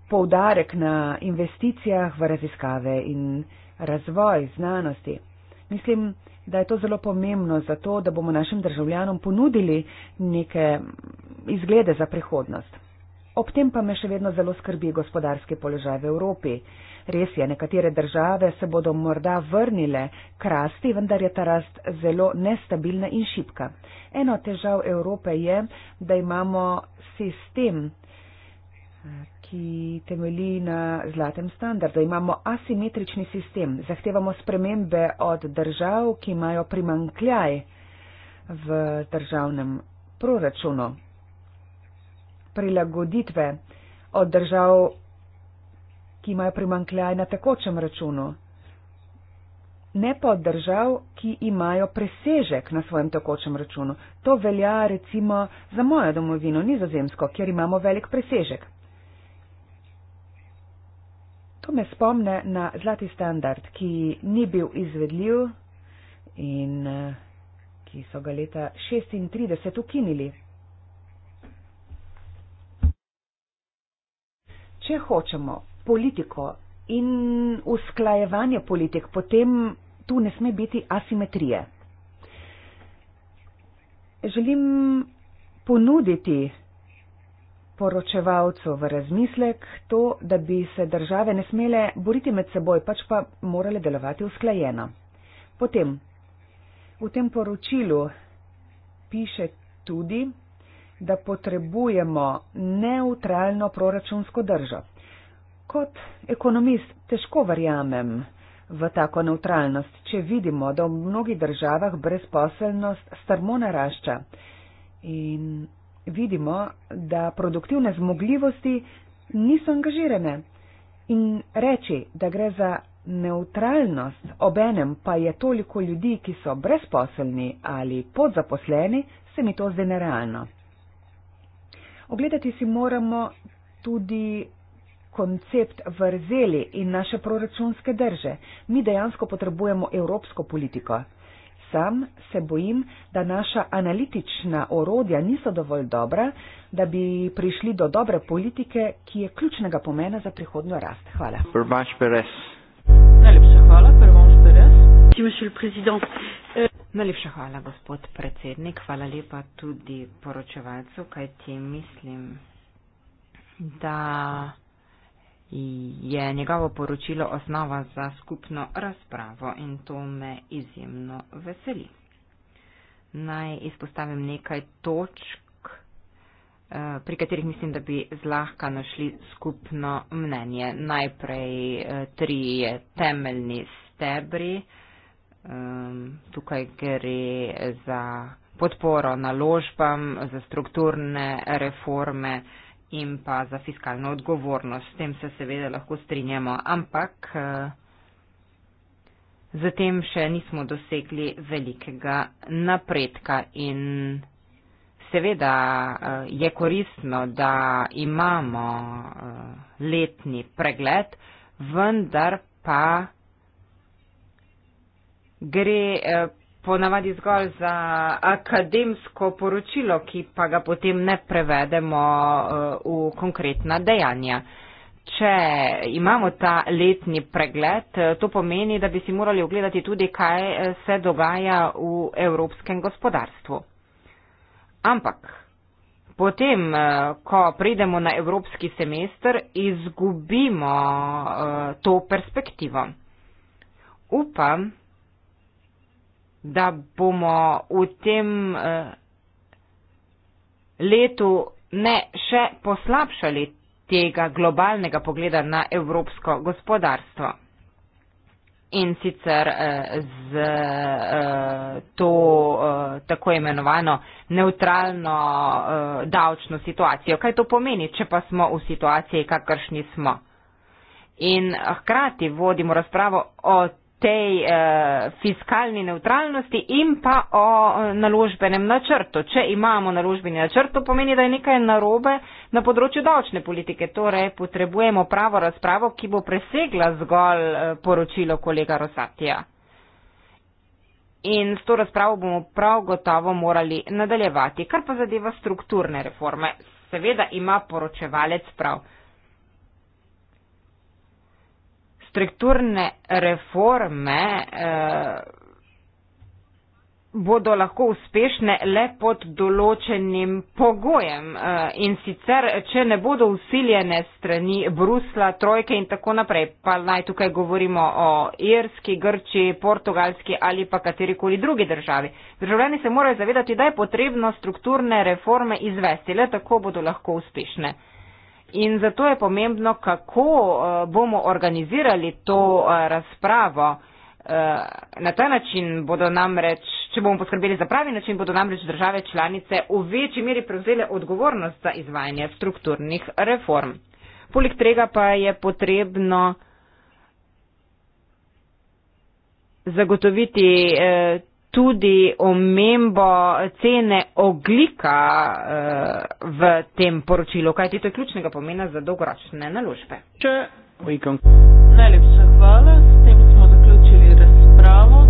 poudarek na investicijah v raziskave in razvoj znanosti. Mislim, da je to zelo pomembno za to, da bomo našim državljanom ponudili neke izglede za prihodnost. Ob tem pa me še vedno zelo skrbi gospodarski položaj v Evropi. Res je, nekatere države se bodo morda vrnile k rasti, vendar je ta rast zelo nestabilna in šipka. Eno težav Evrope je, da imamo sistem, ki temelji na zlatem standardu. Imamo asimetrični sistem. Zahtevamo spremembe od držav, ki imajo primankljaj v državnem proračunu. Prilagoditve od držav ki imajo primankljaj na tekočem računu, ne pa od držav, ki imajo presežek na svojem tekočem računu. To velja recimo za mojo domovino Nizozemsko, kjer imamo velik presežek. To me spomne na zlati standard, ki ni bil izvedljiv in eh, ki so ga leta 1936 ukinili. Če hočemo politiko in usklajevanje politik, potem tu ne sme biti asimetrije. Želim ponuditi poročevalcu v razmislek to, da bi se države ne smele boriti med seboj, pač pa morale delovati usklajena. Potem, v tem poročilu piše tudi, da potrebujemo neutralno proračunsko državo kot ekonomist težko verjamem v tako neutralnost, če vidimo, da v mnogih državah brezposelnost strmo narašča in vidimo, da produktivne zmogljivosti niso angažirane. In reči, da gre za neutralnost, obenem pa je toliko ljudi, ki so brezposelni ali podzaposleni, se mi to zdi nerealno. Ogledati si moramo tudi koncept vrzeli in naše proračunske drže. Mi dejansko potrebujemo evropsko politiko. Sam se bojim, da naša analitična orodja niso dovolj dobra, da bi prišli do dobre politike, ki je ključnega pomena za prihodnjo rast. Hvala. Najlepša hvala, eh, Najlepša hvala, gospod predsednik. Hvala lepa tudi poročevalcu, kaj ti mislim, da je njegovo poročilo osnova za skupno razpravo in to me izjemno veseli. Naj izpostavim nekaj točk, eh, pri katerih mislim, da bi zlahka našli skupno mnenje. Najprej eh, tri temeljni stebri. Ehm, tukaj gre za podporo naložbam, za strukturne reforme, in pa za fiskalno odgovornost. S tem se seveda lahko strinjamo, ampak zatem eh, še nismo dosegli velikega napredka in seveda eh, je koristno, da imamo eh, letni pregled, vendar pa gre ponavadi zgolj za akademsko poročilo, ki pa ga potem ne prevedemo eh, v konkretna dejanja. Če imamo ta letni pregled, eh, to pomeni, da bi si morali ogledati tudi, kaj eh, se dogaja v evropskem gospodarstvu. Ampak potem, ko pridemo na evropski semester, izgubimo to perspektivo. Upam, da bomo v tem eh, letu ne še poslabšali tega globalnega pogleda na evropsko gospodarstvo. In sicer eh, z eh, to tako imenovano neutralno davčno situacijo. Kaj to pomeni, če pa smo v situaciji, kakršni smo? In hkrati vodimo razpravo o tej eh, fiskalni neutralnosti in pa o eh, naložbenem načrtu. Če imamo naložbeni načrt, to pomeni, da je nekaj narobe na področju davčne politike. Torej, potrebujemo pravo razpravo, ki bo presegla zgolj eh, poročilo kolega Rosatija. In s to razpravo bomo prav gotovo morali nadaljevati. Kar pa zadeva strukturne reforme, seveda ima poročevalec prav. strukturne reforme eh, bodo lahko uspešne le pod določenim pogojem eh, in sicer, če ne bodo usiljene strani Brusla, Trojke in tako naprej, pa naj tukaj govorimo o Irski, Grči, Portugalski ali pa katerikoli drugi državi. Državljani se morajo zavedati, da je potrebno strukturne reforme izvesti, le tako bodo lahko uspešne. In zato je pomembno, kako eh, bomo organizirali to eh, razpravo. Eh, na ta način bodo namreč, če bomo poskrbeli za pravi način, bodo namreč države članice v večji meri prevzele odgovornost za izvajanje strukturnih reform. Poleg tega pa je potrebno zagotoviti tudi omembo cene oglika eh, v tem poročilu, kajti to je ključnega pomena za dolgoročne naložbe. Najlepša hvala, s tem smo zaključili razpravo.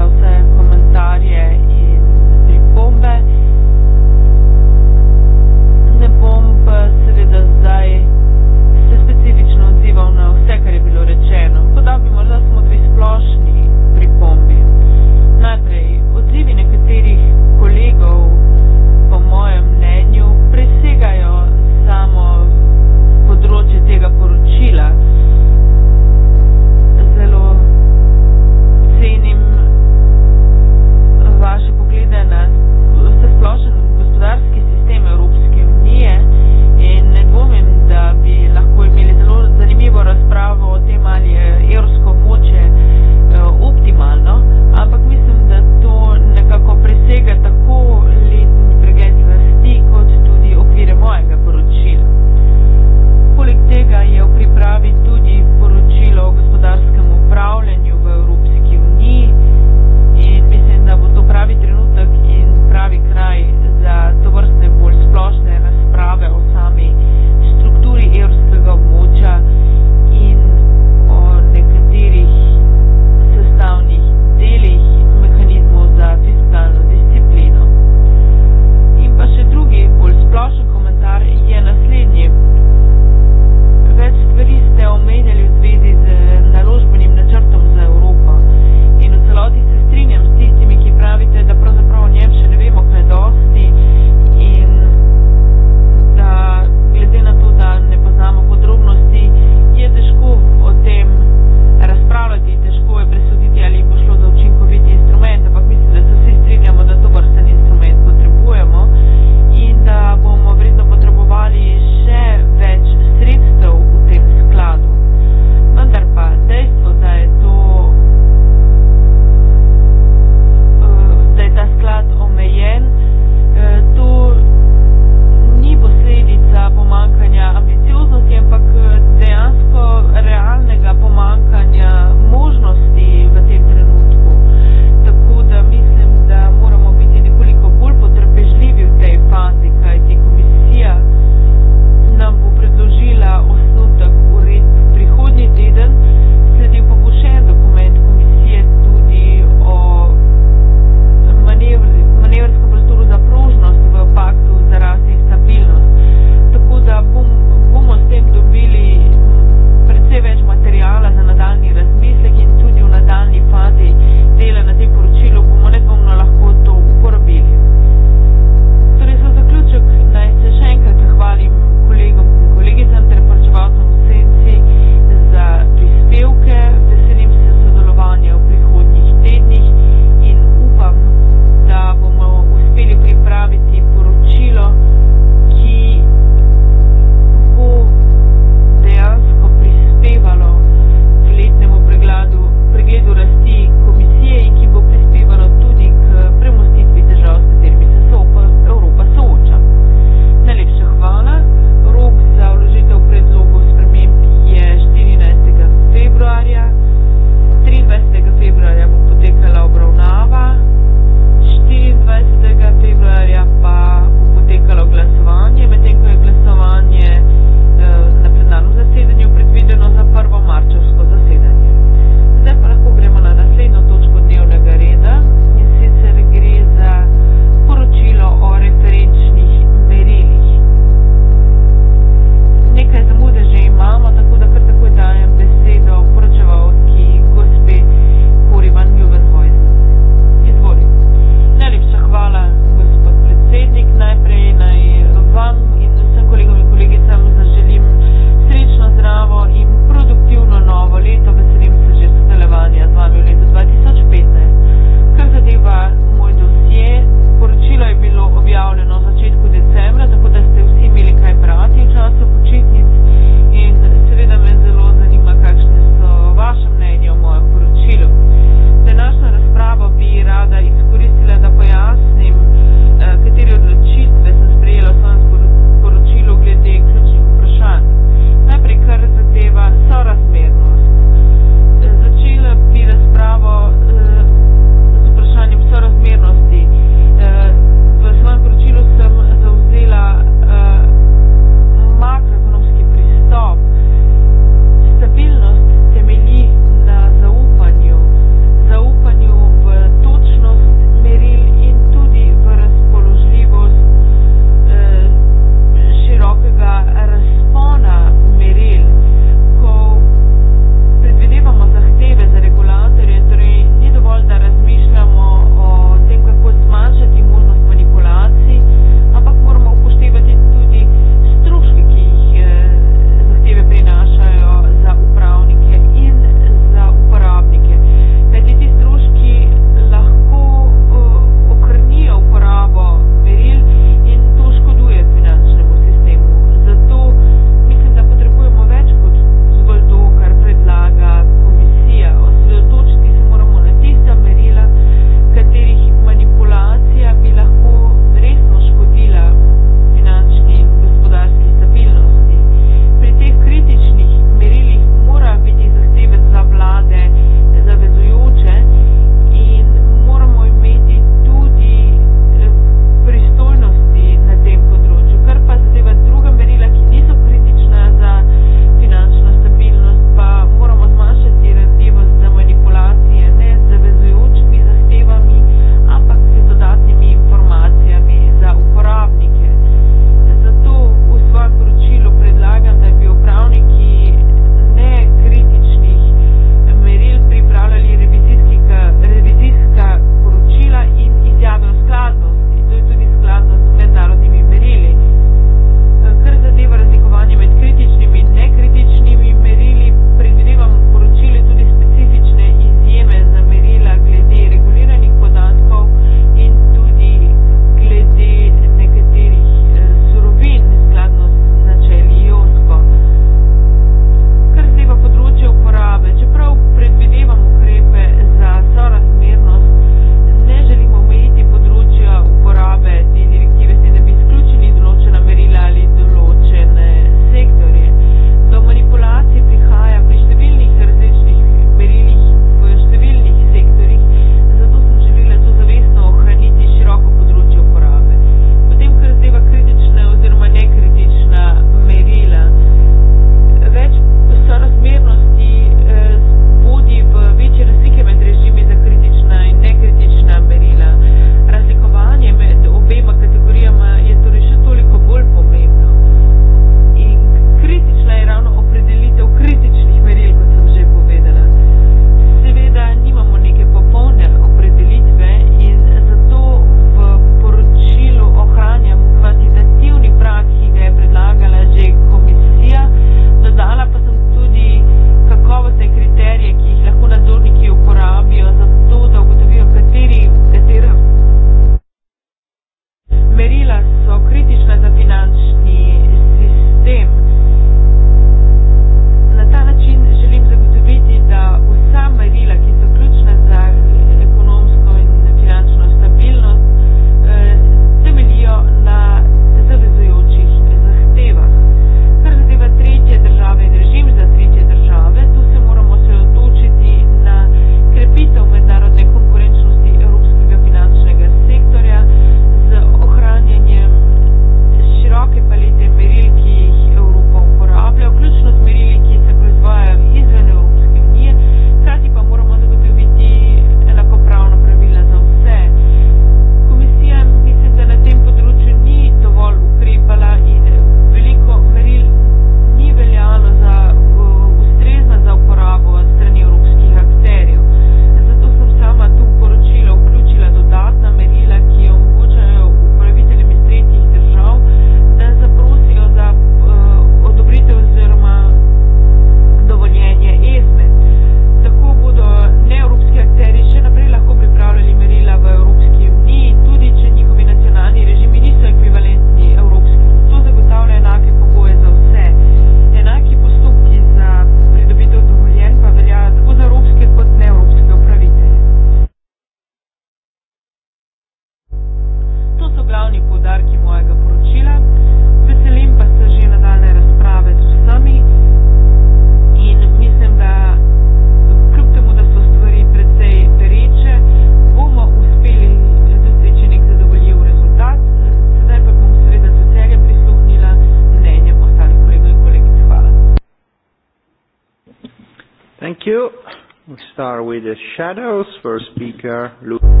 with the shadows. First speaker, Luca.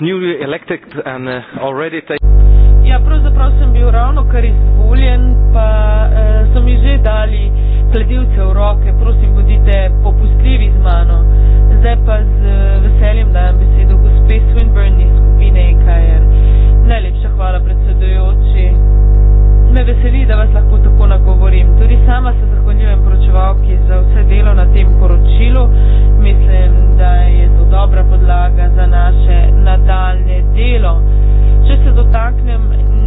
newly elected and uh, already taken. Ja, pravzaprav sem bil ravno kar izvoljen, pa uh, so mi že dali kladivce v roke. Prosim, bodite popustljivi z mano. Zdaj pa z eh, veseljem dajem besedo gospe Swinburne iz skupine EKR. Najlepša hvala predsedujoči me veseli, da vas lahko tako nagovorim. Tudi sama se zahvaljujem poročevalki za vse delo na tem poročilu. Mislim, da je to dobra podlaga za naše nadaljne delo. Če se dotaknem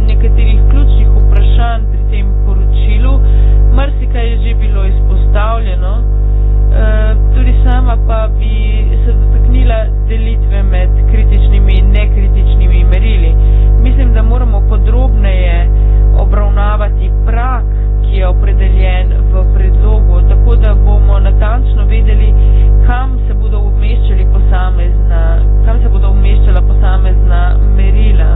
nekaterih ključnih vprašanj pri tem poročilu, marsikaj je že bilo izpostavljeno. Eh, tudi sama pa bi se dotaknila delitve med kritičnimi in nekritičnimi merili. Mislim, da moramo podrobneje obravnavati prak, ki je opredeljen v predlogu, tako da bomo natančno vedeli, kam se bodo umeščali posamezna, kam se bodo umeščala posamezna merila.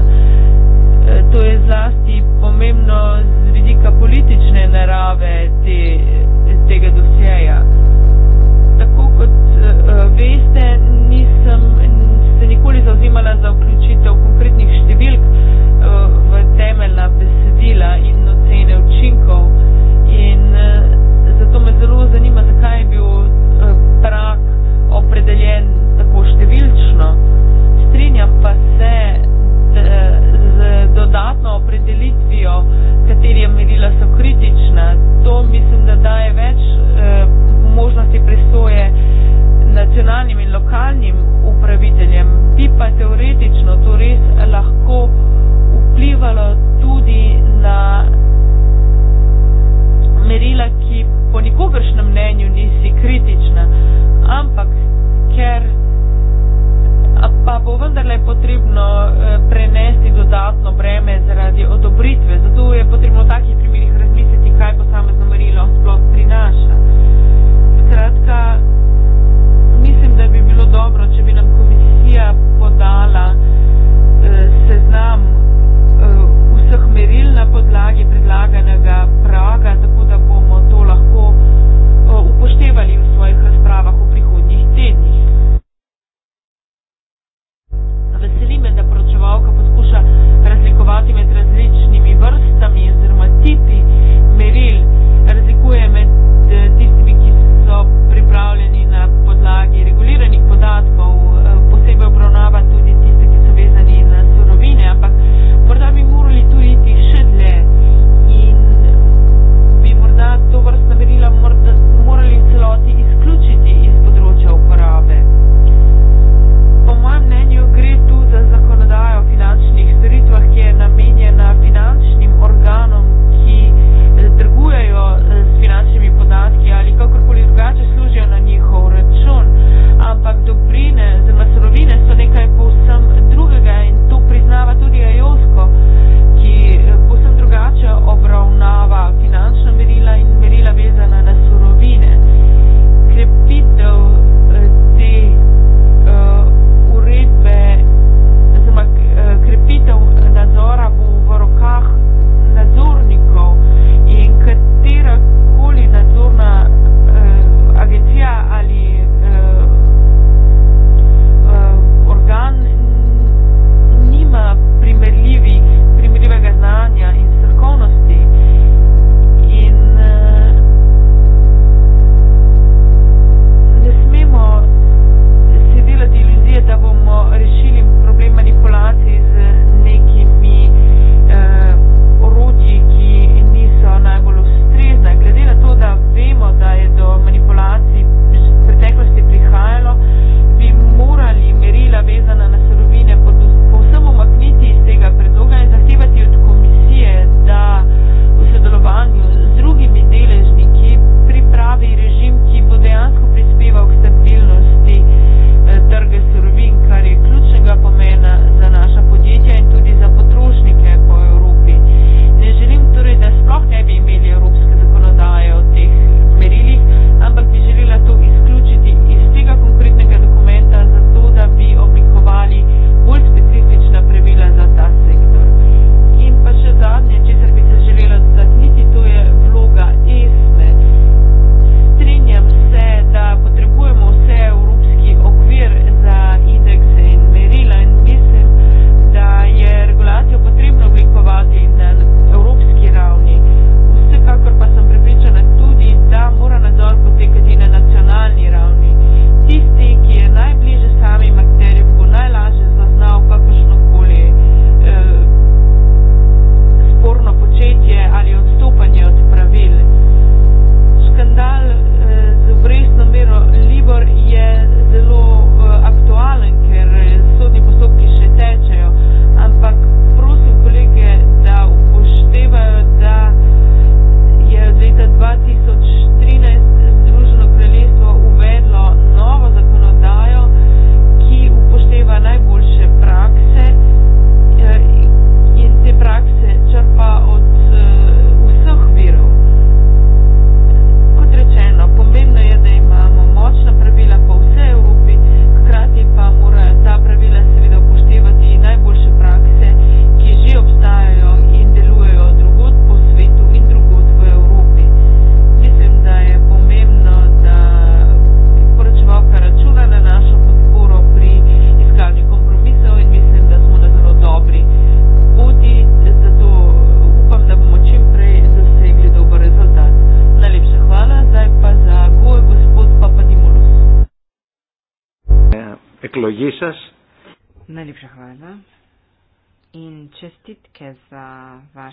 E, to je zlasti pomembno z vidika politične narave te, tega dosjeja. Tako kot e, e, veste, nisem se nikoli zauzimala za vključitev konkretnih številk svoje temeljna besedila in ocene učinkov. In uh, zato me zelo zanima, zakaj je bil uh, eh, prak opredeljen tako številčno. Strinjam pa se d, eh, z dodatno opredelitvijo, katerija merila so kritična. To mislim, da daje več uh, možnosti presoje nacionalnim in lokalnim upraviteljem. Bi pa teoretično to res lahko vplivalo tudi na merila, ki po nikogršnem mnenju nisi kritična, ampak ker pa bo vendarle potrebno eh, prenesti dodatno breme zaradi odobritve. Zato je potrebno v takih primerih razmisliti, kaj posamezno merilo sploh prinaša. Skratka, mislim, da bi bilo dobro, če bi nam komisija podala eh, seznam meril na podlagi predlaganega praga, tako da bomo to lahko eh, upoštevali v svojih razpravah v prihodnjih tednih. Veseli me, da poročevalka poskuša razlikovati med različnimi vrstami oziroma tipi meril. Razlikuje med eh, tistimi, ki so pripravljeni na podlagi reguliranih podatkov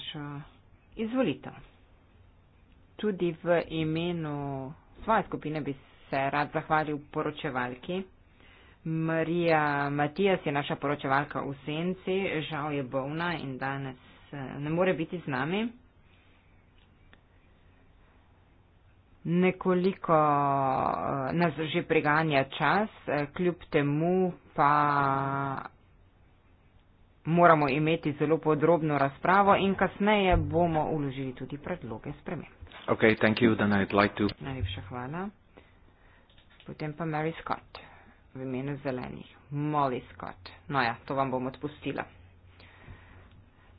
vašo izvolitev. Tudi v imenu svoje skupine bi se rad zahvalil poročevalki. Marija Matijas je naša poročevalka v senci, žal je bolna in danes eh, ne more biti z nami. Nekoliko eh, nas že preganja čas, eh, kljub temu pa moramo imeti zelo podrobno razpravo in kasneje bomo uložili tudi predloge sprememb. Ok, thank you, then I'd like to. Najlepša hvala. Potem pa Mary Scott v imenu zelenih. Molly Scott. No ja, to vam bom odpustila.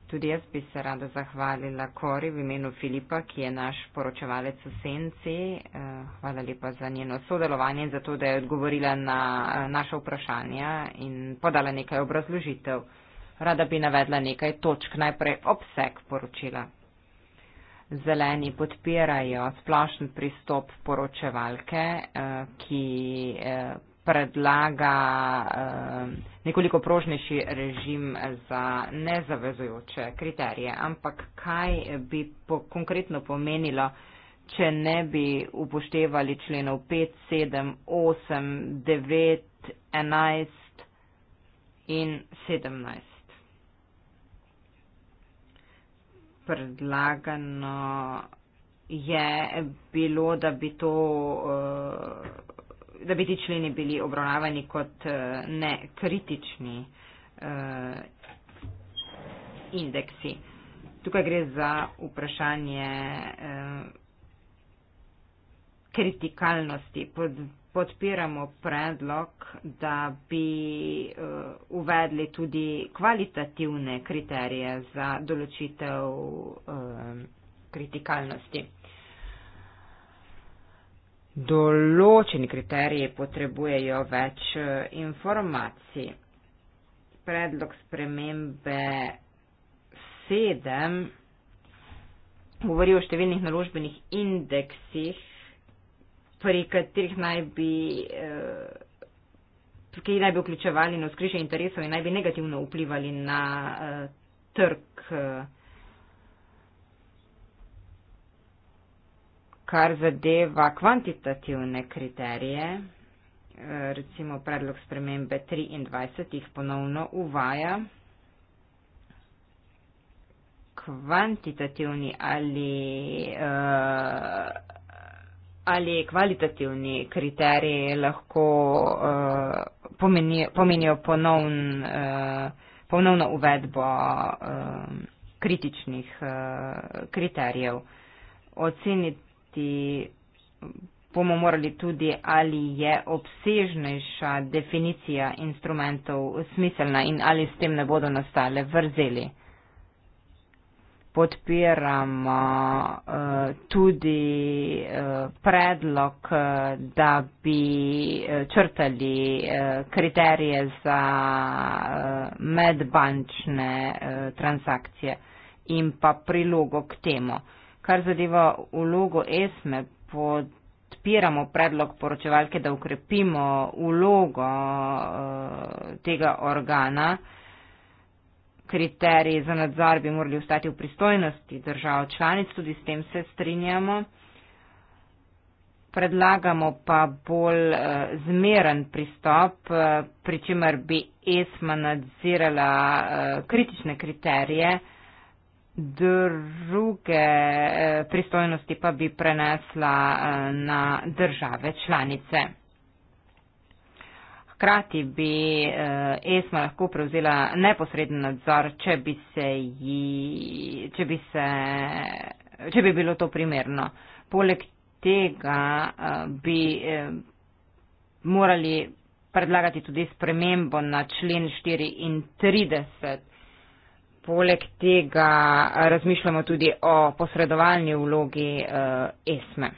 Tudi jaz bi se rada zahvalila Kori v imenu Filipa, ki je naš poročevalec v Senci. Eh, hvala lepa za njeno sodelovanje in za to, da je odgovorila na eh, naše vprašanja in podala nekaj obrazložitev. Rada bi navedla nekaj točk, najprej obseg poročila. Zeleni podpirajo splošen pristop poročevalke, eh, ki eh, predlaga eh, nekoliko prožnejši režim za nezavezujoče kriterije. Ampak kaj bi po, konkretno pomenilo, če ne bi upoštevali členov 5, 7, 8, 9, 11 in 17? predlagano je bilo, da bi to. Uh, da bi ti členi bili obravnavani kot eh, nekritični eh, indeksi. Tukaj gre za vprašanje eh, kritikalnosti. Pod, podpiramo predlog, da bi uh, uvedli tudi kvalitativne kriterije za določitev uh, kritikalnosti. Določeni kriteriji potrebujejo več eh, informacij. Predlog spremembe 7 govori o številnih naložbenih indeksih, pri katerih naj bi, eh, ki naj bi vključevali na skrižje interesov in naj bi negativno vplivali na eh, trg, eh, kar zadeva kvantitativne kriterije. Eh, recimo predlog spremembe 23 jih ponovno uvaja kvantitativni ali uh, ali kvalitativni kriteriji lahko uh, pomeni, pomenijo ponovn, uh, ponovno uvedbo uh, kritičnih uh, kriterijev. Oceniti bomo morali tudi, ali je obsežnejša definicija instrumentov smiselna in ali s tem ne bodo nastale vrzeli podpiramo eh, tudi eh, predlog, da bi eh, črtali kriterije za medbančne transakcije in pa prilogo k temu. Kar zadeva vlogo ESME, podpiramo predlog poročevalke, da ukrepimo vlogo tega organa kriteriji za nadzor bi morali ostati v pristojnosti držav članic, tudi s tem se strinjamo. Predlagamo pa bolj eh, zmeren pristop, eh, pri čemer bi ESMA nadzirala eh, kritične kriterije, druge pristojnosti pa bi prenesla na države članice hkrati bi uh, ESMA lahko prevzela neposreden nadzor, če bi, se ji, če, bi se, če bi bilo to primerno. Poleg tega uh, bi uh, morali predlagati tudi spremembo na člen 34. Poleg tega razmišljamo tudi o posredovalni vlogi uh, ESME.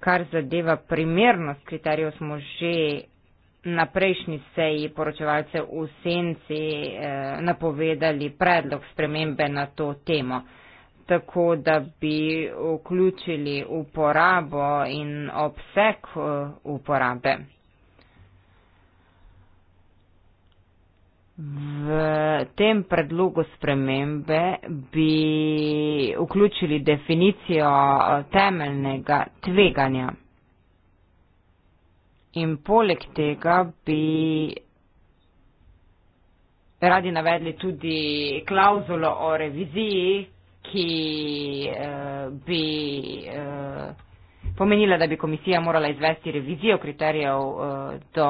Kar zadeva primernost kriterijev, smo že na prejšnji seji poročevalce v senci eh, napovedali predlog spremembe na to temo, tako da bi vključili uporabo in obseg eh, uporabe. V tem predlogu spremembe bi vključili definicijo eh, temeljnega tveganja. In poleg tega bi radi navedli tudi klauzulo o reviziji, ki eh, bi eh, pomenila, da bi komisija morala izvesti revizijo kriterijev eh, do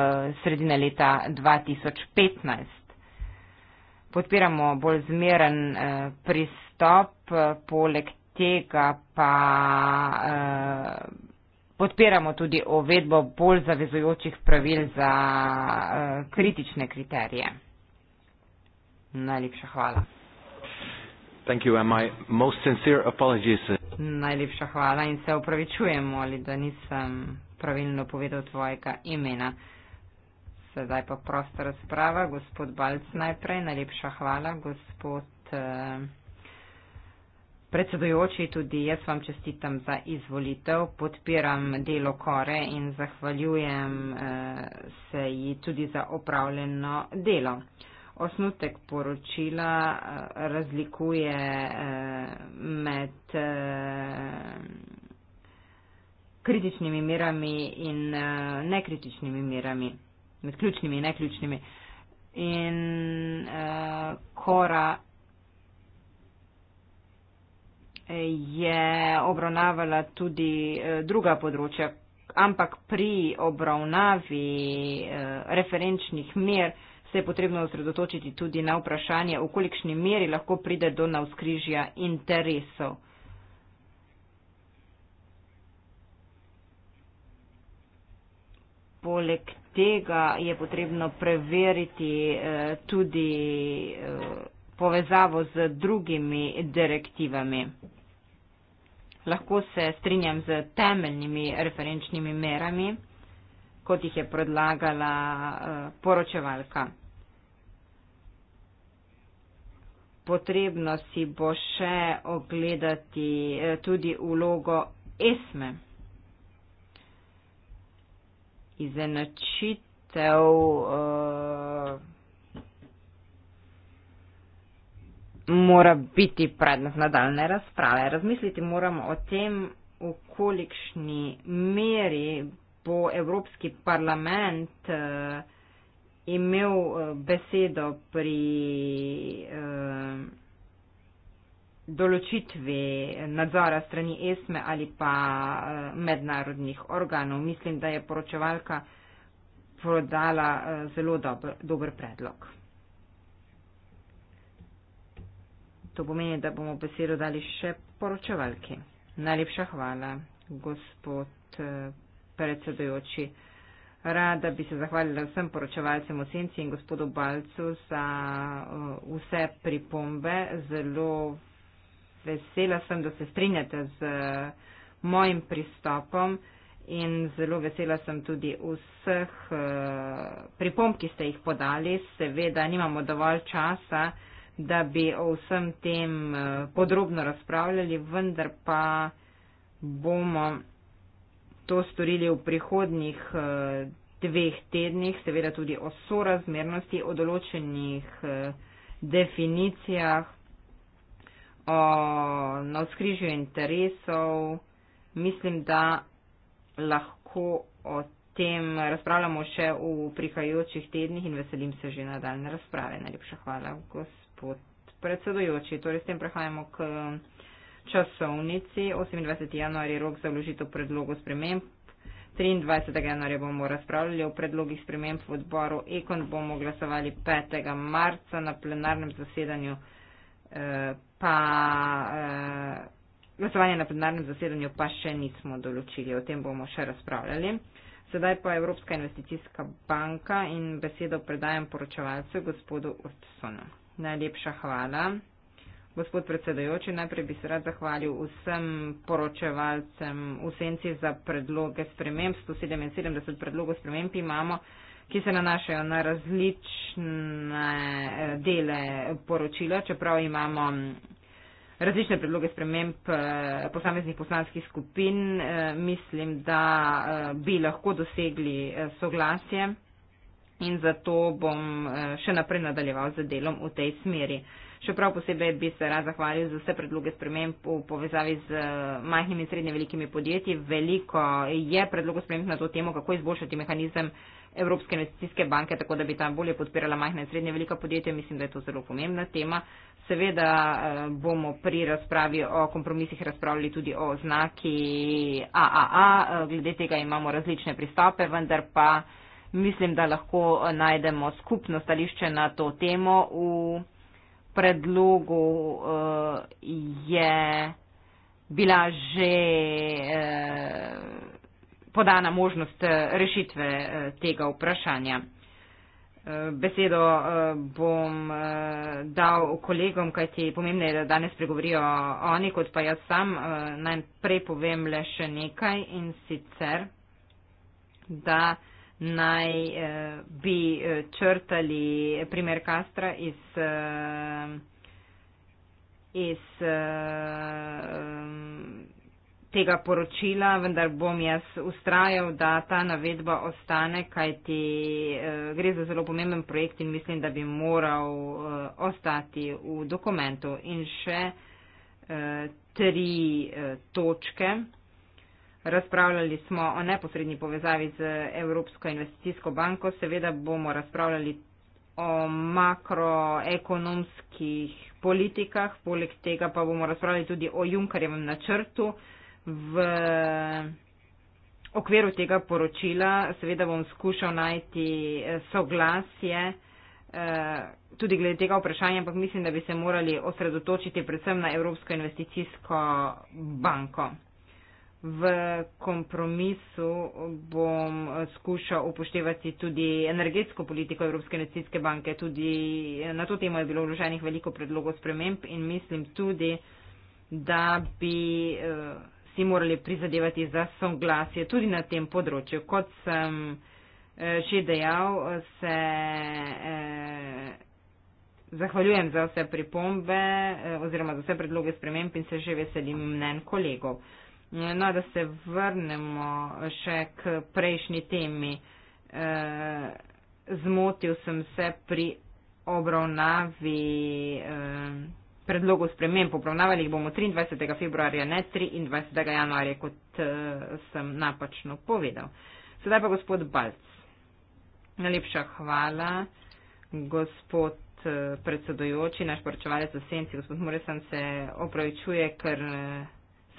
eh, sredine leta 2015. Podpiramo bolj zmeren eh, pristop, eh, poleg tega pa. Eh, podpiramo tudi uvedbo bolj zavezujočih pravil za uh, kritične kriterije. Najlepša hvala. Najlepša hvala in se opravičujem, moli, da nisem pravilno povedal tvojega imena. Sedaj pa prosta razprava. Gospod Balc najprej. Najlepša hvala. Gospod. Uh, Predsedujoči, tudi jaz vam čestitam za izvolitev, podpiram delo Kore in zahvaljujem eh, se ji tudi za opravljeno delo. Osnutek poročila eh, razlikuje eh, med kritičnimi merami in nekritičnimi merami, med ključnimi in neključnimi. In uh, Kora je obravnavala tudi eh, druga področja, ampak pri obravnavi eh, referenčnih mer se je potrebno osredotočiti tudi na vprašanje, v kolikšni meri lahko pride do navskrižja interesov. Poleg tega je potrebno preveriti eh, tudi eh, povezavo z drugimi direktivami lahko se strinjam z temeljnimi referenčnimi merami, kot jih je predlagala eh, poročevalka. Potrebno si bo še ogledati eh, tudi vlogo esme. Izenačitev. Uh, mora biti predmet nadaljne razprave. Razmisliti moramo o tem, v kolikšni meri bo Evropski parlament uh, imel uh, besedo pri uh, določitvi nadzora strani ESME ali pa uh, mednarodnih organov. Mislim, da je poročevalka prodala uh, zelo dober, dober predlog. To pomeni, da bomo besedo dali še poročevalki. Najlepša hvala, gospod eh, predsedujoči. Rada bi se zahvalila vsem poročevalcem v Senci in gospodu Balcu za eh, vse pripombe. Zelo vesela sem, da se strinjate z mojim pristopom in zelo vesela sem tudi vseh eh, pripomb, ki ste jih podali. Seveda nimamo dovolj časa da bi o vsem tem eh, podrobno razpravljali, vendar pa bomo to storili v prihodnih eh, dveh tednih, seveda tudi o sorazmernosti, o določenih eh, definicijah, o navskrižju interesov. Mislim, da lahko o tem razpravljamo še v prihajajočih tednih in veselim se že nadaljne razprave. Najlepša hvala, gospod gospod predsedujoči. Torej, s tem prehajamo k časovnici. 28. januar je rok za vložitev predlogov sprememb. 23. januarja bomo razpravljali o predlogih sprememb v odboru Ekon. Bomo glasovali 5. marca na plenarnem zasedanju. Eh, pa, eh, glasovanje na plenarnem zasedanju pa še nismo določili. O tem bomo še razpravljali. Sedaj pa Evropska investicijska banka in besedo predajam poročevalcu gospodu Otsonu. Najlepša hvala. Gospod predsedajoči, najprej bi se rad zahvalil vsem poročevalcem v senci za predloge sprememb. 177 predlogov sprememb imamo, ki se nanašajo na različne eh, dele poročila, čeprav imamo različne predloge sprememb eh, posameznih poslanskih skupin. Eh, mislim, da bi lahko dosegli soglasje in zato bom eh, še naprej nadaljeval z delom v tej smeri. Še prav posebej bi se rad zahvalil za vse predloge sprememb v povezavi z eh, majhnimi in srednje velikimi podjetji. Veliko je predlogov sprememb na to temo, kako izboljšati mehanizem Evropske investicijske banke, tako da bi tam bolje podpirala majhne in srednje velika podjetja. Mislim, da je to zelo pomembna tema. Seveda eh, bomo pri razpravi o kompromisih razpravljali tudi o znaki AAA. Glede tega imamo različne pristope, vendar pa mislim, da lahko najdemo skupno stališče na to temo. V predlogu uh, je bila že uh, podana možnost eh, rešitve uh, tega vprašanja. Besedo bom dal kolegom, kajti pomembno je, da danes pregovorijo oni, kot pa jaz sam. Najprej povem le še nekaj in sicer, da naj uh, bi uh, črtali primer Kastra iz, uh, iz uh, tega poročila, vendar bom jaz ustrajal, da ta navedba ostane, kajti uh, gre za zelo pomemben projekt in mislim, da bi moral uh, ostati v dokumentu. In še uh, tri uh, točke. Razpravljali smo o neposrednji povezavi z Evropsko investicijsko banko, seveda bomo razpravljali o makroekonomskih politikah, poleg tega pa bomo razpravljali tudi o Junkarjevem načrtu. V okviru tega poročila seveda bom skušal najti eh, soglasje eh, tudi glede tega vprašanja, ampak mislim, da bi se morali osredotočiti predvsem na Evropsko investicijsko banko v kompromisu bom skušal upoštevati tudi energetsko politiko Evropske investicijske banke. Tudi na to temo je bilo vloženih veliko predlogov sprememb in mislim tudi, da bi eh, si morali prizadevati za soglasje tudi na tem področju. Kot sem že eh, dejal, se eh, zahvaljujem za vse pripombe oziroma za vse predloge sprememb in se že veselim mnen kolegov. No, da se vrnemo še k prejšnji temi. E, zmotil sem se pri obravnavi e, predlogov sprememb. Obravnavali jih bomo 23. februarja, ne 23. januarja, kot e, sem napačno povedal. Sedaj pa gospod Balc. Najlepša hvala, gospod predsedujoči, naš poročevalec v senci, gospod Moresan se opravičuje, ker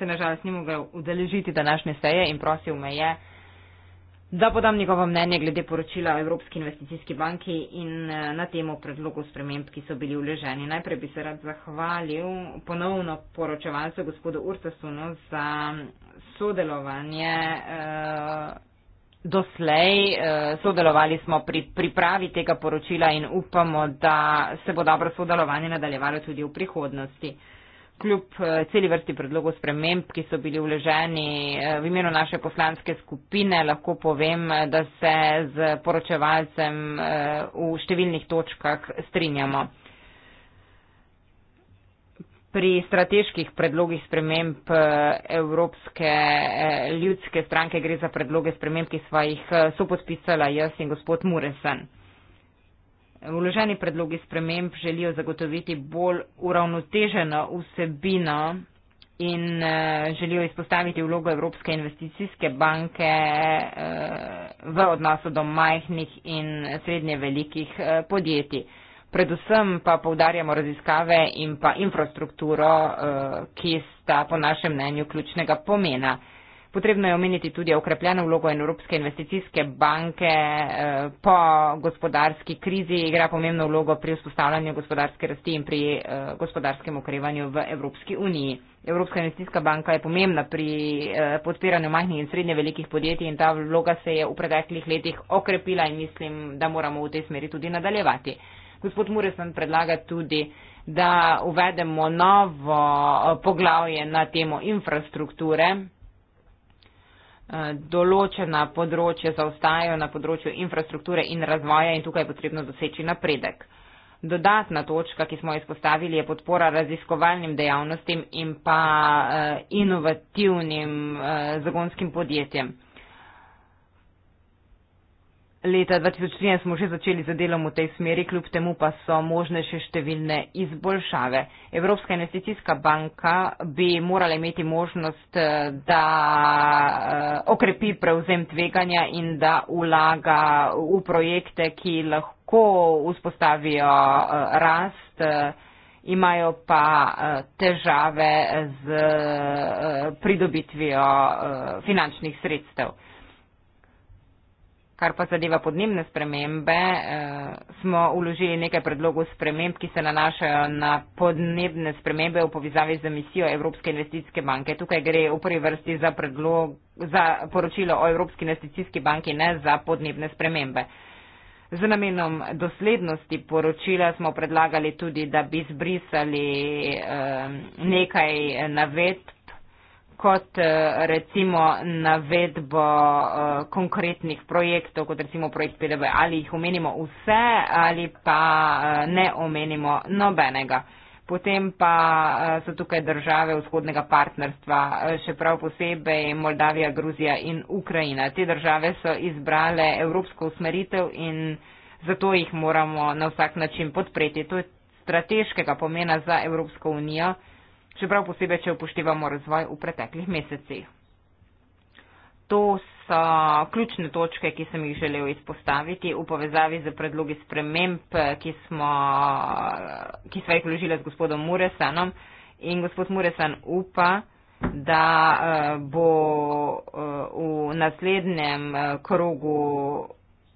se nažalost ni mogel udeležiti današnje seje in prosil me je, da podam njegovo mnenje glede poročila Evropski investicijski banki in eh, na temo predlogov sprememb, ki so bili uleženi. Najprej bi se rad zahvalil ponovno poročevalcu gospodu Urtasunu za sodelovanje. Uh, Doslej eh, sodelovali smo pri pripravi tega poročila in upamo, da se bo dobro sodelovanje nadaljevalo tudi v prihodnosti kljub eh, celi vrsti predlogov sprememb, ki so bili vleženi eh, v imenu naše poslanske skupine, lahko povem, eh, da se z poročevalcem v številnih točkah strinjamo. Pri strateških predlogih sprememb Evropske ljudske stranke gre za predloge sprememb, ki sva jih sopodpisala jaz in gospod Muresen. Vloženi predlogi sprememb želijo zagotoviti bolj uravnoteženo vsebino in eh, želijo izpostaviti vlogo Evropske investicijske banke eh, v odnosu do majhnih in srednje velikih eh, podjetij. Predvsem pa povdarjamo raziskave in pa infrastrukturo, ki sta po našem mnenju ključnega pomena. Potrebno je omeniti tudi okrepljeno vlogo Evropske investicijske banke. Eh, po gospodarski krizi igra pomembno vlogo pri vzpostavljanju gospodarske rasti in pri eh, gospodarskem okrevanju v Evropski uniji. Evropska investicijska banka je pomembna pri eh, podpiranju majhnih in srednje velikih podjetij in ta vloga se je v preteklih letih okrepila in mislim, da moramo v tej smeri tudi nadaljevati. Gospod Mures nam predlaga tudi, da uvedemo novo poglavje na temo infrastrukture. Eh, določena področja zaostajajo na področju infrastrukture in razvoja in tukaj je potrebno doseči napredek. Dodatna točka, ki smo jo izpostavili, je podpora raziskovalnim dejavnostim in pa eh, inovativnim eh, zagonskim podjetjem. Leta 2013 smo že začeli z delom v tej smeri, kljub temu pa so možne še številne izboljšave. Evropska investicijska banka bi morala imeti možnost, eh, da eh, okrepi prevzem tveganja in da ulaga v projekte, ki lahko vzpostavijo eh, rast, imajo pa težave z pridobitvijo finančnih sredstev. Kar pa zadeva podnebne spremembe, eh, smo uložili nekaj predlogov sprememb, ki se nanašajo na podnebne spremembe v povezavi z emisijo Evropske investicijske banke. Tukaj gre v prvi vrsti za, predlog, za poročilo o Evropski investicijski banki, ne za podnebne spremembe. Z namenom doslednosti poročila smo predlagali tudi, da bi zbrisali eh, nekaj navedb kot eh, recimo navedbo eh, konkretnih projektov, kot recimo projekt PDV, ali jih omenimo vse ali pa eh, ne omenimo nobenega. Potem pa so tukaj države vzhodnega partnerstva, še prav posebej Moldavija, Gruzija in Ukrajina. Te države so izbrale evropsko usmeritev in zato jih moramo na vsak način podpreti. To je strateškega pomena za Evropsko unijo čeprav posebej, če upoštevamo razvoj v preteklih mesecih. To so ključne točke, ki sem jih želel izpostaviti v povezavi z predlogi sprememb, ki, smo, ki sva jih vložila z gospodom Muresanom in gospod Muresan upa, da eh, bo eh, v naslednjem eh, krogu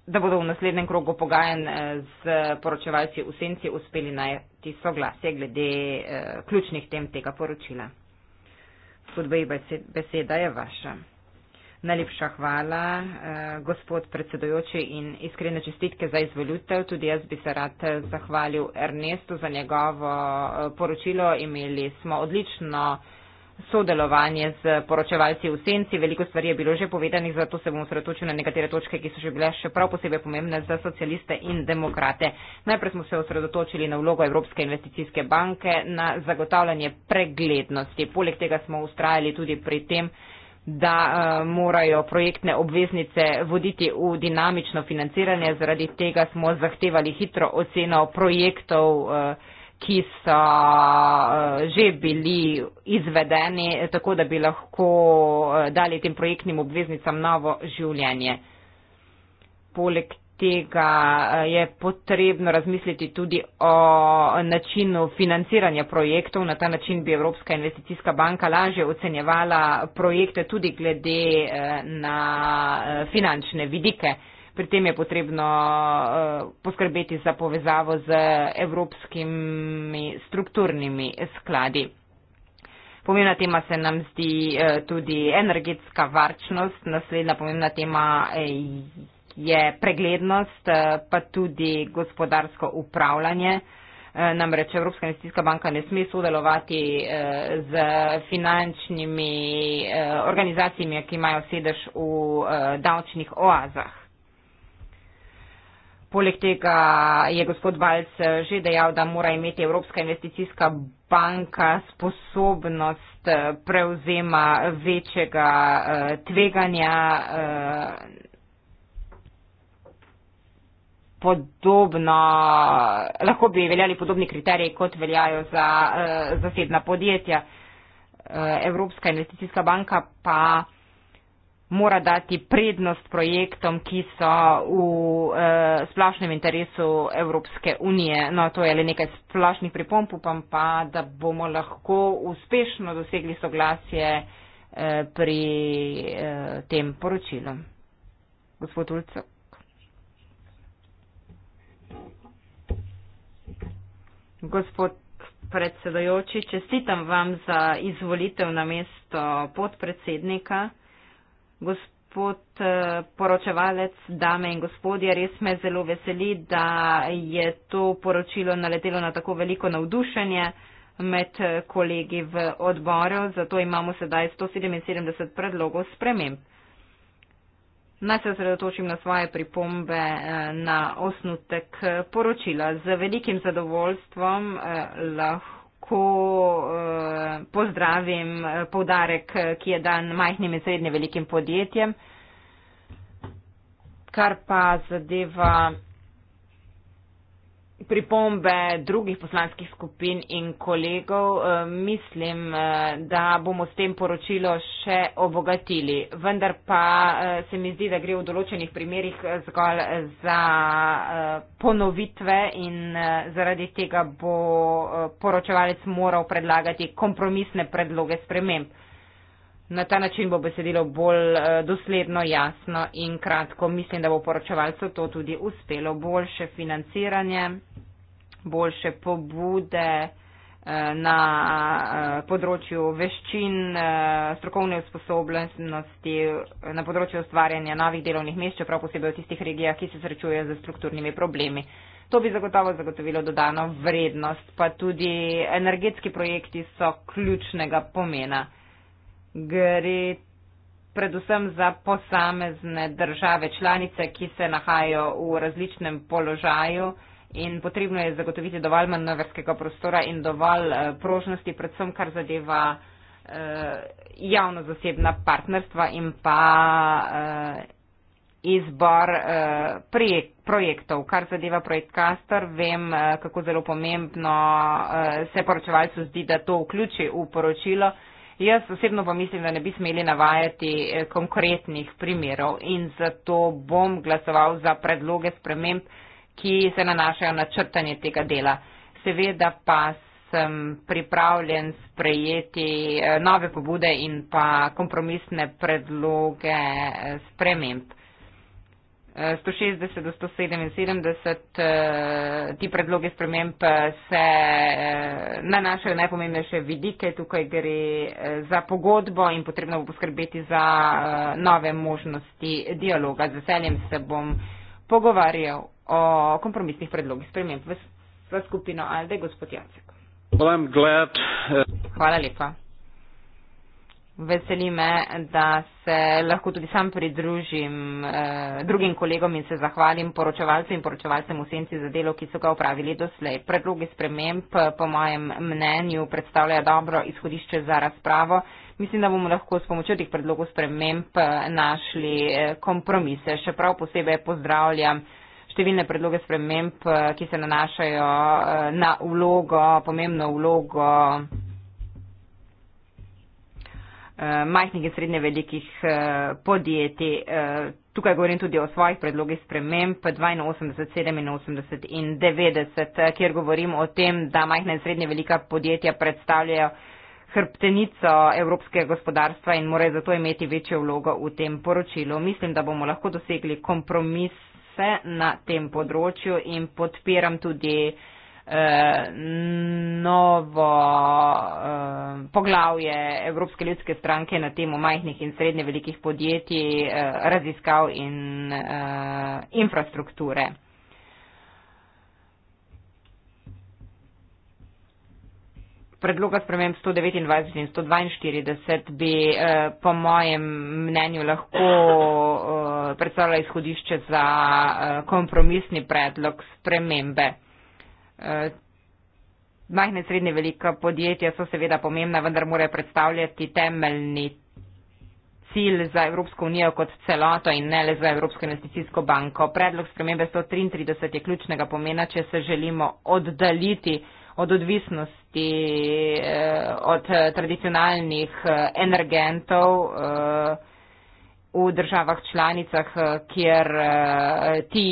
da bodo v naslednjem krogu pogajanj z eh, poročevalci v senci uspeli najti soglasje glede eh, ključnih tem tega poročila. Gospod Bej, beseda je vaša. Najlepša hvala, eh, gospod predsedojoči in iskrene čestitke za izvolitev. Tudi jaz bi se rad zahvalil Ernestu za njegovo poročilo. Imeli smo odlično sodelovanje z poročevalci v senci. Veliko stvari je bilo že povedanih, zato se bom osredotočil na nekatere točke, ki so že bile še prav posebej pomembne za socialiste in demokrate. Najprej smo se osredotočili na vlogo Evropske investicijske banke, na zagotavljanje preglednosti. Poleg tega smo ustrajali tudi pri tem, da eh, morajo projektne obveznice voditi v dinamično financiranje. Zaradi tega smo zahtevali hitro oceno projektov. Eh, ki so eh, že bili izvedeni, tako da bi lahko eh, dali tem projektnim obveznicam novo življenje. Poleg tega eh, je potrebno razmisliti tudi o načinu financiranja projektov. Na ta način bi Evropska investicijska banka lažje ocenjevala projekte tudi glede na finančne vidike. Pri tem je potrebno eh, poskrbeti za povezavo z evropskimi strukturnimi skladi. Pomembna tema se nam zdi eh, tudi energetska varčnost, naslednja pomembna tema eh, je preglednost, pa tudi gospodarsko upravljanje. Namreč Evropska investicijska banka ne sme sodelovati z finančnimi organizacijami, ki imajo sedež v davčnih oazah. Poleg tega je gospod Valc že dejal, da mora imeti Evropska investicijska banka sposobnost eh, prevzema večjega eh, tveganja. Eh, podobno, lahko bi veljali podobni kriteriji, kot veljajo za zasebna podjetja. Evropska investicijska banka pa mora dati prednost projektom, ki so v e, splošnem interesu Evropske unije. No, to je le nekaj splošnih pripomp, upam pa, da bomo lahko uspešno dosegli soglasje e, pri e, tem poročilu. Gospod Ulcev. Gospod predsedojoči, čestitam vam za izvolitev na mesto podpredsednika. Gospod eh, poročevalec, dame in gospodje, res me zelo veseli, da je to poročilo naletelo na tako veliko navdušenje med eh, kolegi v odboru, zato imamo sedaj 177 predlogov sprememb. Naj se osredotočim na svoje pripombe eh, na osnutek poročila. Z velikim zadovoljstvom lahko lahko eh, pozdravim eh, povdarek, eh, ki je dan majhnim in srednje velikim podjetjem. Kar pa zadeva pripombe drugih poslanskih skupin in kolegov, eh, mislim, eh, da bomo s tem poročilo še obogatili. Vendar pa eh, se mi zdi, da gre v določenih primerjih zgolj za ponovitve in zaradi tega bo poročevalec moral predlagati kompromisne predloge sprememb. Na ta način bo besedilo bolj eh, dosledno, jasno in kratko. Mislim, da bo poročevalcu to tudi uspelo. Boljše financiranje, boljše pobude eh, na eh, področju veščin, strokovne usposobljenosti, na področju ustvarjanja novih delovnih mest, čeprav posebej v tistih regijah, ki se srečujejo z strukturnimi problemi. To bi zagotovo zagotovilo dodano vrednost, pa tudi energetski projekti so ključnega pomena gre predvsem za posamezne države članice, ki se nahajajo v različnem položaju in potrebno je zagotoviti dovolj manevrskega prostora in dovolj eh, prožnosti, predvsem kar zadeva eh, javno-zasebna partnerstva in pa eh, izbor projektov. Kar zadeva projekt Castor, vem, kako zelo pomembno se poročevalcu zdi, da to vključi v poročilo. Jaz osebno pa mislim, da ne bi smeli navajati eh, konkretnih primerov in zato bom glasoval za predloge sprememb, ki se nanašajo na črtanje tega dela. Seveda pa sem pripravljen sprejeti eh, nove pobude in pa kompromisne predloge eh, sprememb. 160 do 177 eh, ti predloge sprememb eh, se eh, nanašajo najpomembnejše vidike, tukaj gre za pogodbo in potrebno bo poskrbeti za nove možnosti dialoga. Z veseljem se bom pogovarjal o kompromisnih predlogih sprememb v skupino Alde, gospod Jacek. Well, Hvala lepa. Veseli me, da se lahko tudi sam pridružim eh, drugim kolegom in se zahvalim poročevalcu in poročevalcem v senci za delo, ki so ga upravili doslej. Predlogi sprememb, po mojem mnenju, predstavljajo dobro izhodišče za razpravo. Mislim, da bomo lahko s pomočjo teh predlogov sprememb eh, našli eh, kompromise. Še prav posebej pozdravljam številne predloge sprememb, eh, ki se nanašajo na vlogo, pomembno vlogo Eh, majhnih in srednje velikih eh, podjetij. Eh, tukaj govorim tudi o svojih predlogih sprememb 82, 87 in 90, kjer govorim o tem, da majhne in srednje velika podjetja predstavljajo hrbtenico evropskega gospodarstva in morajo zato imeti večjo vlogo v tem poročilu. Mislim, da bomo lahko dosegli kompromise na tem področju in podpiram tudi eh, novo eh, poglavje Evropske ljudske stranke na temo majhnih in srednje velikih podjetij, eh, raziskav in eh, infrastrukture. Predloga sprememb 129 in 142 bi eh, po mojem mnenju lahko eh, predstavljala izhodišče za eh, kompromisni predlog spremembe. Eh, majhne srednje velika podjetja so seveda pomembna, vendar morajo predstavljati temeljni cilj za Evropsko unijo kot celoto in ne le za Evropsko investicijsko banko. Predlog spremembe 133 je ključnega pomena, če se želimo oddaliti od odvisnosti eh, od tradicionalnih eh, energentov v državah članicah, eh, kjer eh, ti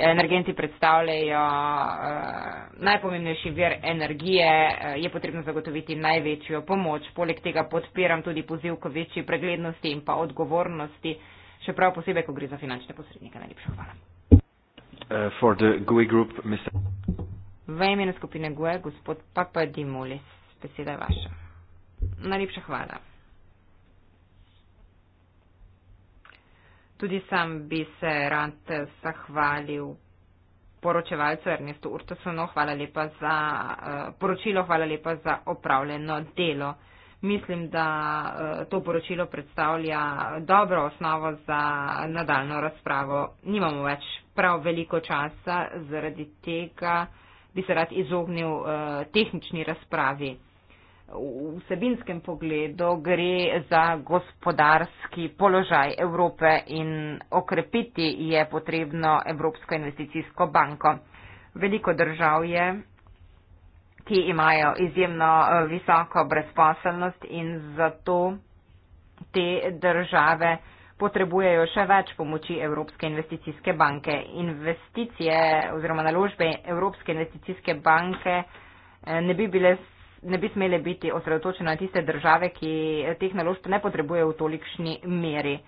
energenti predstavljajo eh, najpomembnejši vir energije, je potrebno zagotoviti največjo pomoč. Poleg tega podpiram tudi poziv k večji preglednosti in pa odgovornosti, še prav posebej, ko gre za finančne posrednike. Najlepša hvala. V imenu skupine GUE, gospod Papa Dimulis, beseda je vaša. Najlepša hvala. Tudi sam bi se rad zahvalil poročevalcu Ernestu Urtosonu, hvala lepa za uh, poročilo, hvala lepa za opravljeno delo. Mislim, da uh, to poročilo predstavlja dobro osnovo za nadaljno razpravo. Nimamo več prav veliko časa, zaradi tega bi se rad izognil uh, tehnični razpravi vsebinskem pogledu gre za gospodarski položaj Evrope in okrepiti je potrebno Evropsko investicijsko banko. Veliko držav je, ki imajo izjemno eh, visoko brezposelnost in zato te države potrebujejo še več pomoči Evropske investicijske banke. Investicije oziroma naložbe Evropske investicijske banke eh, ne bi bile ne bi smele biti osredotočene na tiste države, ki teh naložb ne potrebujejo v tolikšni meri.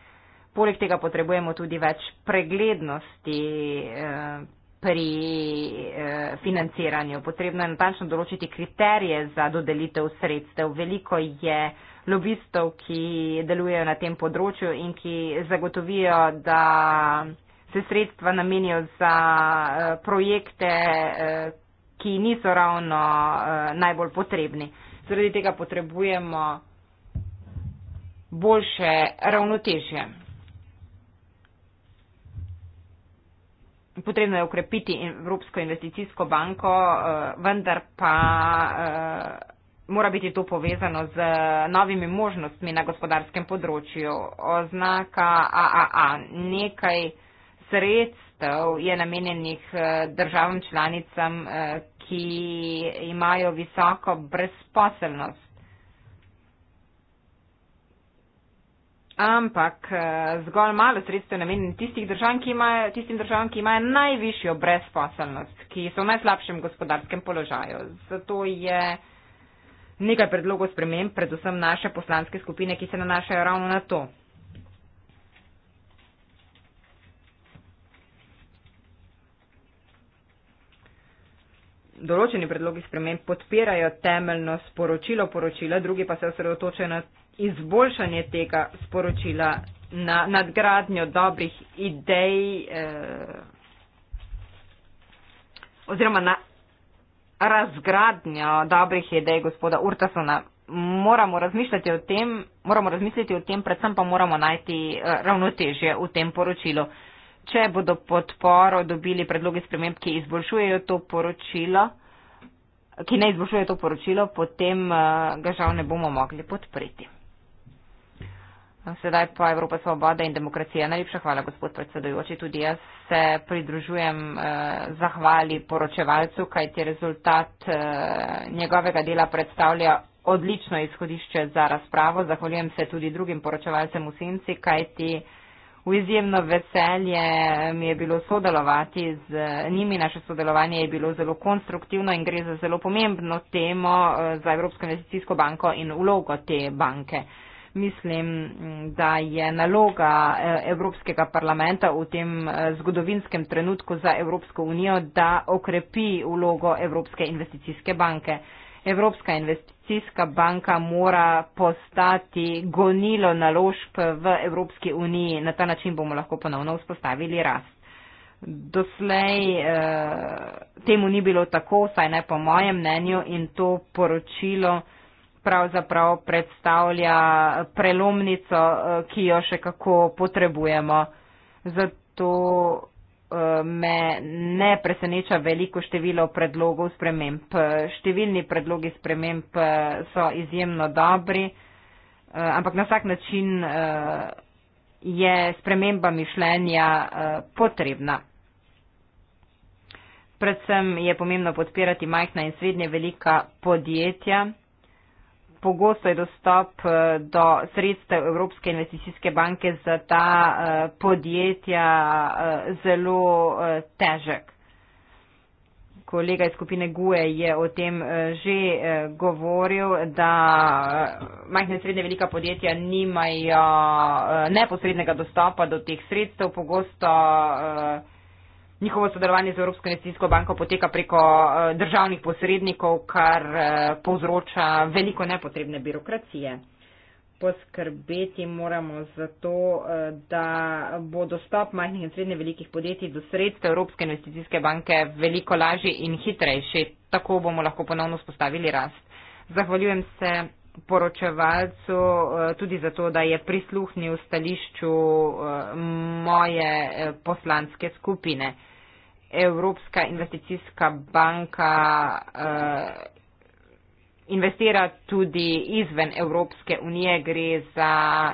Poleg tega potrebujemo tudi več preglednosti eh, pri eh, financiranju. Potrebno je natančno določiti kriterije za dodelitev sredstev. Veliko je lobistov, ki delujejo na tem področju in ki zagotovijo, da se sredstva namenijo za eh, projekte, ki niso ravno uh, najbolj potrebni. Zaradi tega potrebujemo boljše ravnotežje. Potrebno je ukrepiti Evropsko investicijsko banko, eh, vendar pa eh, mora biti to povezano z novimi možnostmi na gospodarskem področju. Oznaka AAA. Nekaj sredstev je namenjenih državam članicam, ki imajo visoko brezposelnost. Ampak eh, zgolj malo sredstev namenim tistih državam, ki imajo, tistim državam, ki imajo najvišjo brezposelnost, ki so v najslabšem gospodarskem položaju. Zato je nekaj predlogov sprememb, predvsem naše poslanske skupine, ki se nanašajo ravno na to. določeni predlogi sprememb podpirajo temeljno sporočilo poročila, drugi pa se osredotočajo na izboljšanje tega sporočila, na nadgradnjo dobrih idej eh, oziroma na razgradnjo dobrih idej gospoda Urtasona. Moramo razmišljati o tem, moramo razmisliti o tem, predvsem pa moramo najti eh, ravnotežje v tem poročilu če bodo podporo dobili predloge sprememb, ki izboljšujejo to poročilo, ki ne izboljšuje to poročilo, potem eh, ga žal ne bomo mogli podpreti. Sedaj pa Evropa svoboda in demokracija. Najlepša hvala, gospod predsedujoči. Tudi jaz se pridružujem eh, zahvali poročevalcu, kajti rezultat eh, njegovega dela predstavlja odlično izhodišče za razpravo. Zahvaljujem se tudi drugim poročevalcem v Sinci, kajti. V izjemno veselje mi je bilo sodelovati z njimi. Naše sodelovanje je bilo zelo konstruktivno in gre za zelo pomembno temo eh, za Evropsko investicijsko banko in ulogo te banke. Mislim, da je naloga eh, Evropskega parlamenta v tem eh, zgodovinskem trenutku za Evropsko unijo, da okrepi ulogo Evropske investicijske banke. Evropska investicijska banka mora postati gonilo naložb v Evropski uniji. Na ta način bomo lahko ponovno vzpostavili rast. Doslej eh, temu ni bilo tako, saj ne po mojem mnenju in to poročilo pravzaprav predstavlja prelomnico, eh, ki jo še kako potrebujemo. Zato Eh, me ne preseneča veliko število predlogov sprememb. Številni predlogi sprememb eh, so izjemno dobri, eh, ampak na vsak način je sprememba mišljenja potrebna. Predvsem je pomembno podpirati majhna in srednje velika podjetja pogosto je dostop eh, do sredstev Evropske investicijske banke za ta eh, podjetja eh, zelo težek. Kolega iz skupine GUE je o tem že govoril, da majhne in srednje velika podjetja nimajo neposrednega dostopa do teh sredstev, pogosto njihovo sodelovanje z Evropsko investicijsko banko poteka preko eh, državnih posrednikov, kar eh, povzroča veliko nepotrebne birokracije. Poskrbeti moramo za to, eh, da bo dostop majhnih in srednje velikih podjetij do sredstev Evropske investicijske banke veliko lažji in hitrejši. Tako bomo lahko ponovno spostavili rast. Zahvaljujem se poročevalcu, eh, tudi zato, da je prisluhnil stališču eh, moje eh, poslanske skupine. Evropska investicijska banka investira tudi izven Evropske unije, gre za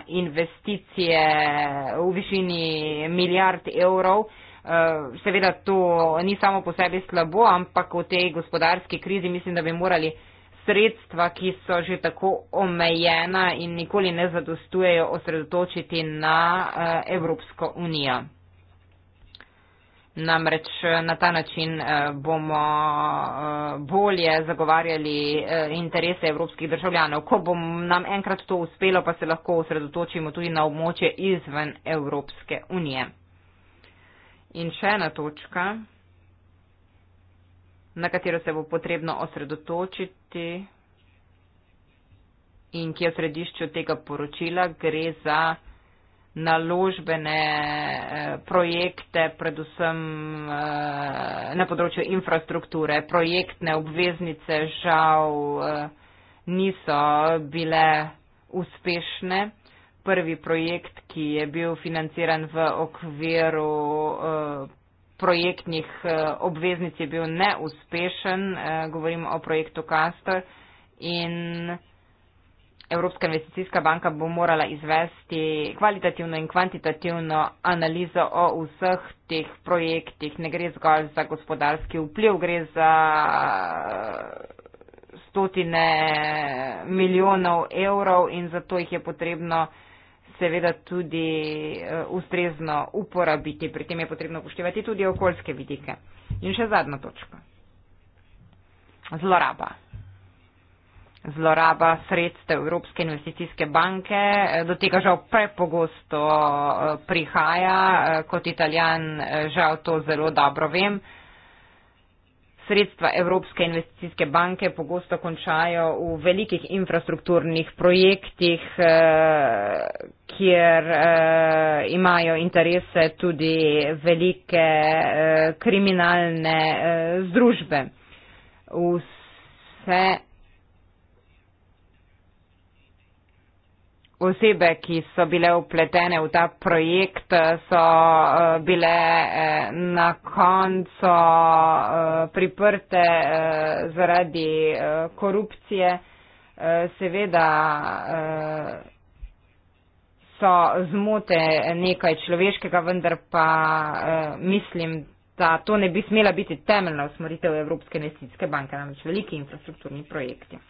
investicije v višini milijard evrov. Seveda to ni samo po sebi slabo, ampak v tej gospodarski krizi mislim, da bi morali sredstva, ki so že tako omejena in nikoli ne zadostujejo, osredotočiti na eh, Evropsko unijo. Namreč eh, na ta način eh, bomo bolje zagovarjali interese evropskih državljanov. Ko bom nam enkrat to uspelo, pa se lahko osredotočimo tudi na območje izven Evropske unije. In še ena točka na katero se bo potrebno osredotočiti in ki je v središču tega poročila, gre za naložbene eh, projekte, predvsem eh, na področju infrastrukture. Projektne obveznice žal eh, niso bile uspešne. Prvi projekt, ki je bil financiran v okviru projektnih eh, obveznic je bil neuspešen, eh, govorim o projektu Castor in Evropska investicijska banka bo morala izvesti kvalitativno in kvantitativno analizo o vseh teh projektih. Ne gre zgolj za gospodarski vpliv, gre za eh, stotine milijonov evrov in zato jih je potrebno seveda tudi uh, ustrezno uporabiti. Pri tem je potrebno upoštevati tudi okoljske vidike. In še zadnja točka. Zloraba. Zloraba sredstev Evropske investicijske banke, eh, do tega žal prepogosto eh, prihaja, kot italijan žal to zelo dobro vem. Uh, sredstva Evropske investicijske banke pogosto končajo v velikih infrastrukturnih projektih, eh, kjer eh, imajo interese tudi velike eh, kriminalne združbe. Vse osebe, ki so bile upletene v ta projekt, so eh, bile eh, na koncu eh, priprte zaradi korupcije. Seveda so zmote nekaj človeškega, vendar pa mislim, da to ne bi smela biti temeljna usmeritev Evropske investicijske banke, namreč veliki infrastrukturni projekti.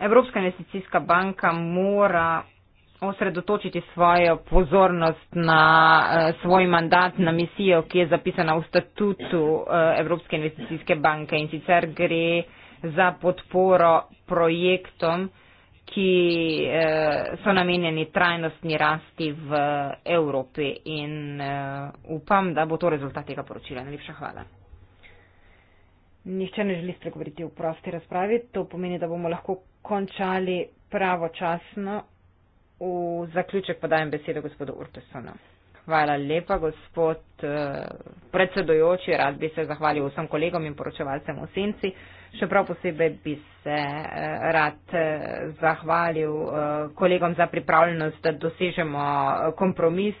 Evropska investicijska banka mora osredotočiti svojo pozornost na uh, svoj mandat, na misijo, ki je zapisana v statutu uh, Evropske investicijske banke in sicer gre za podporo projektom, ki uh, so namenjeni trajnostni rasti v Evropi in uh, upam, da bo to rezultat tega poročila. Najlepša hvala. Nihče ne želi spregovoriti v prosti razpravi, to pomeni, da bomo lahko končali pravočasno. V zaključek podajem besedo gospodu Urtesonu. Hvala lepa, gospod eh, predsedojoči. Rad bi se zahvalil vsem kolegom in poročevalcem v Senci. Še prav posebej bi se eh, rad eh, zahvalil kolegom za pripravljenost, da dosežemo kompromis.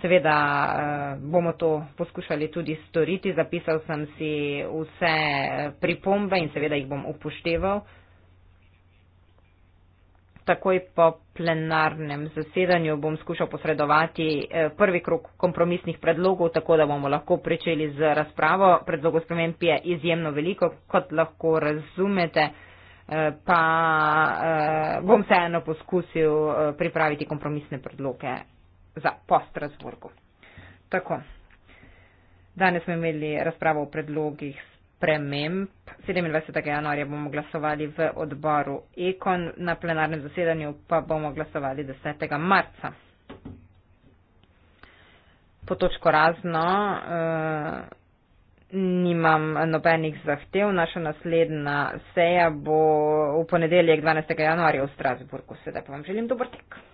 Seveda bomo to poskušali tudi storiti. Zapisal sem si vse pripombe in seveda jih bom upošteval takoj po plenarnem zasedanju bom skušal posredovati eh, prvi krok kompromisnih predlogov, tako da bomo lahko pričeli z razpravo. Predlogov sprememb je izjemno veliko, kot lahko razumete, eh, pa eh, bom se eno poskusil pripraviti kompromisne predloge za postrazvorko. Tako. Danes smo imeli razpravo o predlogih sprememb. 27. januarja bomo glasovali v odboru Ekon, na plenarnem zasedanju pa bomo glasovali 10. marca. Po točko razno eh, nimam nobenih zahtev. Naša naslednja seja bo v ponedeljek 12. januarja v Strasburgu. Sedaj pa vam želim dober tek.